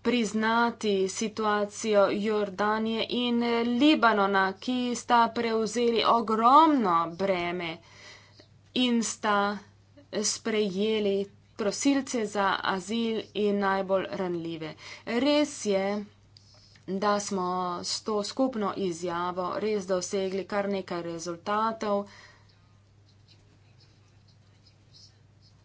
priznati situacijo Jordanije in Libanona, ki sta prevzeli ogromno breme in sta sprejeli prosilce za azil in najbolj ranljive. Res je, da smo s to skupno izjavo res dosegli kar nekaj rezultatov.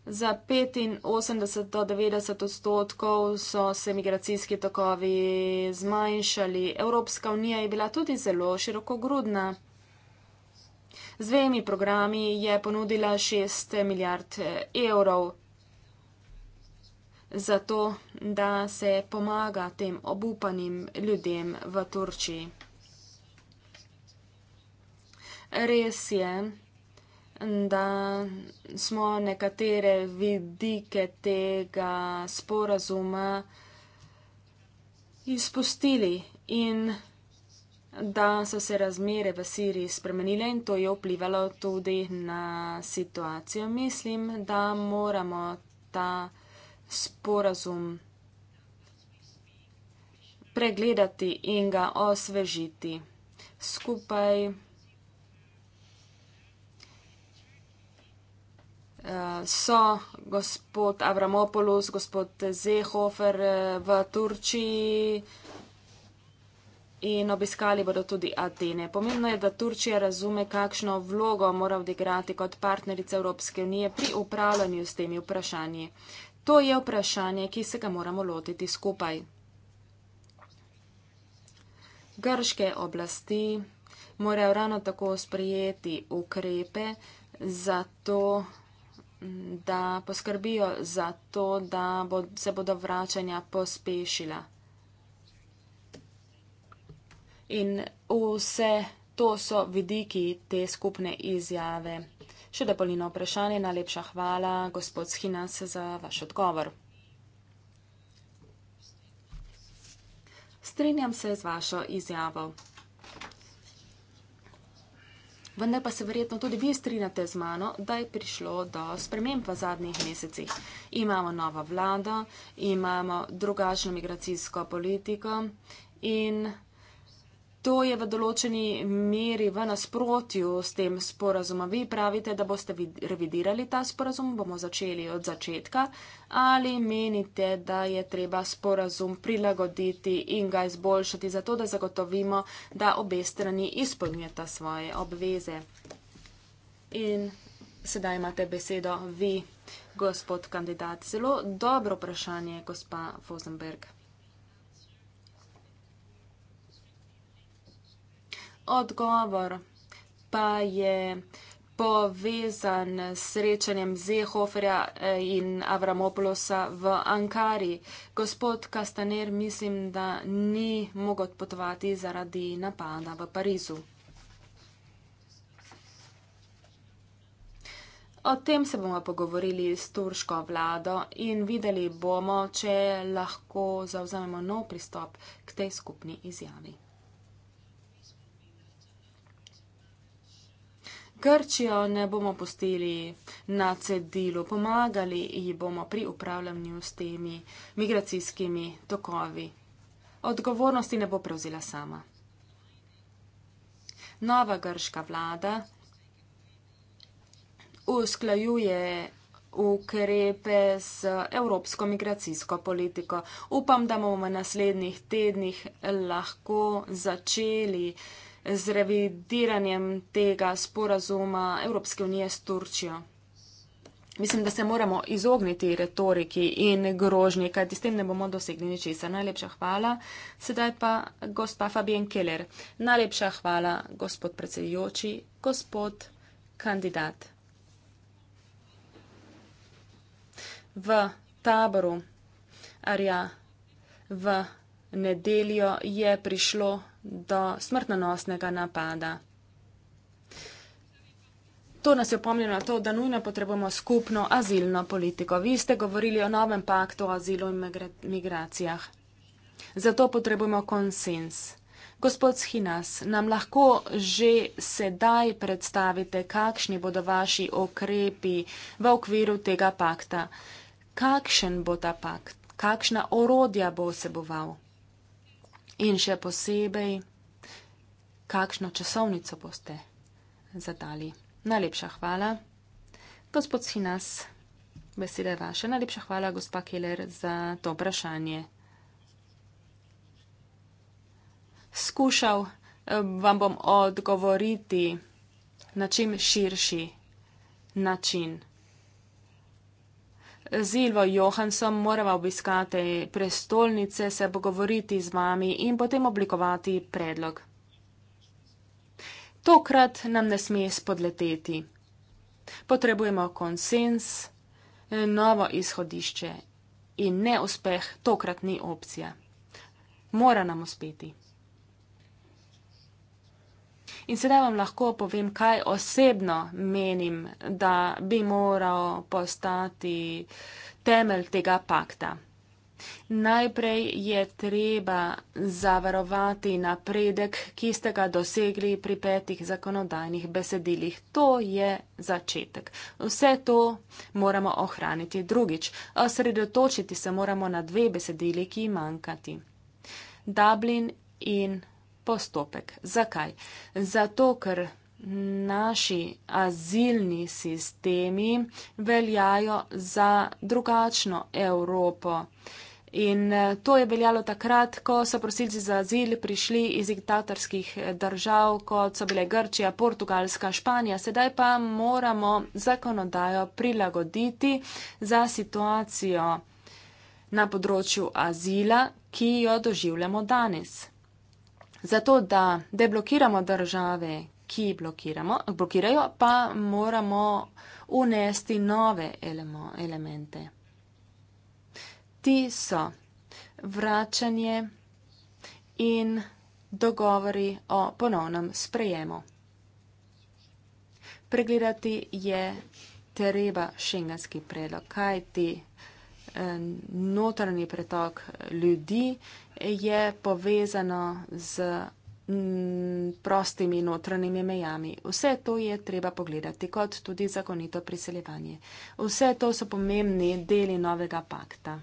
Za 85 do 90 odstotkov so se migracijski tokovi zmanjšali. Evropska unija je bila tudi zelo širokogrudna. Z dvemi programi je ponudila 6 milijard evrov zato, da se pomaga tem obupanim ljudem v Turčiji. Res je, da smo nekatere vidike tega sporazuma izpustili in da so se razmere v Siriji spremenile in to je vplivalo tudi na situacijo. Mislim, da moramo ta sporazum pregledati in ga osvežiti. Skupaj eh, so gospod Avramopoulos, gospod Zehofer eh, v Turčiji in obiskali bodo tudi Atene. Pomembno je, da Turčija razume, kakšno vlogo mora odigrati kot partnerica Evropske unije pri upravljanju s temi vprašanji. To je vprašanje, ki se ga moramo lotiti skupaj. Grške oblasti morajo ravno tako sprijeti ukrepe za to, da poskrbijo za to, da se bodo vračanja pospešila. In vse to so vidiki te skupne izjave. Še dopolnjeno vprašanje, najlepša hvala, gospod Schinas, za vaš odgovor. Strenjam se z vašo izjavo. Vendar pa se verjetno tudi vi strinjate z mano, da je prišlo do sprememb v zadnjih mesecih. Imamo novo vlado, imamo drugačno migracijsko politiko in To je v določeni meri v nasprotju s tem sporazumom. Vi pravite, da boste revidirali ta sporazum, bomo začeli od začetka. Ali menite, da je treba sporazum prilagoditi in ga izboljšati, zato da zagotovimo, da obe strani izpolnjujeta svoje obveze? In sedaj imate besedo vi, gospod kandidat. Zelo dobro vprašanje, gospa Fosenberg. Odgovor pa je povezan s srečanjem Zehoferja eh, in Avramopolosa v Ankari. Gospod Kastaner, mislim, da ni mogel potovati zaradi napada v Parizu. O tem se bomo pogovorili s turško vlado in videli bomo, če lahko zauzamemo nov pristop k tej skupni izjavi. Grčijo ne bomo pustili na cedilu, pomagali ji bomo pri upravljanju s temi migracijskimi tokovi. Odgovornosti ne bo prevzela sama. Nova grška vlada usklajuje ukrepe z evropsko migracijsko politiko. Upam, da bomo v naslednjih tednih lahko začeli z revidiranjem tega sporazuma Evropske unije s Turčijo. Mislim, da se moramo izogniti retoriki in grožnji, kajti s tem ne bomo dosegli ničesar. Najlepša hvala. Sedaj pa gospa Fabien Keller. Najlepša hvala, gospod predsedujoči, gospod kandidat. V taboru Arja v nedeljo je prišlo do smrtonosnega napada. To nas je opomnilo na to, da nujno potrebujemo skupno azilno politiko. Vi ste govorili o novem paktu o azilu in migracijah. Zato potrebujemo konsens. Gospod Schinas, nam lahko že sedaj predstavite, kakšni bodo vaši okrepi v okviru tega pakta. Kakšen bo ta pakt? Kakšna orodja bo seboval? In še posebej, kakšno časovnico boste zadali. Najlepša hvala, gospod Sinas. Beseda je vaša. Najlepša hvala, gospa Keller, za to vprašanje. Skušal eh, vam bom odgovoriti na čim širši način z Ilvo Johansom morava obiskati prestolnice, se pogovoriti z vami in potem oblikovati predlog. Tokrat nam ne sme spodleteti. Potrebujemo konsens, novo izhodišče in neuspeh tokrat ni opcija. Mora nam uspeti. In sedaj vam lahko povem, kaj osebno menim, da bi moral postati temelj tega pakta. Najprej je treba zavarovati napredek, ki ste ga dosegli pri petih zakonodajnih besedilih. To je začetek. Vse to moramo ohraniti drugič. Osredotočiti se moramo na dve besedili, ki manjkati. Dublin in postopek. Zakaj? Zato, ker naši azilni sistemi veljajo za drugačno Evropo. In eh, to je veljalo takrat, ko so prosilci za azil prišli iz diktatorskih eh, držav, kot so bile Grčija, Portugalska, Španija. Sedaj pa moramo zakonodajo prilagoditi za situacijo na področju azila, ki jo doživljamo danes. Zato, da deblokiramo države, ki blokirajo, pa moramo unesti nove elemo, elemente. Ti so vračanje in dogovori o ponovnem sprejemu. Pregledati je treba šengenski predlog, kaj ti eh, notranji pretok ljudi je povezano z mm, prostimi notranjimi mejami. Vse to je treba pogledati kot tudi zakonito priseljevanje. Vse to so pomembni deli novega pakta.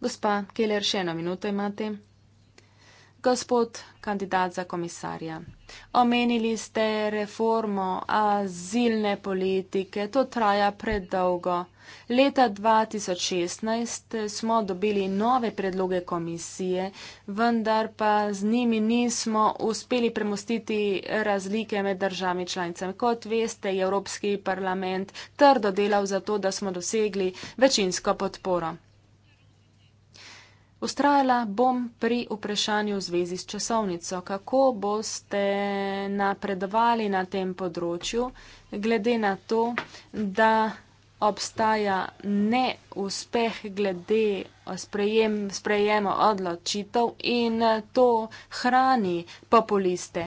Gospa Keller, še eno minuto imate. Gospod kandidat za komisarja, omenili ste reformo azilne politike, to traja predolgo. Leta 2016 smo dobili nove predloge komisije, vendar pa z njimi nismo uspeli premostiti razlike med državami članicami. Kot veste, je Evropski parlament trdo delal za to, da smo dosegli večinsko podporo. Ustrajala bom pri vprašanju v zvezi s časovnico, kako boste napredovali na tem področju, glede na to, da obstaja neuspeh glede sprejem, sprejema odločitev in to hrani populiste.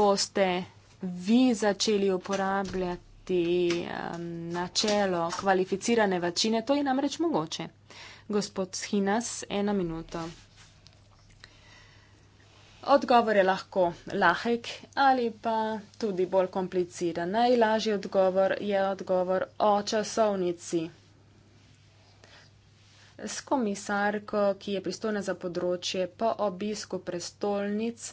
Boste vi začeli uporabljati um, načelo kvalificirane vačine, to je namreč mogoče. Gospod Schinas, ena minuta. Odgovor je lahko lahek ali pa tudi bolj kompliciran. Najlažji odgovor je odgovor o časovnici. S komisarko, ki je pristojna za področje po obisku prestolnic,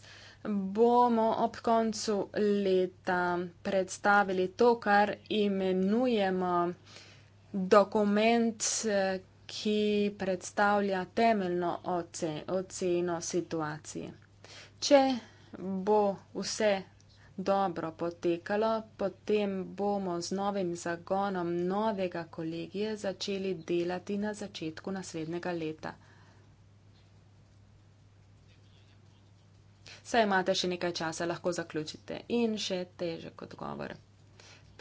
bomo ob koncu leta predstavili to, kar imenujemo dokument, ki predstavlja temeljno oceno situacije. Če bo vse dobro potekalo, potem bomo z novim zagonom novega kolegije začeli delati na začetku naslednjega leta. Saj imate še nekaj časa, lahko zaključite. In še težek odgovor.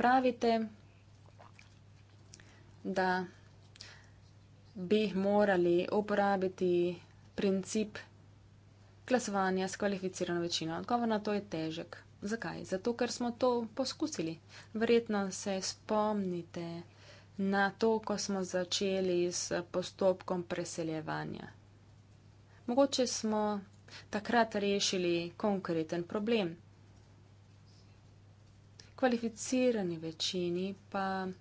Pravite, da bi morali uporabiti princip glasovanja s kvalificirano večino. Odgovor na to je težek. Zakaj? Zato, ker smo to poskusili. Verjetno se spomnite na to, ko smo začeli s postopkom preseljevanja. Mogoče smo takrat rešili konkreten problem. Kvalificirani večini pa a,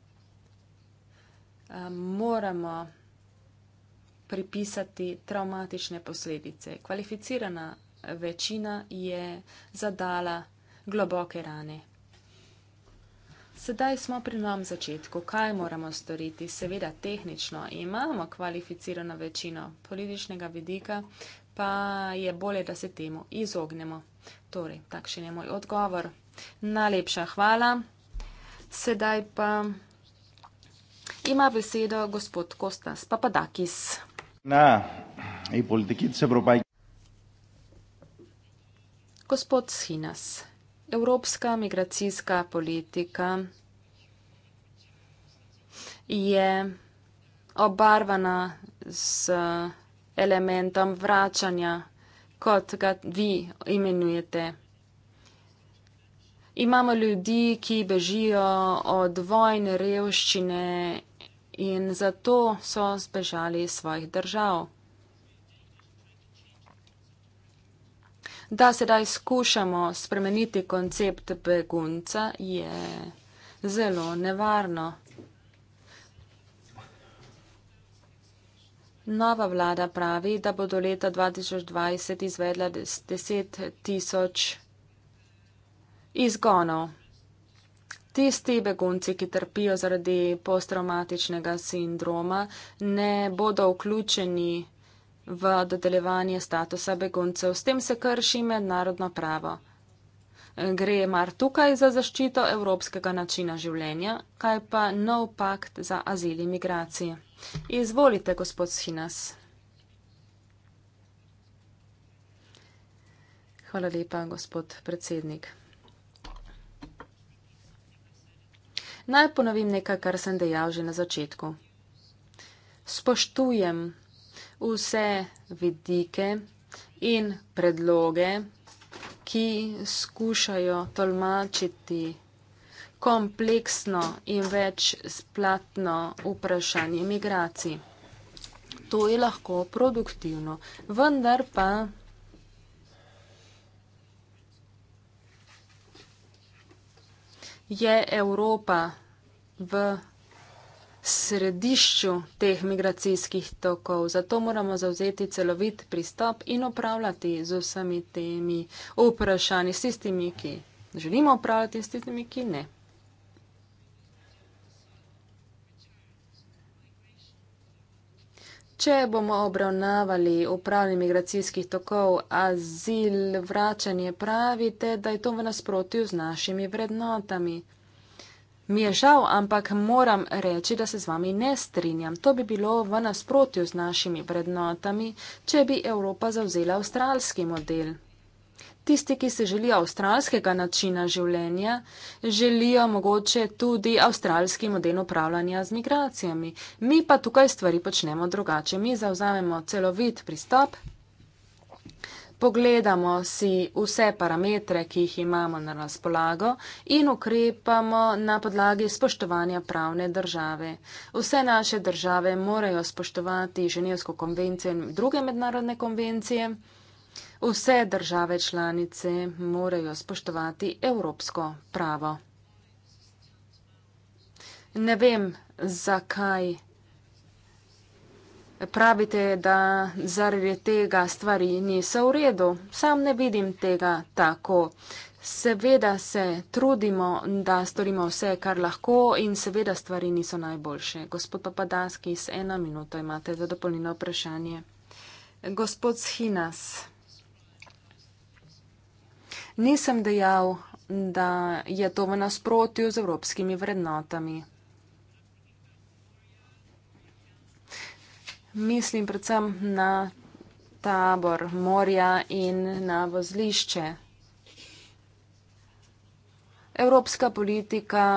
moramo pripisati traumatične posledice. Kvalificirana večina je zadala globoke rane. Sedaj smo pri novem začetku. Kaj moramo storiti? Seveda tehnično imamo kvalificirano večino političnega vidika, pa je bolje, da se temu izognemo. Torej, takšen je moj odgovor. Najlepša hvala. Sedaj pa ima besedo gospod Kostas Papadakis να η πολιτική της Ευρωπαϊκής Gospod Sinas, evropska migracijska politika je obarvana z elementom vračanja, kot ga vi imenujete. Imamo ljudi, ki bežijo od vojne, revščine in zato so zbežali iz svojih držav. Da sedaj skušamo spremeniti koncept begunca je zelo nevarno. Nova vlada pravi, da bo do leta 2020 izvedla 10 tisoč izgonov tisti begunci, ki trpijo zaradi posttraumatičnega sindroma, ne bodo vključeni v dodeljevanje statusa beguncev. S tem se krši mednarodno pravo. Gre mar tukaj za zaščito evropskega načina življenja, kaj pa nov pakt za azil in migracije. Izvolite, gospod Schinas. Hvala lepa, gospod predsednik. Naj ponovim nekaj, kar sem dejal že na začetku. Spoštujem vse vidike in predloge, ki skušajo tolmačiti kompleksno in večplatno vprašanje migracij. To je lahko produktivno, vendar pa je Evropa v središču teh migracijskih tokov. Zato moramo zavzeti celovit pristop in upravljati z vsemi temi vprašanji, s tistimi, ki želimo upravljati, s tistimi, ki ne. Če bomo obravnavali upravljanje migracijskih tokov, azil, vračanje, pravite, da je to v nasprotju z našimi vrednotami. Mi je žal, ampak moram reči, da se z vami ne strinjam. To bi bilo v nasprotju z našimi vrednotami, če bi Evropa zauzela avstralski model. Tisti, ki se želijo avstralskega načina življenja, želijo mogoče tudi avstralski model upravljanja z migracijami. Mi pa tukaj stvari počnemo drugače. Mi zauzamemo celovit pristop, pogledamo si vse parametre, ki jih imamo na razpolago in ukrepamo na podlagi spoštovanja pravne države. Vse naše države morajo spoštovati Ženevsko konvencijo in druge mednarodne konvencije. Vse države članice morajo spoštovati evropsko pravo. Ne vem, zakaj pravite, da zaradi tega stvari niso v redu. Sam ne vidim tega tako. Seveda se trudimo, da storimo vse, kar lahko in seveda stvari niso najboljše. Gospod Papadaskis, eno minuto imate za dopolnjeno vprašanje. Gospod Schinas. Nisem dejal, da je to v nasprotju z evropskimi vrednotami. Mislim predvsem na tabor morja in na vozlišče. Evropska politika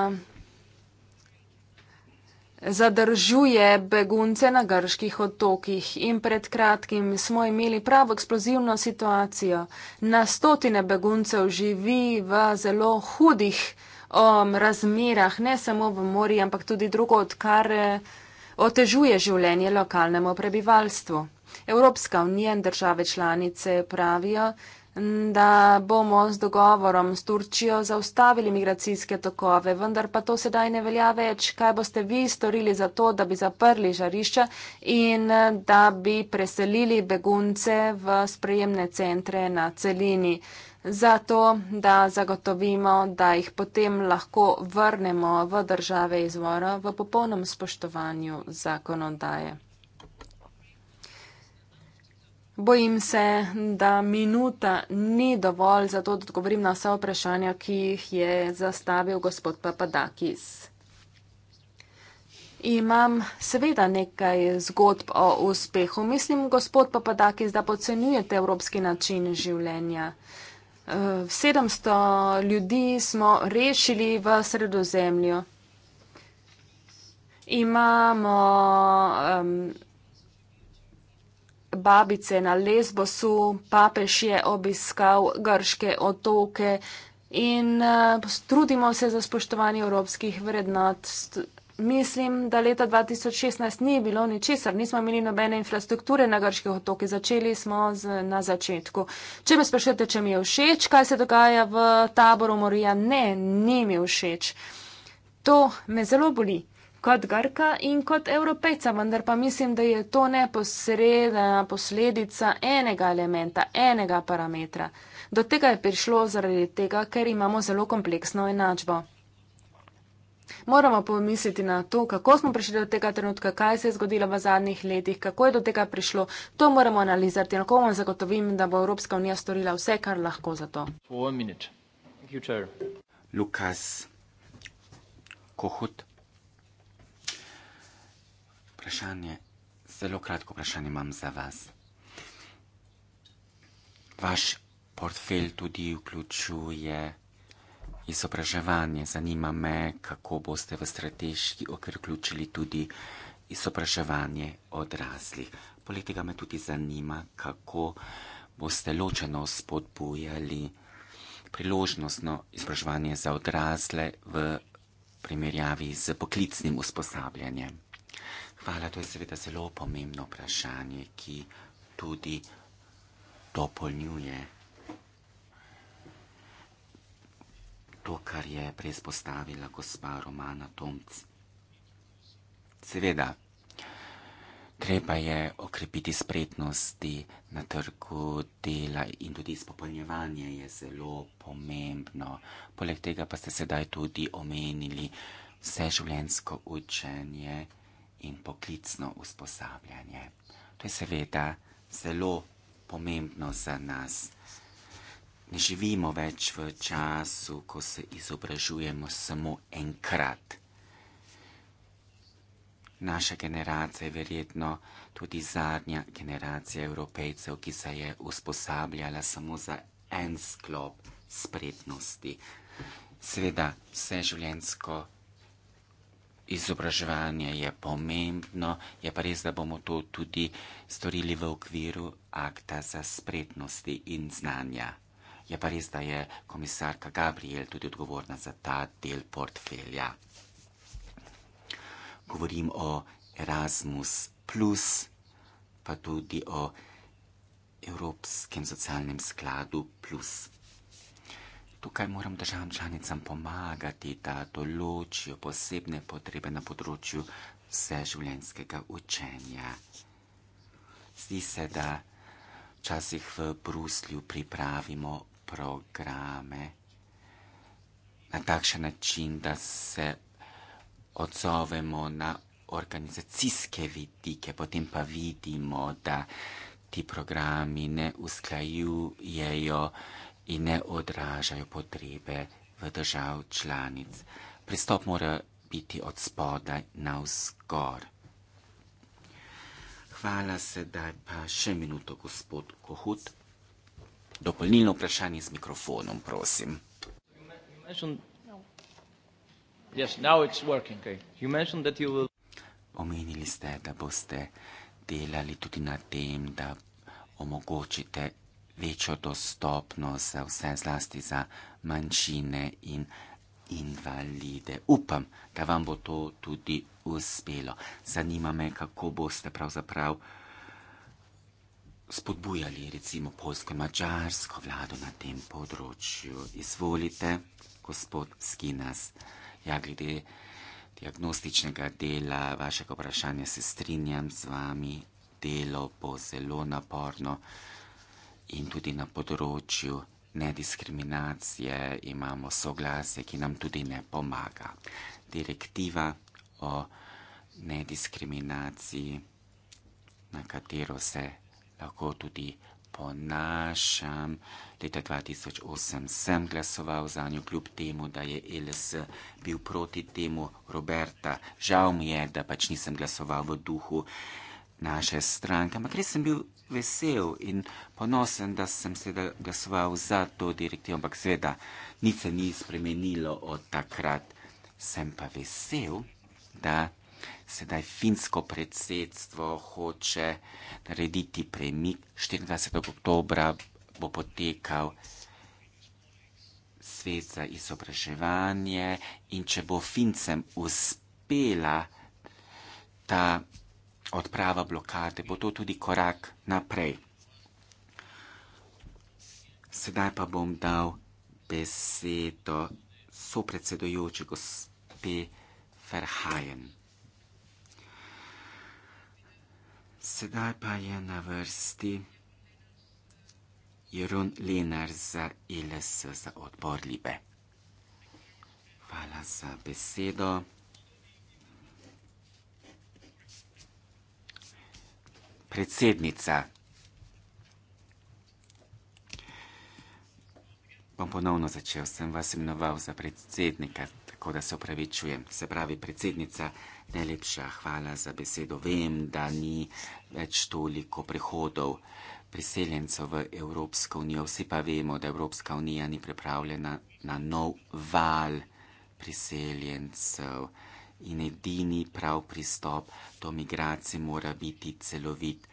zadržuje begunce na grških otokih. In pred kratkim smo imeli pravo eksplozivno situacijo. Na stotine beguncev živi v zelo hudih um, razmerah, ne samo v morju, ampak tudi drugo, odkar eh, otežuje življenje lokalnemu prebivalstvu. Evropska unija in države članice pravijo, da bomo z dogovorom s Turčijo zaustavili migracijske tokove, vendar pa to sedaj ne velja več. Kaj boste vi storili za to, da bi zaprli žarišča in da bi preselili begunce v sprejemne centre na celini? Zato, da zagotovimo, da jih potem lahko vrnemo v države izvora v popolnem spoštovanju zakonodaje. Bojim se, da minuta ni dovolj za to, da odgovorim na vsa vprašanja, ki jih je zastavil gospod Papadakis. Imam seveda nekaj zgodb o uspehu. Mislim, gospod Papadakis, da podcenjujete evropski način življenja. 700 eh, ljudi smo rešili v sredozemlju. Imamo. Um, babice na Lesbosu, papež je obiskal grške otoke in eh, trudimo se za spoštovanje evropskih vrednot. Mislim, da leta 2016 ni bilo ničesar, nismo imeli nobene infrastrukture na grške otoke, začeli smo z, na začetku. Če me sprašujete, če mi je všeč, kaj se dogaja v taboru Morija, ne, ni mi všeč. To me zelo boli kot Grka in kot Evropejca, vendar pa mislim, da je to neposredna posledica enega elementa, enega parametra. Do tega je prišlo zaradi tega, ker imamo zelo kompleksno enačbo. Moramo pomisliti na to, kako smo prišli do tega trenutka, kaj se je zgodilo v zadnjih letih, kako je do tega prišlo. To moramo analizirati in lahko vam zagotovim, da bo Evropska unija storila vse, kar lahko za to. Lukas Kohut vprašanje, zelo kratko vprašanje imam za vas. Vaš portfelj tudi vključuje izobraževanje. Zanima me, kako boste v strateški okvir vključili tudi izobraževanje odraslih. Poleg tega me tudi zanima, kako boste ločeno spodbujali priložnostno izobraževanje za odrasle v primerjavi z poklicnim usposabljanjem. Hvala, to je seveda zelo pomembno vprašanje, ki tudi dopolnjuje to, kar je prej spostavila gospa Romana Tomc. Seveda, treba je okrepiti spretnosti na trgu dela in tudi izpopolnjevanje je zelo pomembno. Poleg tega pa ste sedaj tudi omenili vse življensko učenje in poklicno usposabljanje. To je seveda zelo pomembno za nas. Ne živimo več v času, ko se izobražujemo samo enkrat. Naša generacija je verjetno tudi zadnja generacija evropejcev, ki se je usposabljala samo za en sklop spretnosti. Sveda vse življensko izobraževanje je pomembno, je pa res, da bomo to tudi storili v okviru akta za spretnosti in znanja. Je pa res, da je komisarka Gabriel tudi odgovorna za ta del portfelja. Govorim o Erasmus, plus, pa tudi o Evropskem socialnem skladu. Plus. Tukaj moram državam članicam pomagati, da določijo posebne potrebe na področju vseživljenjskega učenja. Zdi se, da včasih v Bruslju pripravimo programe na takšen način, da se odzovemo na organizacijske vidike, potem pa vidimo, da ti programi ne usklajujejo in ne odražajo potrebe v držav članic. Pristop mora biti od spodaj na vzgor. Hvala sedaj pa še minuto, gospod Kohut. Dopolnilno vprašanje z mikrofonom, prosim. Omenili ste, da boste delali tudi na tem, da omogočite večjo dostopnost za vse, zlasti za manjšine in invalide. Upam, da vam bo to tudi uspelo. Zanima me, kako boste pravzaprav spodbujali recimo polsko in mačarsko vlado na tem področju. Izvolite, gospod Skinas. Ja, glede diagnostičnega dela vašega vprašanja se strinjam z vami. Delo bo zelo naporno in tudi na področju nediskriminacije imamo soglasje, ki nam tudi ne pomaga. Direktiva o nediskriminaciji, na katero se lahko tudi ponašam. Leta 2008 sem glasoval za njo, kljub temu, da je LS bil proti temu Roberta. Žal mi je, da pač nisem glasoval v duhu uh, naše stranke. Ampak res sem bil vesel in ponosen, da sem se glasoval za to direktivo. Ampak seveda, nič se ni spremenilo od takrat. Sem pa vesel, da sedaj finsko predsedstvo hoče narediti premik. 24. oktober bo potekal svet za izobraževanje in če bo fincem uspela ta odprava blokade, bo to tudi korak naprej. Sedaj pa bom dal besedo sopredsedojoči gospe Ferhajen. Sedaj pa je na vrsti Jeroen Lenar za ILS e za odbor Libe. Hvala za besedo. predsednica. Bom ponovno začel, sem vas imenoval za predsednika, tako da se opravičujem. Se pravi, predsednica, najlepša hvala za besedo. Vem, da ni več toliko prihodov priseljencev v Evropsko unijo. Vsi pa vemo, da Evropska unija ni pripravljena na nov val priseljencev in edini prav pristop do migracije mora biti celovit.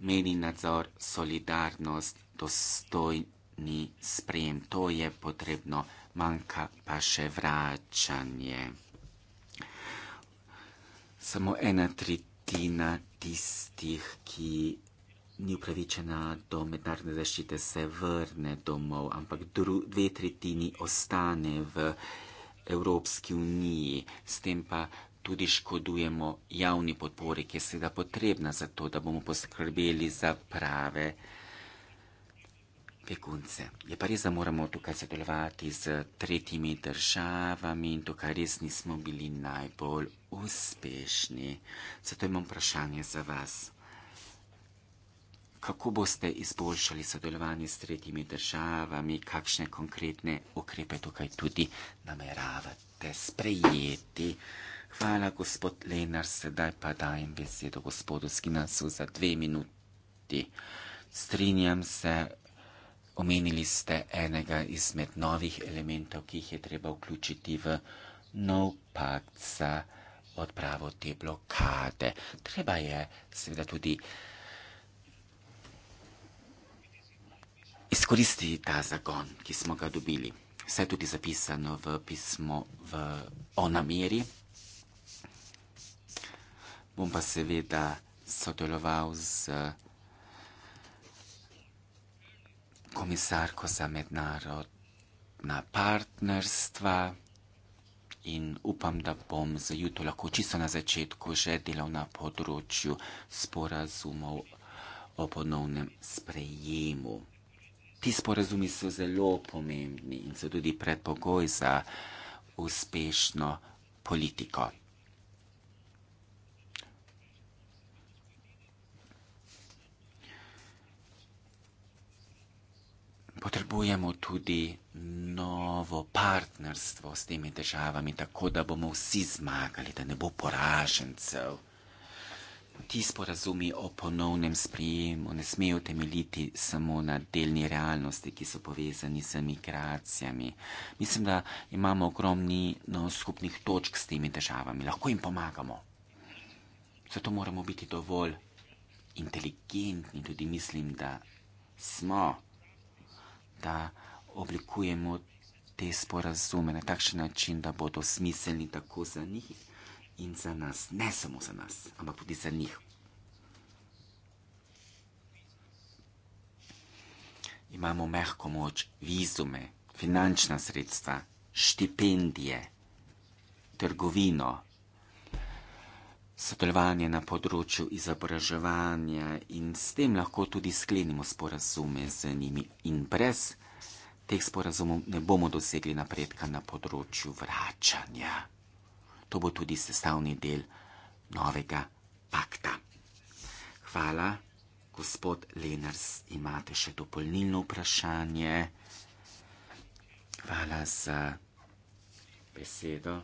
Meni nadzor, solidarnost, dostojni sprejem, to je potrebno, manjka pa še vračanje. Samo ena tretjina tistih, ki ni upravičena do mednarodne zaščite, se vrne domov, ampak dru, dve tretjini ostane v Evropski uniji, s tem pa tudi škodujemo javni podpori, ki je seveda potrebna za to, da bomo poskrbeli za prave begunce. Je pa res, da moramo tukaj sodelovati z tretjimi državami in tukaj res nismo bili najbolj uspešni. Zato imam vprašanje za vas kako boste izboljšali sodelovanje s tretjimi državami, kakšne konkretne ukrepe tukaj tudi nameravate sprejeti. Hvala, gospod Lenar, sedaj pa dajem besedo gospodu Skinasu za dve minuti. Strinjam se, omenili ste enega izmed novih elementov, ki jih je treba vključiti v nov pakt za odpravo te blokade. Treba je seveda tudi izkoristi ta zagon, ki smo ga dobili. Vse je tudi zapisano v pismo v, o nameri. Bom pa seveda sodeloval z komisarko za mednarodna partnerstva in upam, da bom zjutro lahko čisto na začetku že delal na področju sporazumov o ponovnem sprejemu ti sporazumi so zelo pomembni in so tudi predpogoj za uspešno politiko. Potrebujemo tudi novo partnerstvo s temi državami, tako da bomo vsi zmagali, da ne bo poražencev. Ti sporazumi o ponovnem sprejemu ne smejo temeljiti samo na delni realnosti, ki so povezani z migracijami. Mislim, da imamo ogromno skupnih točk s temi državami, lahko jim pomagamo. Zato moramo biti dovolj inteligentni, tudi mislim, da smo, da oblikujemo te sporazume na takšen način, da bodo smiselni tako za njih in za nas, ne samo za nas, ampak tudi za njih. Imamo mehko moč, vizume, finančna sredstva, štipendije, trgovino, sodelovanje na področju izobraževanja in s tem lahko tudi sklenimo sporazume z njimi. In brez teh sporazumov ne bomo dosegli napredka na področju vračanja to bo tudi sestavni del novega pakta. Hvala, gospod Lenars, imate še dopolnilno vprašanje. Hvala za besedo.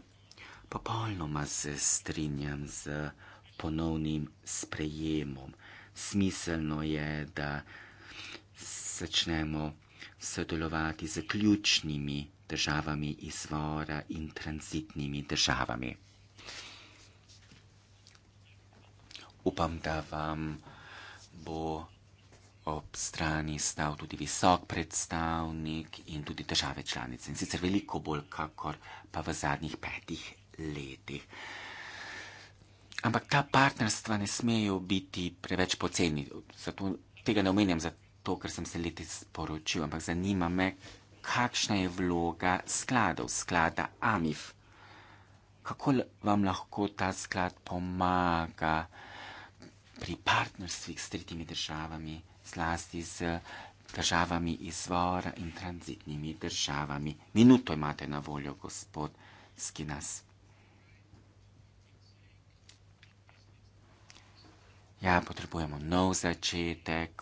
Popolnoma se strinjam z ponovnim sprejemom. Smiselno je, da začnemo sodelovati z ključnimi državami izvora in transitnimi državami. Upam, da vam bo ob strani stal tudi visok predstavnik in tudi države članice. In sicer veliko bolj, kakor pa v zadnjih petih letih. Ampak ta partnerstva ne smejo biti preveč poceni. Zato tega ne omenjam, zato, ker sem se leti sporočil, ampak zanima me, kakšna je vloga skladov, sklada Amif. Kako vam lahko ta sklad pomaga pri partnerstvih s tretjimi državami, zlasti z državami izvora in tranzitnimi državami. Minuto imate na voljo, gospod Skinas. Ja, potrebujemo nov začetek.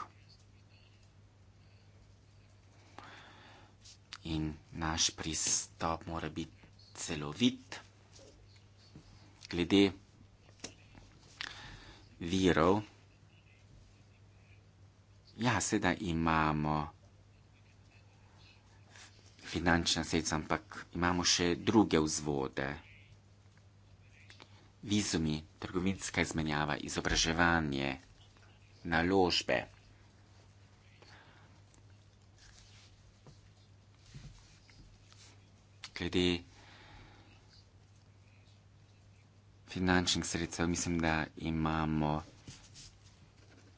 in naš pristop mora biti celovit. Glede virov, ja, seveda imamo finančna sredstva, ampak imamo še druge vzvode. Vizumi, trgovinska izmenjava, izobraževanje, naložbe. glede finančnih sredstev, mislim, da imamo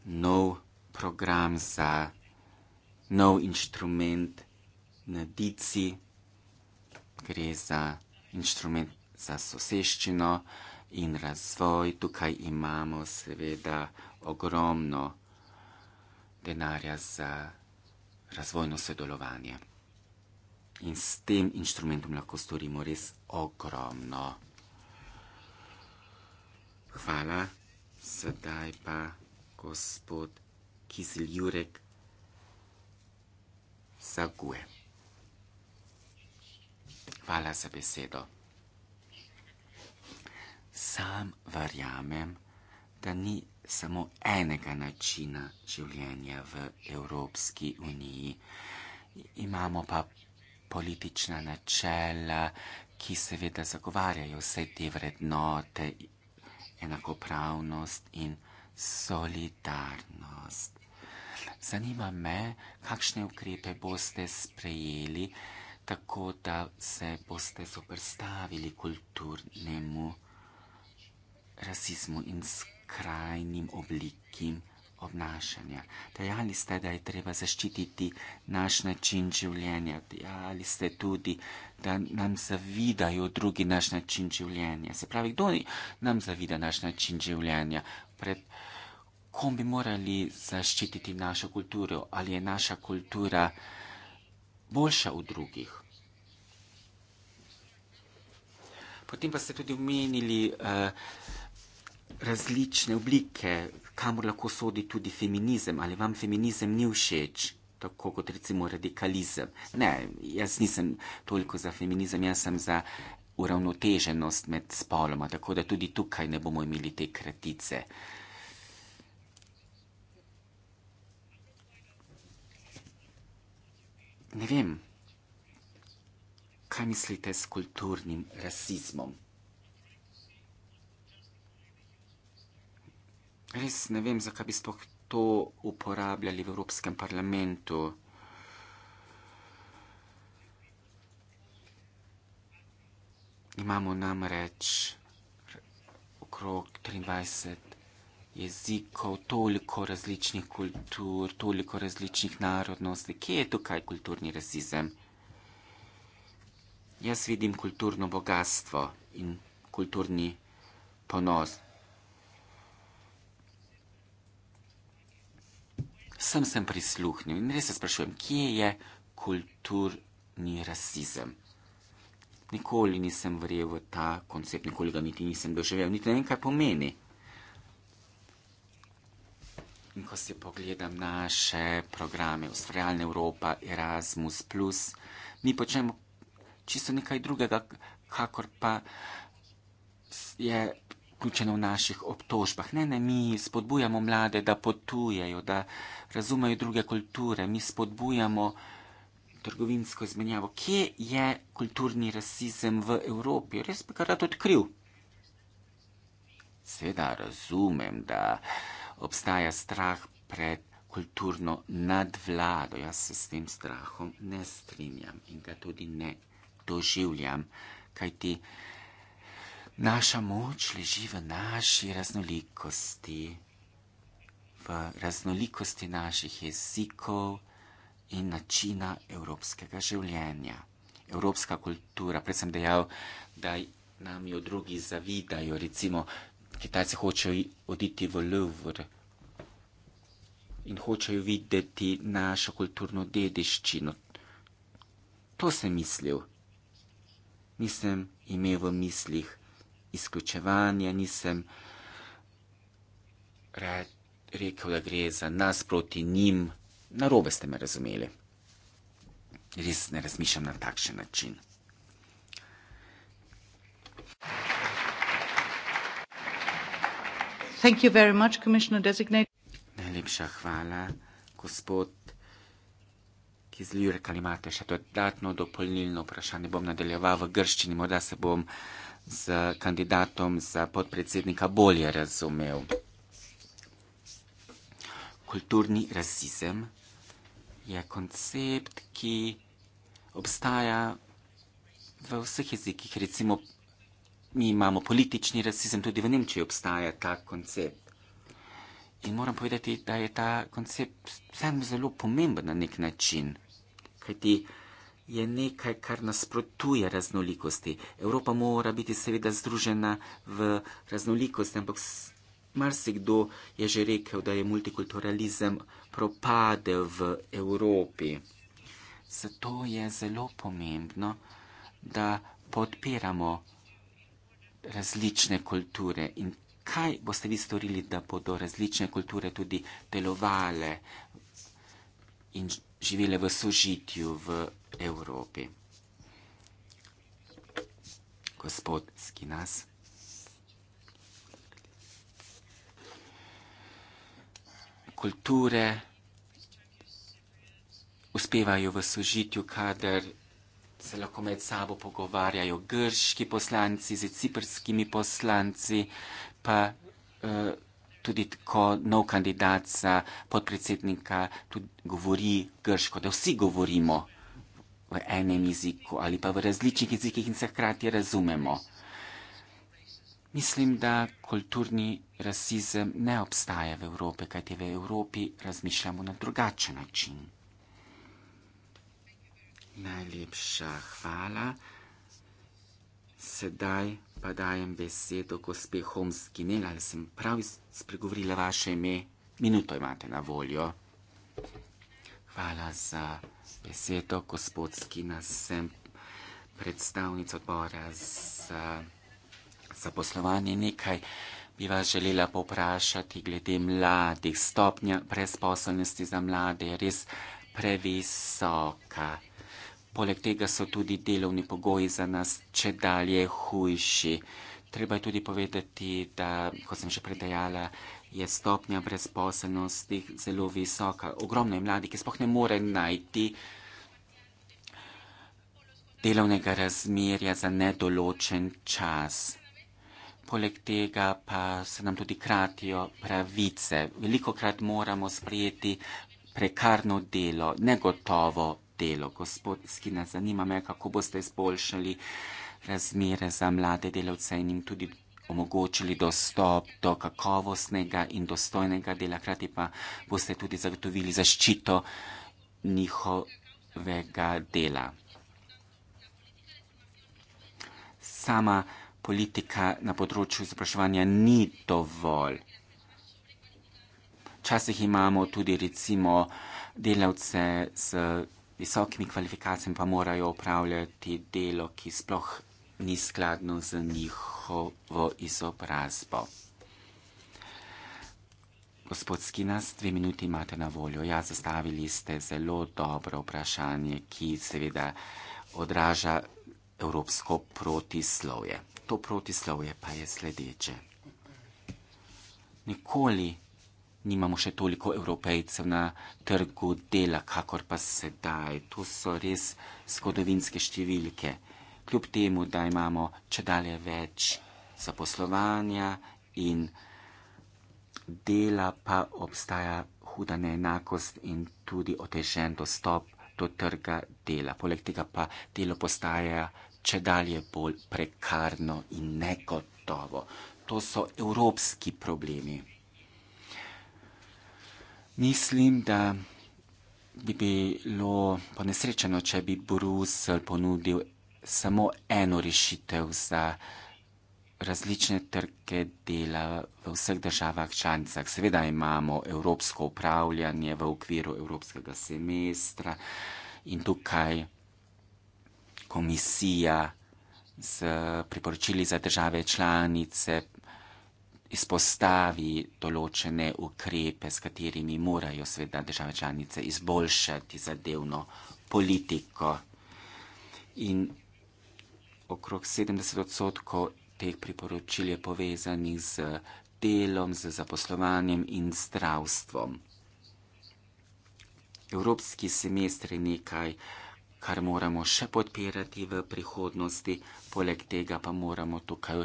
nov program za nov inštrument na Dici. Gre za inštrument za soseščino in razvoj. Tukaj imamo seveda ogromno denarja za razvojno sodelovanje. In s tem inštrumentom lahko storimo res ogromno. Hvala, sedaj pa gospod Kizljurek Zaguje. Hvala za besedo. Sam verjamem, da ni samo enega načina življenja v Evropski uniji. Imamo pa politična načela, ki seveda zagovarjajo vse te vrednote, enakopravnost in solidarnost. Zanima me, kakšne ukrepe boste sprejeli, tako da se boste soprstavili kulturnemu rasizmu in skrajnim oblikim obnašanja. Dejali ste, da je treba zaščititi naš način življenja. Dejali ste tudi, da nam zavidajo drugi naš način življenja. Se pravi, kdo nam zavida naš način življenja? Pred kom bi morali zaščititi našo kulturo? Ali je naša kultura boljša od drugih? Potem pa ste tudi omenili uh, različne oblike kamor lahko sodi tudi feminizem, ali vam feminizem ni všeč, tako kot recimo radikalizem. Ne, jaz nisem toliko za feminizem, jaz sem za uravnoteženost med spoloma, tako da tudi tukaj ne bomo imeli te kratice. Ne vem, kaj mislite s kulturnim rasizmom? Res ne vem, zakaj bi spoh to uporabljali v Evropskem parlamentu. Imamo namreč okrog 23 jezikov, toliko različnih kultur, toliko različnih narodnosti. Kje je tukaj kulturni rasizem? Jaz vidim kulturno bogatstvo in kulturni ponos. sem sem prisluhnil in res se sprašujem, kje je kulturni rasizem. Nikoli nisem verjel v ta koncept, nikoli ga niti nisem doživel, niti ne vem, kaj pomeni. In ko si pogledam naše programe, Ustvarjalna Evropa, Erasmus, plus, mi počnemo čisto nekaj drugega, kakor pa je vključeno v naših obtožbah. Ne, ne, mi spodbujamo mlade, da potujejo, da razumejo druge kulture, mi spodbujamo trgovinsko izmenjavo. Kje je kulturni rasizem v Evropi? Res bi ga rad odkril. Seveda razumem, da obstaja strah pred kulturno nadvlado. Jaz se s tem strahom ne strinjam in ga tudi ne doživljam, kajti. Naša moč leži v naši raznolikosti, v raznolikosti naših jezikov in načina evropskega življenja. Evropska kultura, prej sem dejal, da nam jo drugi zavidajo, recimo Kitajci hočejo oditi v Louvre in hočejo videti našo kulturno dediščino. To sem mislil. Nisem imel v mislih izključevanja, nisem re, rekel, da gre za nas proti njim. Narobe ste me razumeli. Res ne razmišljam na takšen način. Much, Najlepša hvala, gospod iz Lirika ali imate še dodatno dopolnilno vprašanje, bom nadaljeval v grščini, morda se bom z kandidatom za podpredsednika bolje razumel. Kulturni rasizem je koncept, ki obstaja v vseh jezikih. Recimo, mi imamo politični rasizem, tudi v Nemčiji obstaja ta koncept. In moram povedati, da je ta koncept vseeno zelo pomemben na nek način kajti je nekaj, kar nasprotuje raznolikosti. Evropa mora biti seveda združena v raznolikosti, ampak marsikdo je že rekel, da je multikulturalizem propadel v Evropi. Zato je zelo pomembno, da podpiramo različne kulture in kaj boste vi storili, da bodo različne kulture tudi delovale in živele v sožitju v Evropi. Gospod Skinas. Kulture uspevajo v sožitju, kadar se lahko med sabo pogovarjajo grški poslanci z ciprskimi poslanci, pa uh, tudi ko nov kandidat za podpredsednika govori grško, da vsi govorimo v enem jeziku ali pa v različnih jezikih in se hkrati razumemo. Mislim, da kulturni rasizem ne obstaja v Evropi, kajti v Evropi razmišljamo na drugačen način. Najlepša hvala. Sedaj pa dajem besedo gospe Homskinel, ali sem prav spregovorila vaše ime? Minuto imate na voljo. Hvala za besedo, gospod Skina, sem predstavnica odbora za zaposlovanje. Nekaj bi vas želela poprašati glede mladih. Stopnja brezposobnosti za mlade je res previsoka. Poleg tega so tudi delovni pogoji za nas če dalje hujši. Treba je tudi povedati, da, kot sem že predajala, je stopnja brezposelnosti zelo visoka. Ogromno je mladi, ki spoh ne more najti delovnega razmerja za nedoločen čas. Poleg tega pa se nam tudi kratijo pravice. Veliko krat moramo sprejeti prekarno delo, negotovo delo, gospod Skina, zanima me, kako boste izboljšali razmere za mlade delavce in jim tudi omogočili dostop do kakovostnega in dostojnega dela, hkrati pa boste tudi zagotovili zaščito njihovega dela. Sama politika na področju izobraževanja ni dovolj. Včasih imamo tudi recimo delavce z visokimi kvalifikacijami pa morajo upravljati delo, ki sploh ni skladno z njihovo izobrazbo. Gospod Skinas, dve minuti imate na voljo. Ja, zastavili ste zelo dobro vprašanje, ki seveda odraža evropsko protislovje. To protislovje pa je sledeče. Nikoli nimamo še toliko evropejcev na trgu dela, kakor pa sedaj. To so res zgodovinske številke. Kljub temu, da imamo če dalje več zaposlovanja in dela, pa obstaja huda neenakost in tudi otežen dostop do trga dela. Poleg tega pa delo postaja če dalje bolj prekarno in negotovo. To so evropski problemi. Mislim, da bi bilo ponesrečeno, če bi Bruselj ponudil samo eno rešitev za različne trge dela v vseh državah članicah. Seveda imamo evropsko upravljanje v okviru evropskega semestra in tukaj komisija z priporočili za države članice izpostavi določene ukrepe, s katerimi morajo sveda države članice izboljšati zadevno politiko. In okrog 70 odstotkov teh priporočil je povezanih z delom, z zaposlovanjem in zdravstvom. Evropski semestr je nekaj, kar moramo še podpirati v prihodnosti, poleg tega pa moramo tukaj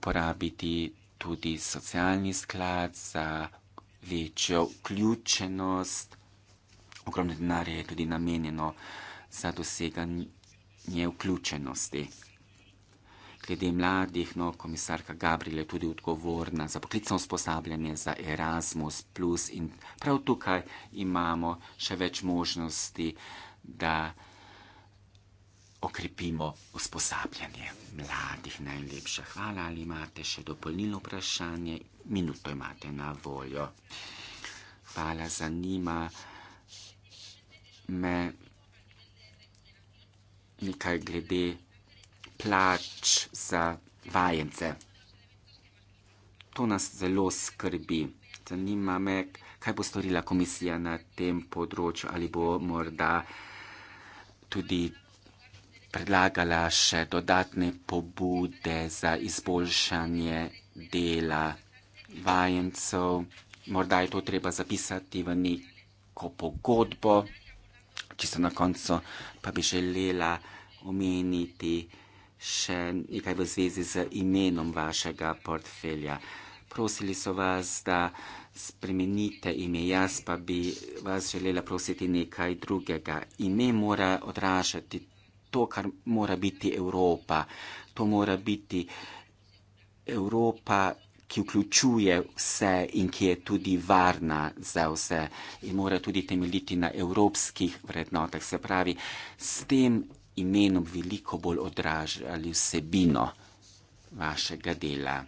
uporabiti tudi socialni sklad za večjo vključenost. Ogromno denarja je tudi namenjeno za doseganje vključenosti. Glede mladih, no, komisarka Gabriel je tudi odgovorna za poklicno usposabljanje za Erasmus, in prav tukaj imamo še več možnosti, da okrepimo usposabljanje mladih. Najlepša hvala. Ali imate še dopolnilno vprašanje? Minuto imate na voljo. Hvala, zanima me nekaj glede plač za vajence. To nas zelo skrbi. Zanima me, kaj bo storila komisija na tem področju, ali bo morda tudi predlagala še dodatne pobude za izboljšanje dela vajencev. Morda je to treba zapisati v neko pogodbo, čisto na koncu pa bi želela omeniti še nekaj v zvezi z imenom vašega portfelja. Prosili so vas, da spremenite ime, jaz pa bi vas želela prositi nekaj drugega. Ime mora odražati to, kar mora biti Evropa. To mora biti Evropa, ki vključuje vse in ki je tudi varna za vse in mora tudi temeljiti na evropskih vrednotah. Se pravi, s tem imenom veliko bolj odražali vsebino vašega dela.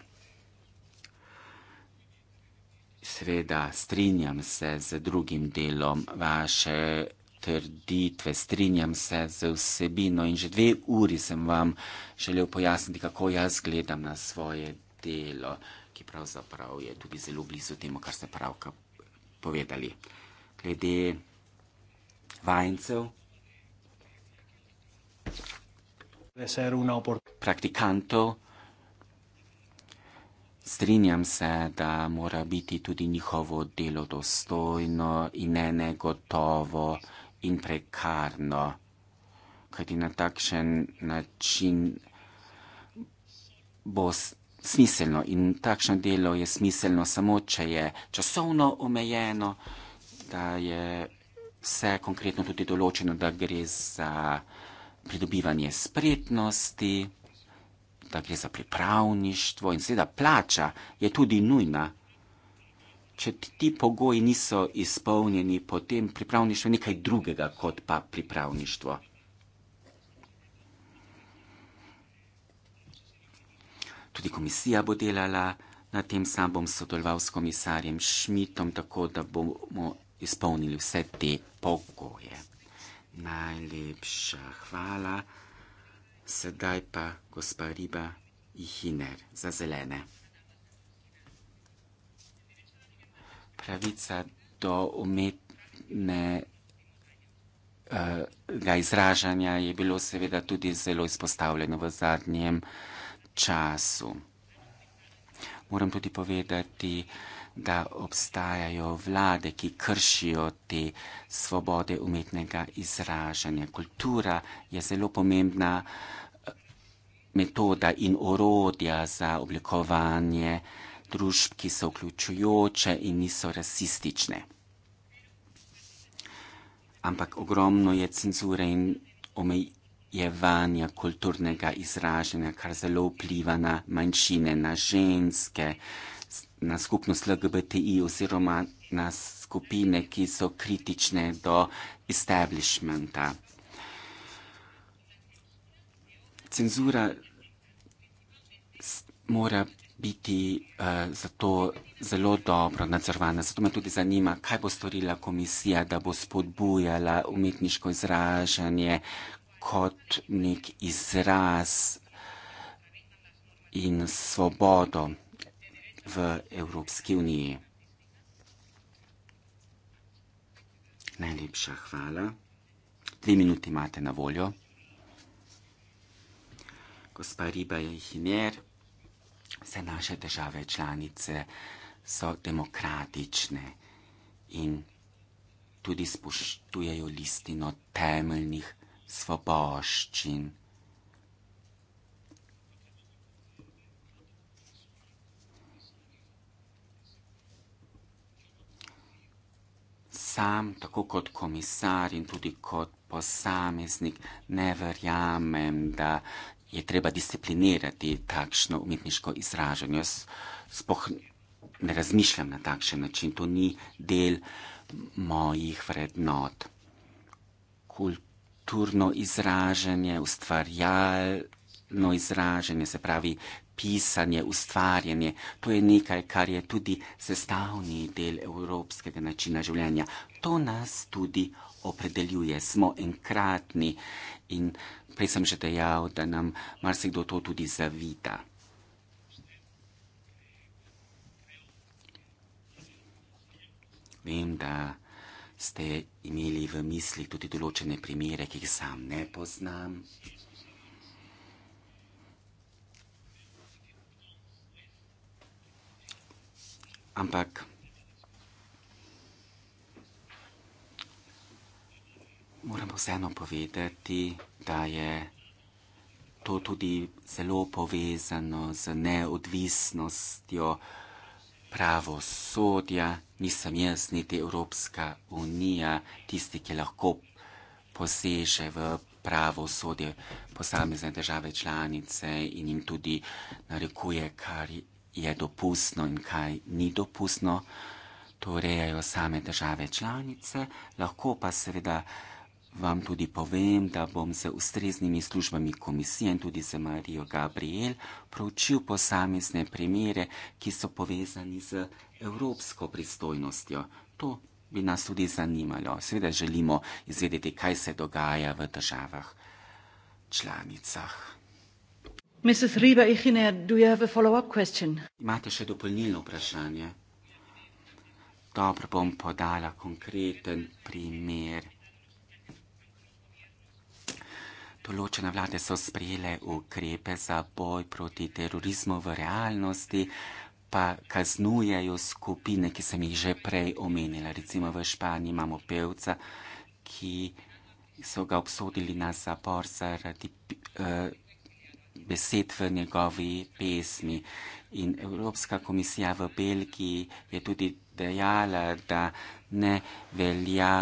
Sveda strinjam se z drugim delom vaše trditve, strinjam se z vsebino in že dve uri sem vam želel pojasniti, kako jaz gledam na svoje delo, ki pravzaprav je tudi zelo blizu temu, kar ste pravka povedali. Glede vajencev. Praktikantov. Strinjam se, da mora biti tudi njihovo delo dostojno in ne negotovo in prekarno. Kajti na takšen način bo smiselno in takšno delo je smiselno samo, če je časovno omejeno, da je vse konkretno tudi določeno, da gre za pridobivanje spretnosti, da gre za pripravništvo in seveda plača je tudi nujna če ti pogoji niso izpolnjeni, potem pripravništvo je nekaj drugega kot pa pripravništvo. Tudi komisija bo delala na tem, sam bom sodeloval s komisarjem Šmitom, tako da bomo izpolnili vse te pogoje. Najlepša hvala. Sedaj pa gospa Riba Ihiner za zelene. pravica do umetnega uh, izražanja je bilo seveda tudi zelo izpostavljeno v zadnjem času. Moram tudi povedati, da obstajajo vlade, ki kršijo te svobode umetnega izražanja. Kultura je zelo pomembna eh, metoda in orodja za oblikovanje uh, družb, ki so vključujoče in niso rasistične. Ampak ogromno je cenzure in omejevanja kulturnega izražanja, kar zelo vpliva na manjšine, na ženske, na skupnost LGBTI oziroma na skupine, ki so kritične do establishmenta. Cenzura mora biti uh, eh, zato zelo dobro nadzorovana. Zato me tudi zanima, kaj bo storila komisija, da bo spodbujala umetniško izražanje kot nek izraz in svobodo v Evropski uniji. Najlepša hvala. Tri minuti imate na voljo. Gospa Riba je jih imela vse naše države članice so demokratične in tudi spoštujejo listino temeljnih svoboščin. Sam, tako kot komisar in tudi kot posameznik, ne verjamem, da je treba disciplinirati takšno umetniško izražanje. Jaz spoh ne razmišljam na takšen način, to ni del mojih vrednot. Kulturno izražanje, ustvarjalno izražanje, se pravi pisanje, ustvarjanje, to je nekaj, kar je tudi sestavni del evropskega načina življenja. To nas tudi opredeljuje, smo enkratni in uh, prej sem že dejal, da nam marsikdo to tudi zavida. Vem, da ste imeli v misli tudi določene primere, ki jih sam ne poznam. Ampak Moramo vseeno povedati, da je to tudi zelo povezano z neodvisnostjo pravosodja. Nisem jaz, niti Evropska unija, tisti, ki lahko poseže v pravosodje posamezne države članice in jim tudi narekuje, kar je dopustno in kaj ni dopustno. To urejajo same države članice, lahko pa seveda. Vam tudi povem, da bom se ustreznimi službami komisije in tudi z Marijo Gabriel pročil posamezne primere, ki so povezani z evropsko pristojnostjo. To bi nas tudi zanimalo. Seveda želimo izvedeti, kaj se dogaja v državah članicah. Mrs. Riba Ichiner, do you have a follow-up question? Imate še dopolnilno vprašanje? Dobro, bom podala konkreten primer. Določene vlade so sprejele ukrepe za boj proti terorizmu v realnosti, pa kaznujejo skupine, ki sem jih že prej omenila. Recimo v Španiji imamo pevca, ki so ga obsodili na zapor zaradi eh, besed v njegovi pesmi. In Evropska komisija v Belgiji je tudi dejala, da ne velja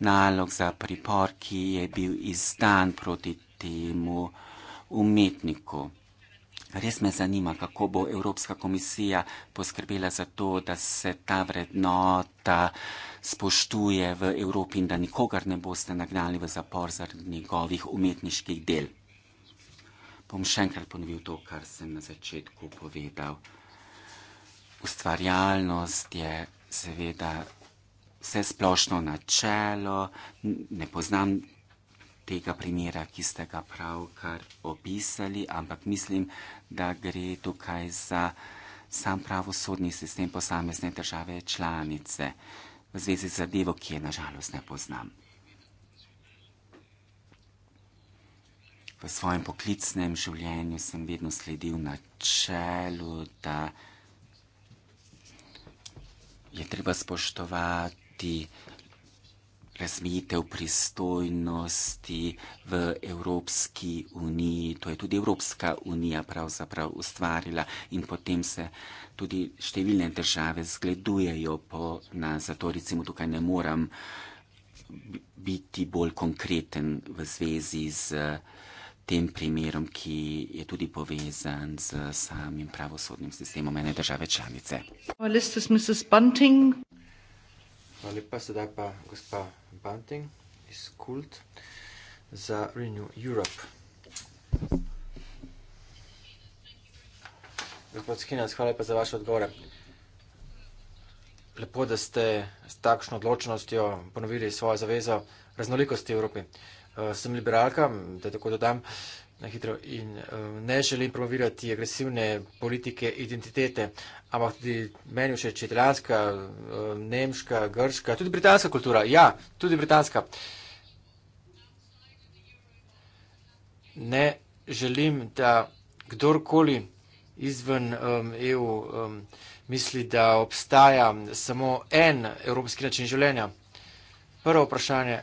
nalog za pripor, ki je bil izdan proti temu umetniku. Res me zanima, kako bo Evropska komisija poskrbela za to, da se ta vrednota spoštuje v Evropi in da nikogar ne boste nagnali v zapor zaradi njegovih umetniških del. Bom še enkrat ponovil to, kar sem na začetku povedal. Ustvarjalnost je seveda vse splošno načelo, ne poznam tega primera, ki ste ga pravkar opisali, ampak mislim, da gre tukaj za sam pravosodni sistem posamezne države članice v zvezi z zadevo, ki je nažalost ne poznam. V svojem poklicnem življenju sem vedno sledil načelu, da je treba spoštovati tudi razmitev pristojnosti v Evropski uniji. To je tudi Evropska unija pravzaprav ustvarila in potem se tudi številne države zgledujejo po nas. Zato recimo tukaj ne moram biti bolj konkreten v zvezi z eh, tem primerom, ki je tudi povezan z samim pravosodnim sistemom ene države članice. Hvala lepa, sedaj pa gospa Banting iz Kult za Renew Europe. Gospod Skinas, hvala lepa za vaše odgovore. Lepo, da ste s takšno odločnostjo ponovili svojo zavezo raznolikosti v Evropi. Eh, sem liberalka, da tako dodam na hitro in eh, ne želim promovirati agresivne politike identitete, ampak tudi meni všeč italijanska, eh, nemška, grška, tudi britanska kultura, ja, tudi britanska. Ne želim, da kdorkoli izven um, EU um, misli, da obstaja samo en evropski način življenja. Prvo vprašanje,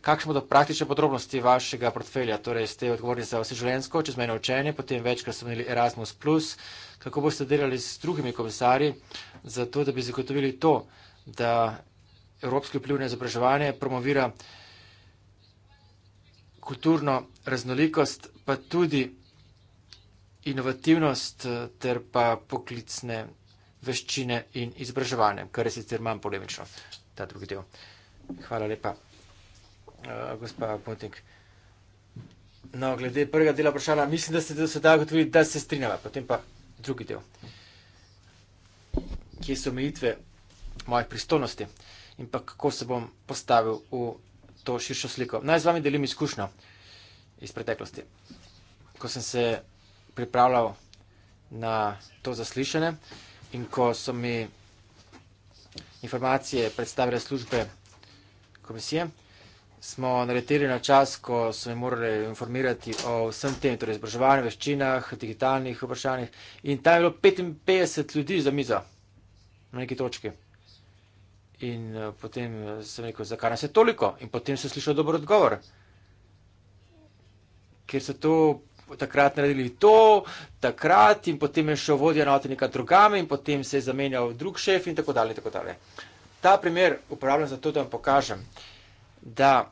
kakšne bodo praktične podrobnosti vašega portfelja? Torej ste odgovorni za vse življenjsko, čezmejno učenje, potem večkrat ste imeli Erasmus. Kako boste delali s drugimi komisarji, zato da bi zagotovili to, da evropski vpliv na izobraževanje promovira kulturno raznolikost, pa tudi inovativnost eh, ter pa poklicne veščine in izobraževanje, kar je sicer manj polemično, ta drugi del. Hvala lepa. Eh, gospa Potnik. No, glede prvega dela vprašanja, mislim, da ste se da ugotovili, da se strinjava, potem pa drugi del. Kje so omejitve moje pristojnosti in pa kako se bom postavil v to širšo sliko. Naj z vami delim izkušnjo iz preteklosti. Ko sem se pripravljal na to zaslišanje in ko so mi informacije predstavile službe komisije, smo naleteli na čas, ko smo morali informirati o vsem tem, torej izobraževanju, veščinah, digitalnih vprašanjih. In tam je bilo 55 ljudi za mizo na neki točki. In eh, potem eh, sem rekel, zakaj nas je toliko? In potem sem slišal dober odgovor. Ker so to takrat naredili to, takrat in potem je šel vodja na otenika drugame in potem se je zamenjal drug šef in tako dalje. Tako dalje. Ta primer uporabljam zato, da vam pokažem. Uh, da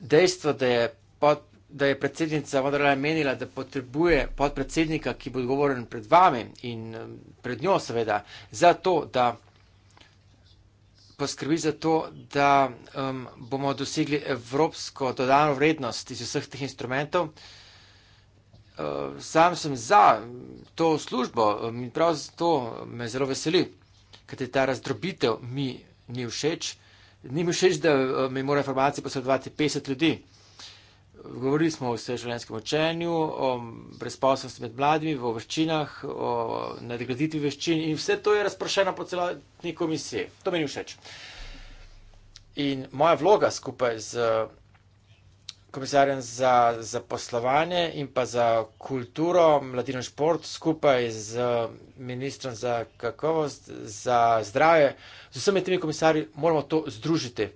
dejstvo, da je, pod, da je predsednica vendarle menila, da potrebuje podpredsednika, ki bo odgovoren pred vami in um, pred njo seveda, zato da poskrbi za to, da um, bomo dosegli evropsko dodano vrednost iz vseh teh instrumentov. Uh, sam sem za um, to službo um, in prav zato me zelo veseli, ker ta razdrobitev mi ni všeč ni mi všeč, da eh, mi mora informacije posredovati 50 ljudi. Govorili smo o vseživljenjskem učenju, o brezposobnosti med mladimi, v veščinah, o nadgraditvi veščin in vse to je razprošeno po celotni komisiji. To mi ni všeč. In moja vloga skupaj z komisarjem za zaposlovanje in pa za kulturo, mladino šport skupaj z ministrom za kakovost, za zdravje. Z vsemi temi komisarji moramo to združiti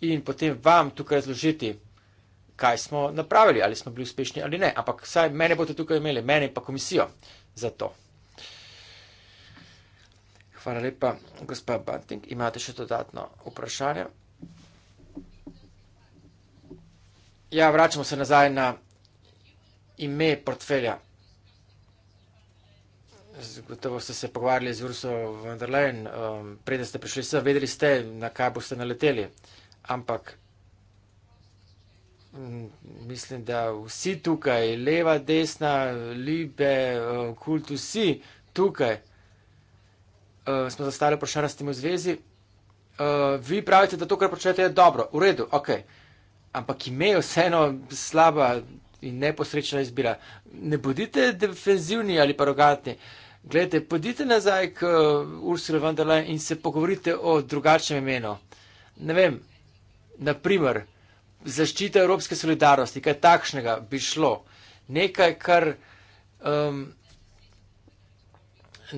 in potem vam tukaj razložiti, kaj smo napravili, ali smo bili uspešni ali ne. Ampak saj mene boste tukaj imeli, mene pa komisijo za to. Hvala lepa, gospod Banting. Imate še dodatno vprašanje? Ja, vračamo se nazaj na ime portfelja. Zagotovo ste se pogovarjali z Urso von der Leyen, um, preden ste prišli sem, vedeli ste, na kaj boste naleteli. Ampak mislim, da vsi tukaj, leva, desna, libe, um, kult, vsi tukaj uh, smo zastali vprašanje s tem v zvezi. Uh, vi pravite, da to, kar počnete, je dobro, v redu, ok. Uh, ampak imejo vseeno slaba in neposrečna izbira. Ne bodite defenzivni ali pa rogatni. Glejte, pojdite nazaj k uh, Ursula von der Leyen in se pogovorite o drugačnem imenu. Ne vem, naprimer, zaščita evropske solidarnosti, kaj takšnega bi šlo. Nekaj, kar um,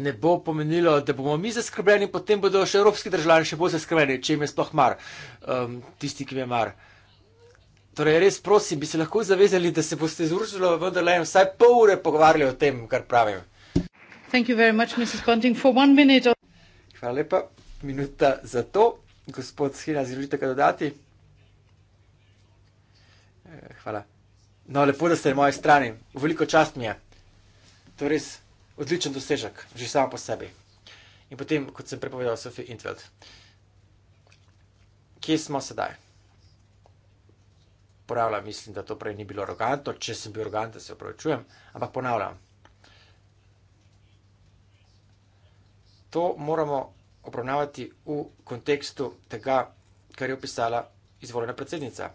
ne bo pomenilo, da bomo mi zaskrbljeni, potem bodo še evropski državljani še bolj zaskrbljeni, če jim je sploh mar, um, tisti, ki jim je mar. Uh, Torej, res prosim, bi se lahko zavezali, da se boste z Ursulo vendarle vsaj pol ure pogovarjali o tem, kar pravim. Much, minute... Hvala lepa, minuta za to. Gospod Schina, želite kaj dodati? Eh, hvala. No, lepo, da ste na moji strani. Veliko čast mi je. To je res odličen dosežek, že samo po sebi. In potem, kot sem prepovedal, Sofi Intveld. Kje smo sedaj? uporabljam, mislim, da to prej ni bilo arogantno, če sem bil arogantno, se upravičujem, ampak ponavljam. To moramo obravnavati v kontekstu tega, kar je opisala izvoljena predsednica.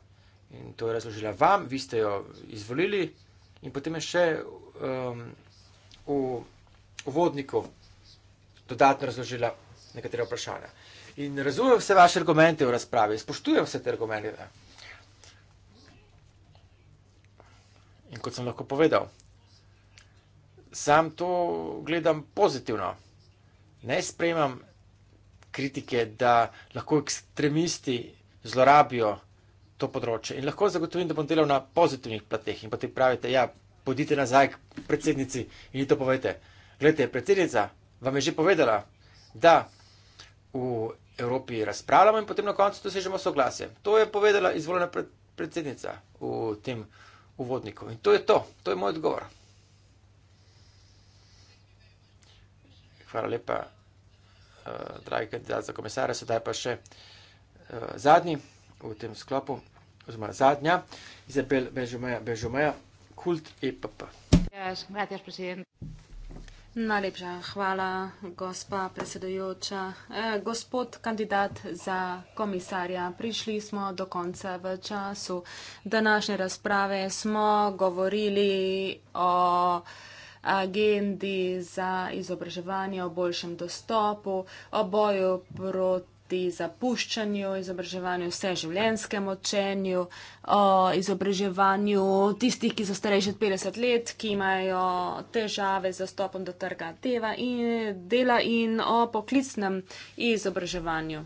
In to je razložila vam, vi ste jo izvolili in potem je še um, v uvodniku dodatno razložila nekatere vprašanja. In razumem vse vaše argumente v razpravi, spoštujem vse te argumente. In kot sem lahko povedal, sam to gledam pozitivno. Ne sprejemam kritike, da lahko ekstremisti zlorabijo to področje. In lahko zagotovim, da bom delal na pozitivnih plateh. In potem pravite, ja, pojdite nazaj k predsednici in ji to povete. Glede, predsednica vam je že povedala, da v Evropi razpravljamo in potem na koncu dosežemo soglasje. To je povedala izvoljena predsednica v tem uvodnikov. In to je to, to je moj odgovor. Hvala lepa, uh, dragi kandidat za komisarja. Sedaj pa še uh, zadnji v tem sklopu, oziroma zadnja, Izabel Bežumeja, Bežumeja, kult EPP. Yes, gracias, Najlepša hvala, gospa predsedujoča. Eh, gospod kandidat za komisarja, prišli smo do konca v času današnje razprave. Smo govorili o agendi za izobraževanje, o boljšem dostopu, o boju proti proti zapuščanju, izobraževanju vseživljenjskemu učenju, izobraževanju tistih, ki so starejši od 50 let, ki imajo težave z dostopom do trga in dela in o poklicnem izobraževanju.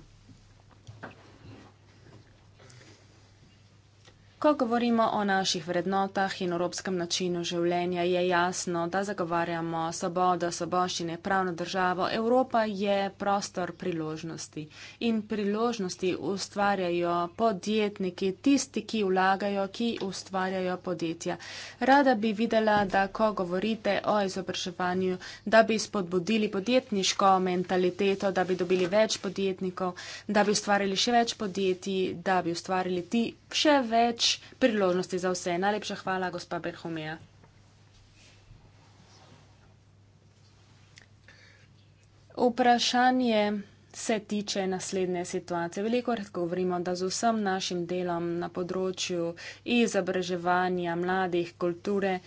Ko govorimo o naših vrednotah in evropskem načinu življenja, je jasno, da zagovarjamo svobodo, soboščine, pravno državo. Evropa je prostor priložnosti in priložnosti ustvarjajo podjetniki, tisti, ki vlagajo, ki ustvarjajo podjetja. Rada bi videla, da ko govorite o izobraževanju, da bi spodbudili podjetniško mentaliteto, da bi dobili več podjetnikov, da bi ustvarili še več podjetij, da bi ustvarili ti še več priložnosti za vse. Najlepša hvala, gospa Berhomeja. Vprašanje se tiče naslednje situacije. Veliko krat govorimo, da z vsem našim delom na področju izobraževanja mladih, kulture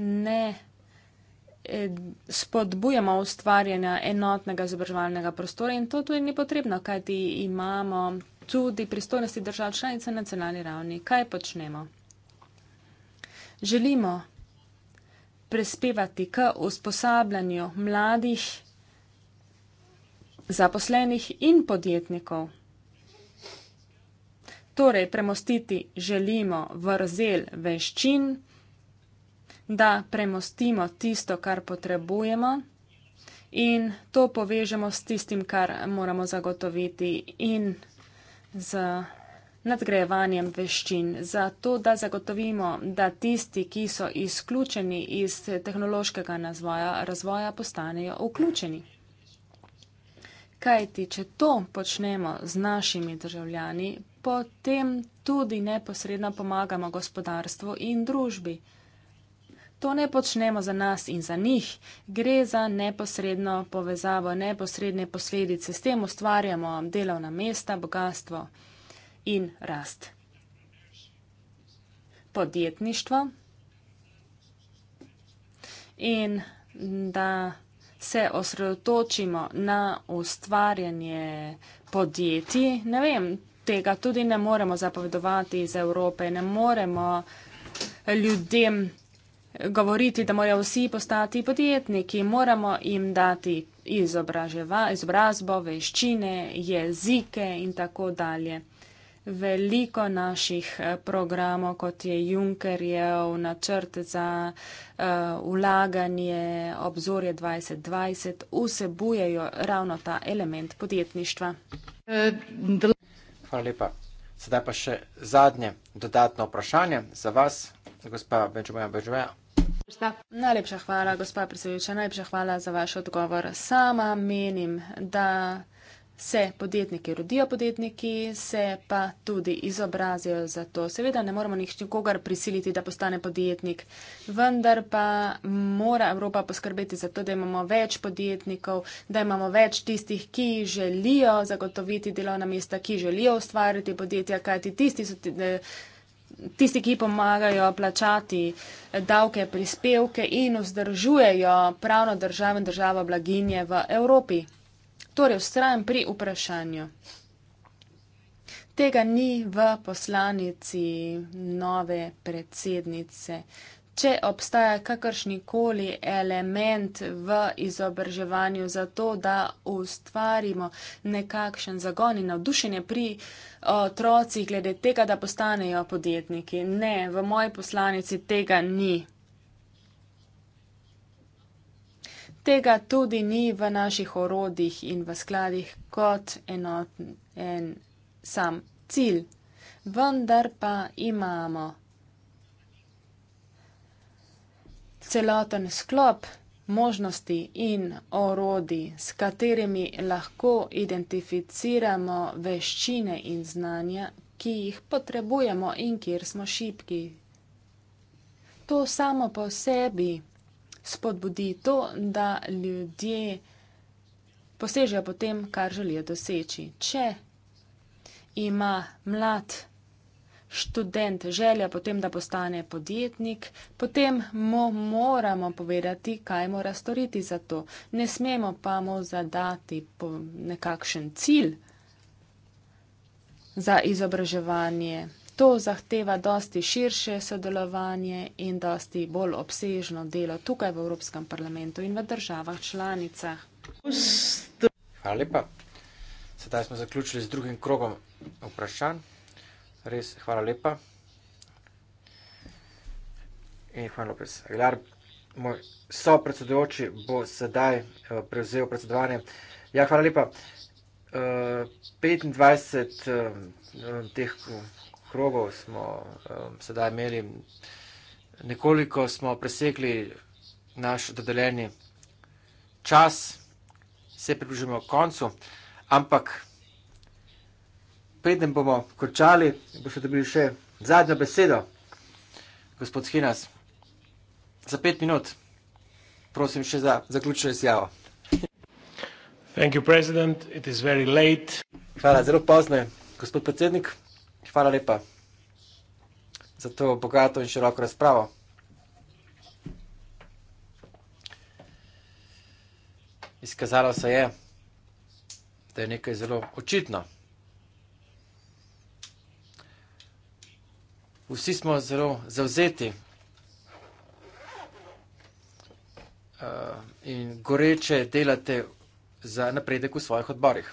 ne eh, spodbujamo ustvarjanja enotnega izobraževalnega prostora in to tudi ni potrebno, kajti imamo tudi pristojnosti držav članice na nacionalni ravni. Kaj počnemo? Želimo prispevati k usposabljanju mladih zaposlenih in podjetnikov. Torej, premostiti želimo vrzel veščin, da premostimo tisto, kar potrebujemo in to povežemo s tistim, kar moramo zagotoviti in z nadgrajevanjem veščin, za to, da zagotovimo, da tisti, ki so izključeni iz tehnološkega razvoja, razvoja postanejo vključeni. Kajti, če to počnemo z našimi državljani, potem tudi neposredno pomagamo gospodarstvu in družbi. To ne počnemo za nas in za njih, gre za neposredno povezavo, neposredne posledice, s tem ustvarjamo delovna mesta, bogatstvo in rast. Podjetništvo in da se osredotočimo na ustvarjanje podjetij, ne vem, tega tudi ne moremo zapovedovati iz Evrope, ne moremo ljudem govoriti, da morajo vsi postati podjetniki, moramo jim dati izobrazbo, veščine, jezike in tako dalje. Veliko naših eh, programov, kot je Junkerjev načrt za uh, ulaganje obzorje 2020, vsebujejo ravno ta element podjetništva. Hvala lepa. Sedaj pa še zadnje dodatno vprašanje za vas, gospa Benjamin Benjamin. Ja, najlepša hvala, gospa predsedujoča. Najlepša hvala za vaš odgovor. Sama menim, da se podjetniki rodijo podjetniki, se pa tudi izobrazijo za to. Seveda ne moramo nikogar prisiliti, da postane podjetnik, vendar pa mora Evropa poskrbeti za to, da imamo več podjetnikov, da imamo več tistih, ki želijo zagotoviti delovna mesta, ki želijo ustvariti podjetja, kajti tisti so. Tudi, tisti, ki pomagajo plačati davke, prispevke in vzdržujejo pravno državo in državo blaginje v Evropi. Torej, ustrajam pri vprašanju. Tega ni v poslanici nove predsednice če obstaja kakršnikoli element v izobraževanju za to, da ustvarimo nekakšen zagon in navdušenje pri otrocih glede tega, da postanejo podjetniki. Ne, v moji poslanici tega ni. Tega tudi ni v naših orodjih in v skladih kot enoten en sam cilj. Vendar pa imamo celoten sklop možnosti in orodi, s katerimi lahko identificiramo veščine in znanja, ki jih potrebujemo in kjer smo šipki. To samo po sebi spodbudi to, da ljudje posežejo po tem, kar želijo doseči. Če ima mlad študent želja potem, da postane podjetnik, potem mu moramo povedati, kaj mora storiti za to. Ne smemo pa mu zadati nekakšen cilj za izobraževanje. To zahteva dosti širše sodelovanje in dosti bolj obsežno delo tukaj v Evropskem parlamentu in v državah članicah. Hvala lepa. Sedaj smo zaključili z drugim krogom vprašanj. Res, hvala lepa. In Juan Lopez Aguilar, moj sopredsedujoči, bo sedaj eh, prevzel predsedovanje. Ja, hvala lepa. 25 eh, eh, teh krogov smo sedaj imeli. Nekoliko smo presekli naš dodeljeni čas, se približujemo koncu, ampak preden bomo končali, boste dobili še zadnjo besedo, gospod Hinas. Za pet minut, prosim, še za zaključno izjavo. Hvala, zelo pozno je, gospod predsednik. Hvala lepa za to bogato in široko razpravo. Izkazalo se je, da je nekaj zelo očitno. vsi smo zelo zauzeti uh, eh, in goreče delate za napredek v svojih odborih.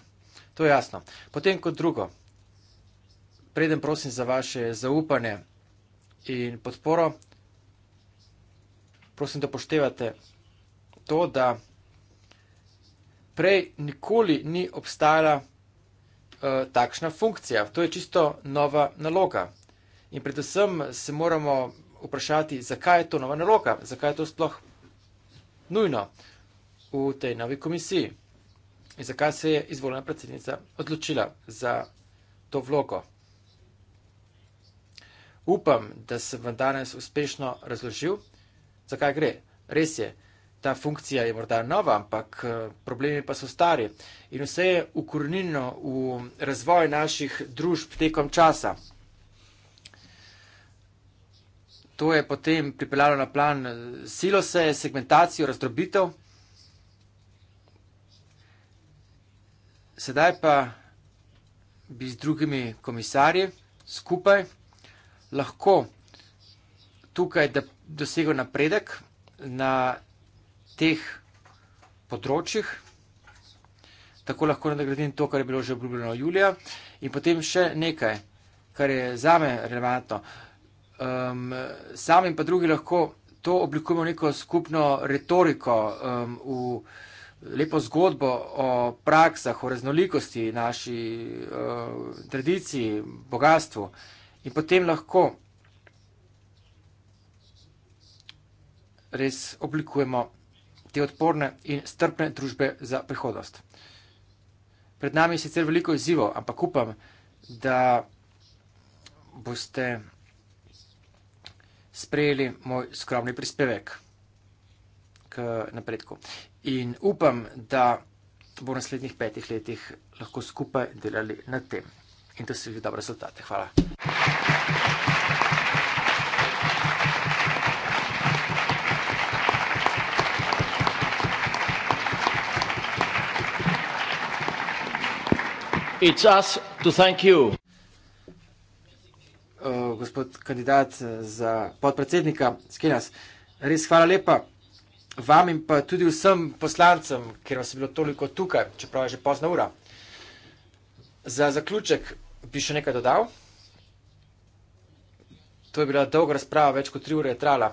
To je jasno. Potem kot drugo, preden prosim za vaše zaupanje in podporo, prosim, da poštevate to, da prej nikoli ni obstajala uh, takšna funkcija. To je čisto nova naloga. In predvsem se moramo vprašati, zakaj je to nova naloga, zakaj je to sploh nujno v tej novi komisiji in zakaj se je izvoljena predsednica odločila za to vlogo. Upam, da sem vam danes uspešno razložil, zakaj gre. Res je, ta funkcija je morda nova, ampak eh, problemi pa so stari in vse je ukornjeno v razvoj naših družb tekom časa to je potem pripeljalo na plan silose, segmentacijo, razdrobitev. Sedaj pa bi z drugimi komisarji skupaj lahko tukaj dosegel napredek na teh področjih. Tako lahko nadgradim to, kar je bilo že obljubljeno julija. In potem še nekaj, kar je zame relevantno. Uh, um, sami pa drugi lahko to oblikujemo neko skupno retoriko, um, v lepo zgodbo o praksah, o raznolikosti naši uh, tradiciji, bogatstvu in potem lahko res oblikujemo te odporne in strpne družbe za prihodnost. Pred nami je sicer veliko izzivo, ampak upam, da boste sprejeli moj skromni prispevek k napredku. In upam, da bo v naslednjih petih letih lahko skupaj delali na tem in da se vidi dobre rezultate. Hvala. It's us to thank you uh, gospod kandidat eh, za podpredsednika Skenas. Res hvala lepa vam in pa tudi vsem poslancem, ker vas je bilo toliko tukaj, čeprav je že pozna ura. Za zaključek bi še nekaj dodal. To je bila dolga razprava, več kot tri ure je trala.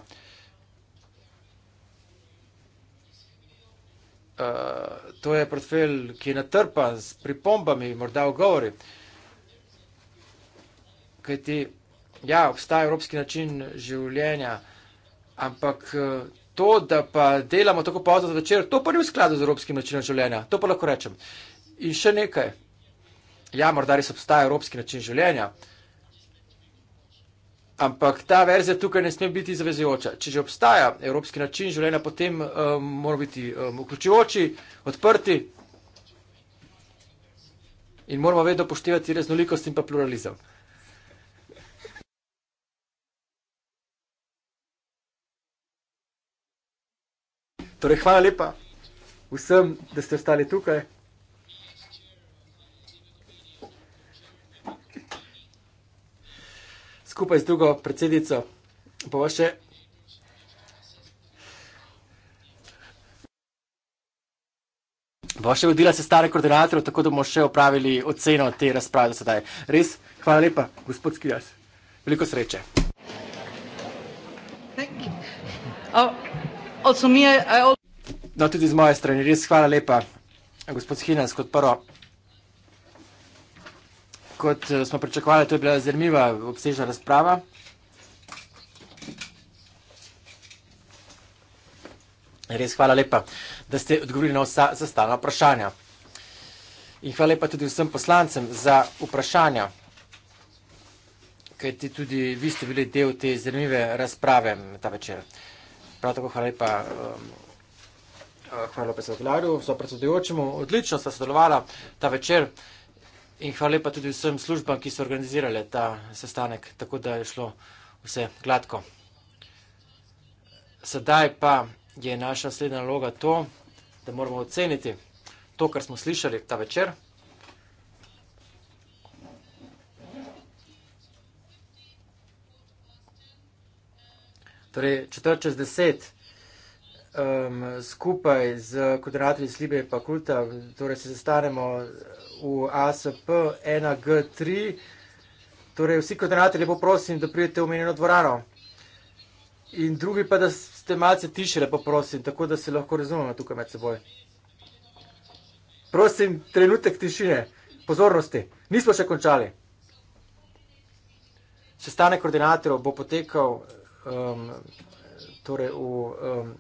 Uh, eh, to je portfelj, ki je natrpan s pripombami, morda ogovori. Kaj ti? ja, obstaja evropski način življenja, ampak eh, to, da pa delamo tako pozno zvečer, to pa ni v skladu z evropskim načinom življenja, to pa lahko rečem. In še nekaj, ja, morda res obstaja evropski način življenja, ampak ta verzija tukaj ne sme biti zavezujoča. Če že obstaja evropski način življenja, potem um, moramo biti um, vključujoči, odprti in moramo vedno poštevati raznolikost in pa pluralizem. Torej, hvala lepa vsem, da ste ostali tukaj. Skupaj z drugo predsednico pa vaše. Bova še vodila se stare koordinatorje, tako da bomo še opravili oceno te razprave do sedaj. Res, hvala lepa, gospod Skidas. Veliko sreče. Thank you. Oh odsumije. Äh, Od... No, tudi z moje strani, res hvala lepa, gospod Hinas, kot prvo. Kot eh, smo pričakovali, to je bila zanimiva, obsežna razprava. Res hvala lepa, da ste odgovorili na vsa zastavljena vprašanja. In hvala lepa tudi vsem poslancem za vprašanja, kajti tudi vi ste bili del te zanimive razprave ta večer prav tako hvala lepa um, hvala eh, lepa Zagilarju, so predsedujočemu, odlično sta sodelovala ta večer in hvala lepa tudi vsem službam, ki so organizirale ta sestanek, tako da je šlo vse gladko. Sedaj pa je naša naslednja naloga to, da moramo oceniti to, kar smo slišali ta večer. torej četrt čez deset, um, skupaj z kvadratri slibe pa kulta, torej se zastanemo v ASP 1G3. Torej, vsi kvadratri lepo prosim, da pridete v menjeno dvorano. In drugi pa, da ste malce tiše, lepo prosim, tako da se lahko razumemo tukaj med seboj. Prosim, trenutek tišine, pozornosti. Nismo še končali. Sestanek koordinatorjev bo potekal Um, torej v um,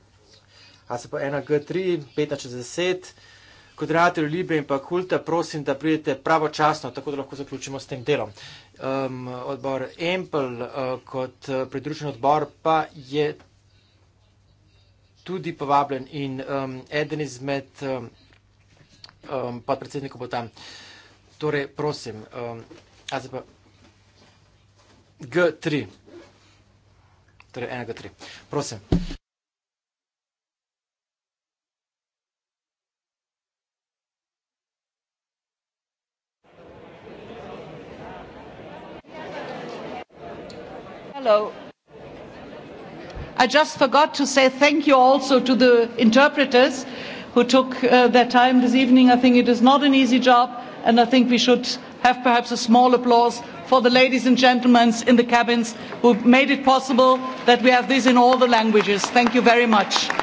ASP 1G3, 15 čez 10, kvadratelj Libe in pa Kulta, prosim, da pridete pravočasno, tako da lahko zaključimo s tem delom. Um, odbor EMPL uh, kot uh, pridružen odbor pa je tudi povabljen in um, eden izmed um, um podpredsednikov bo tam. Torej, prosim, um, ASP G3. Torej, enega, tri. Prosim. Hello. I just forgot to say thank you also to the interpreters who took uh, their time this evening. I think it is not an easy job, and I think we should have perhaps a small applause for the ladies and gentlemen in the cabins who have made it possible that we have this in all the languages. thank you very much. applause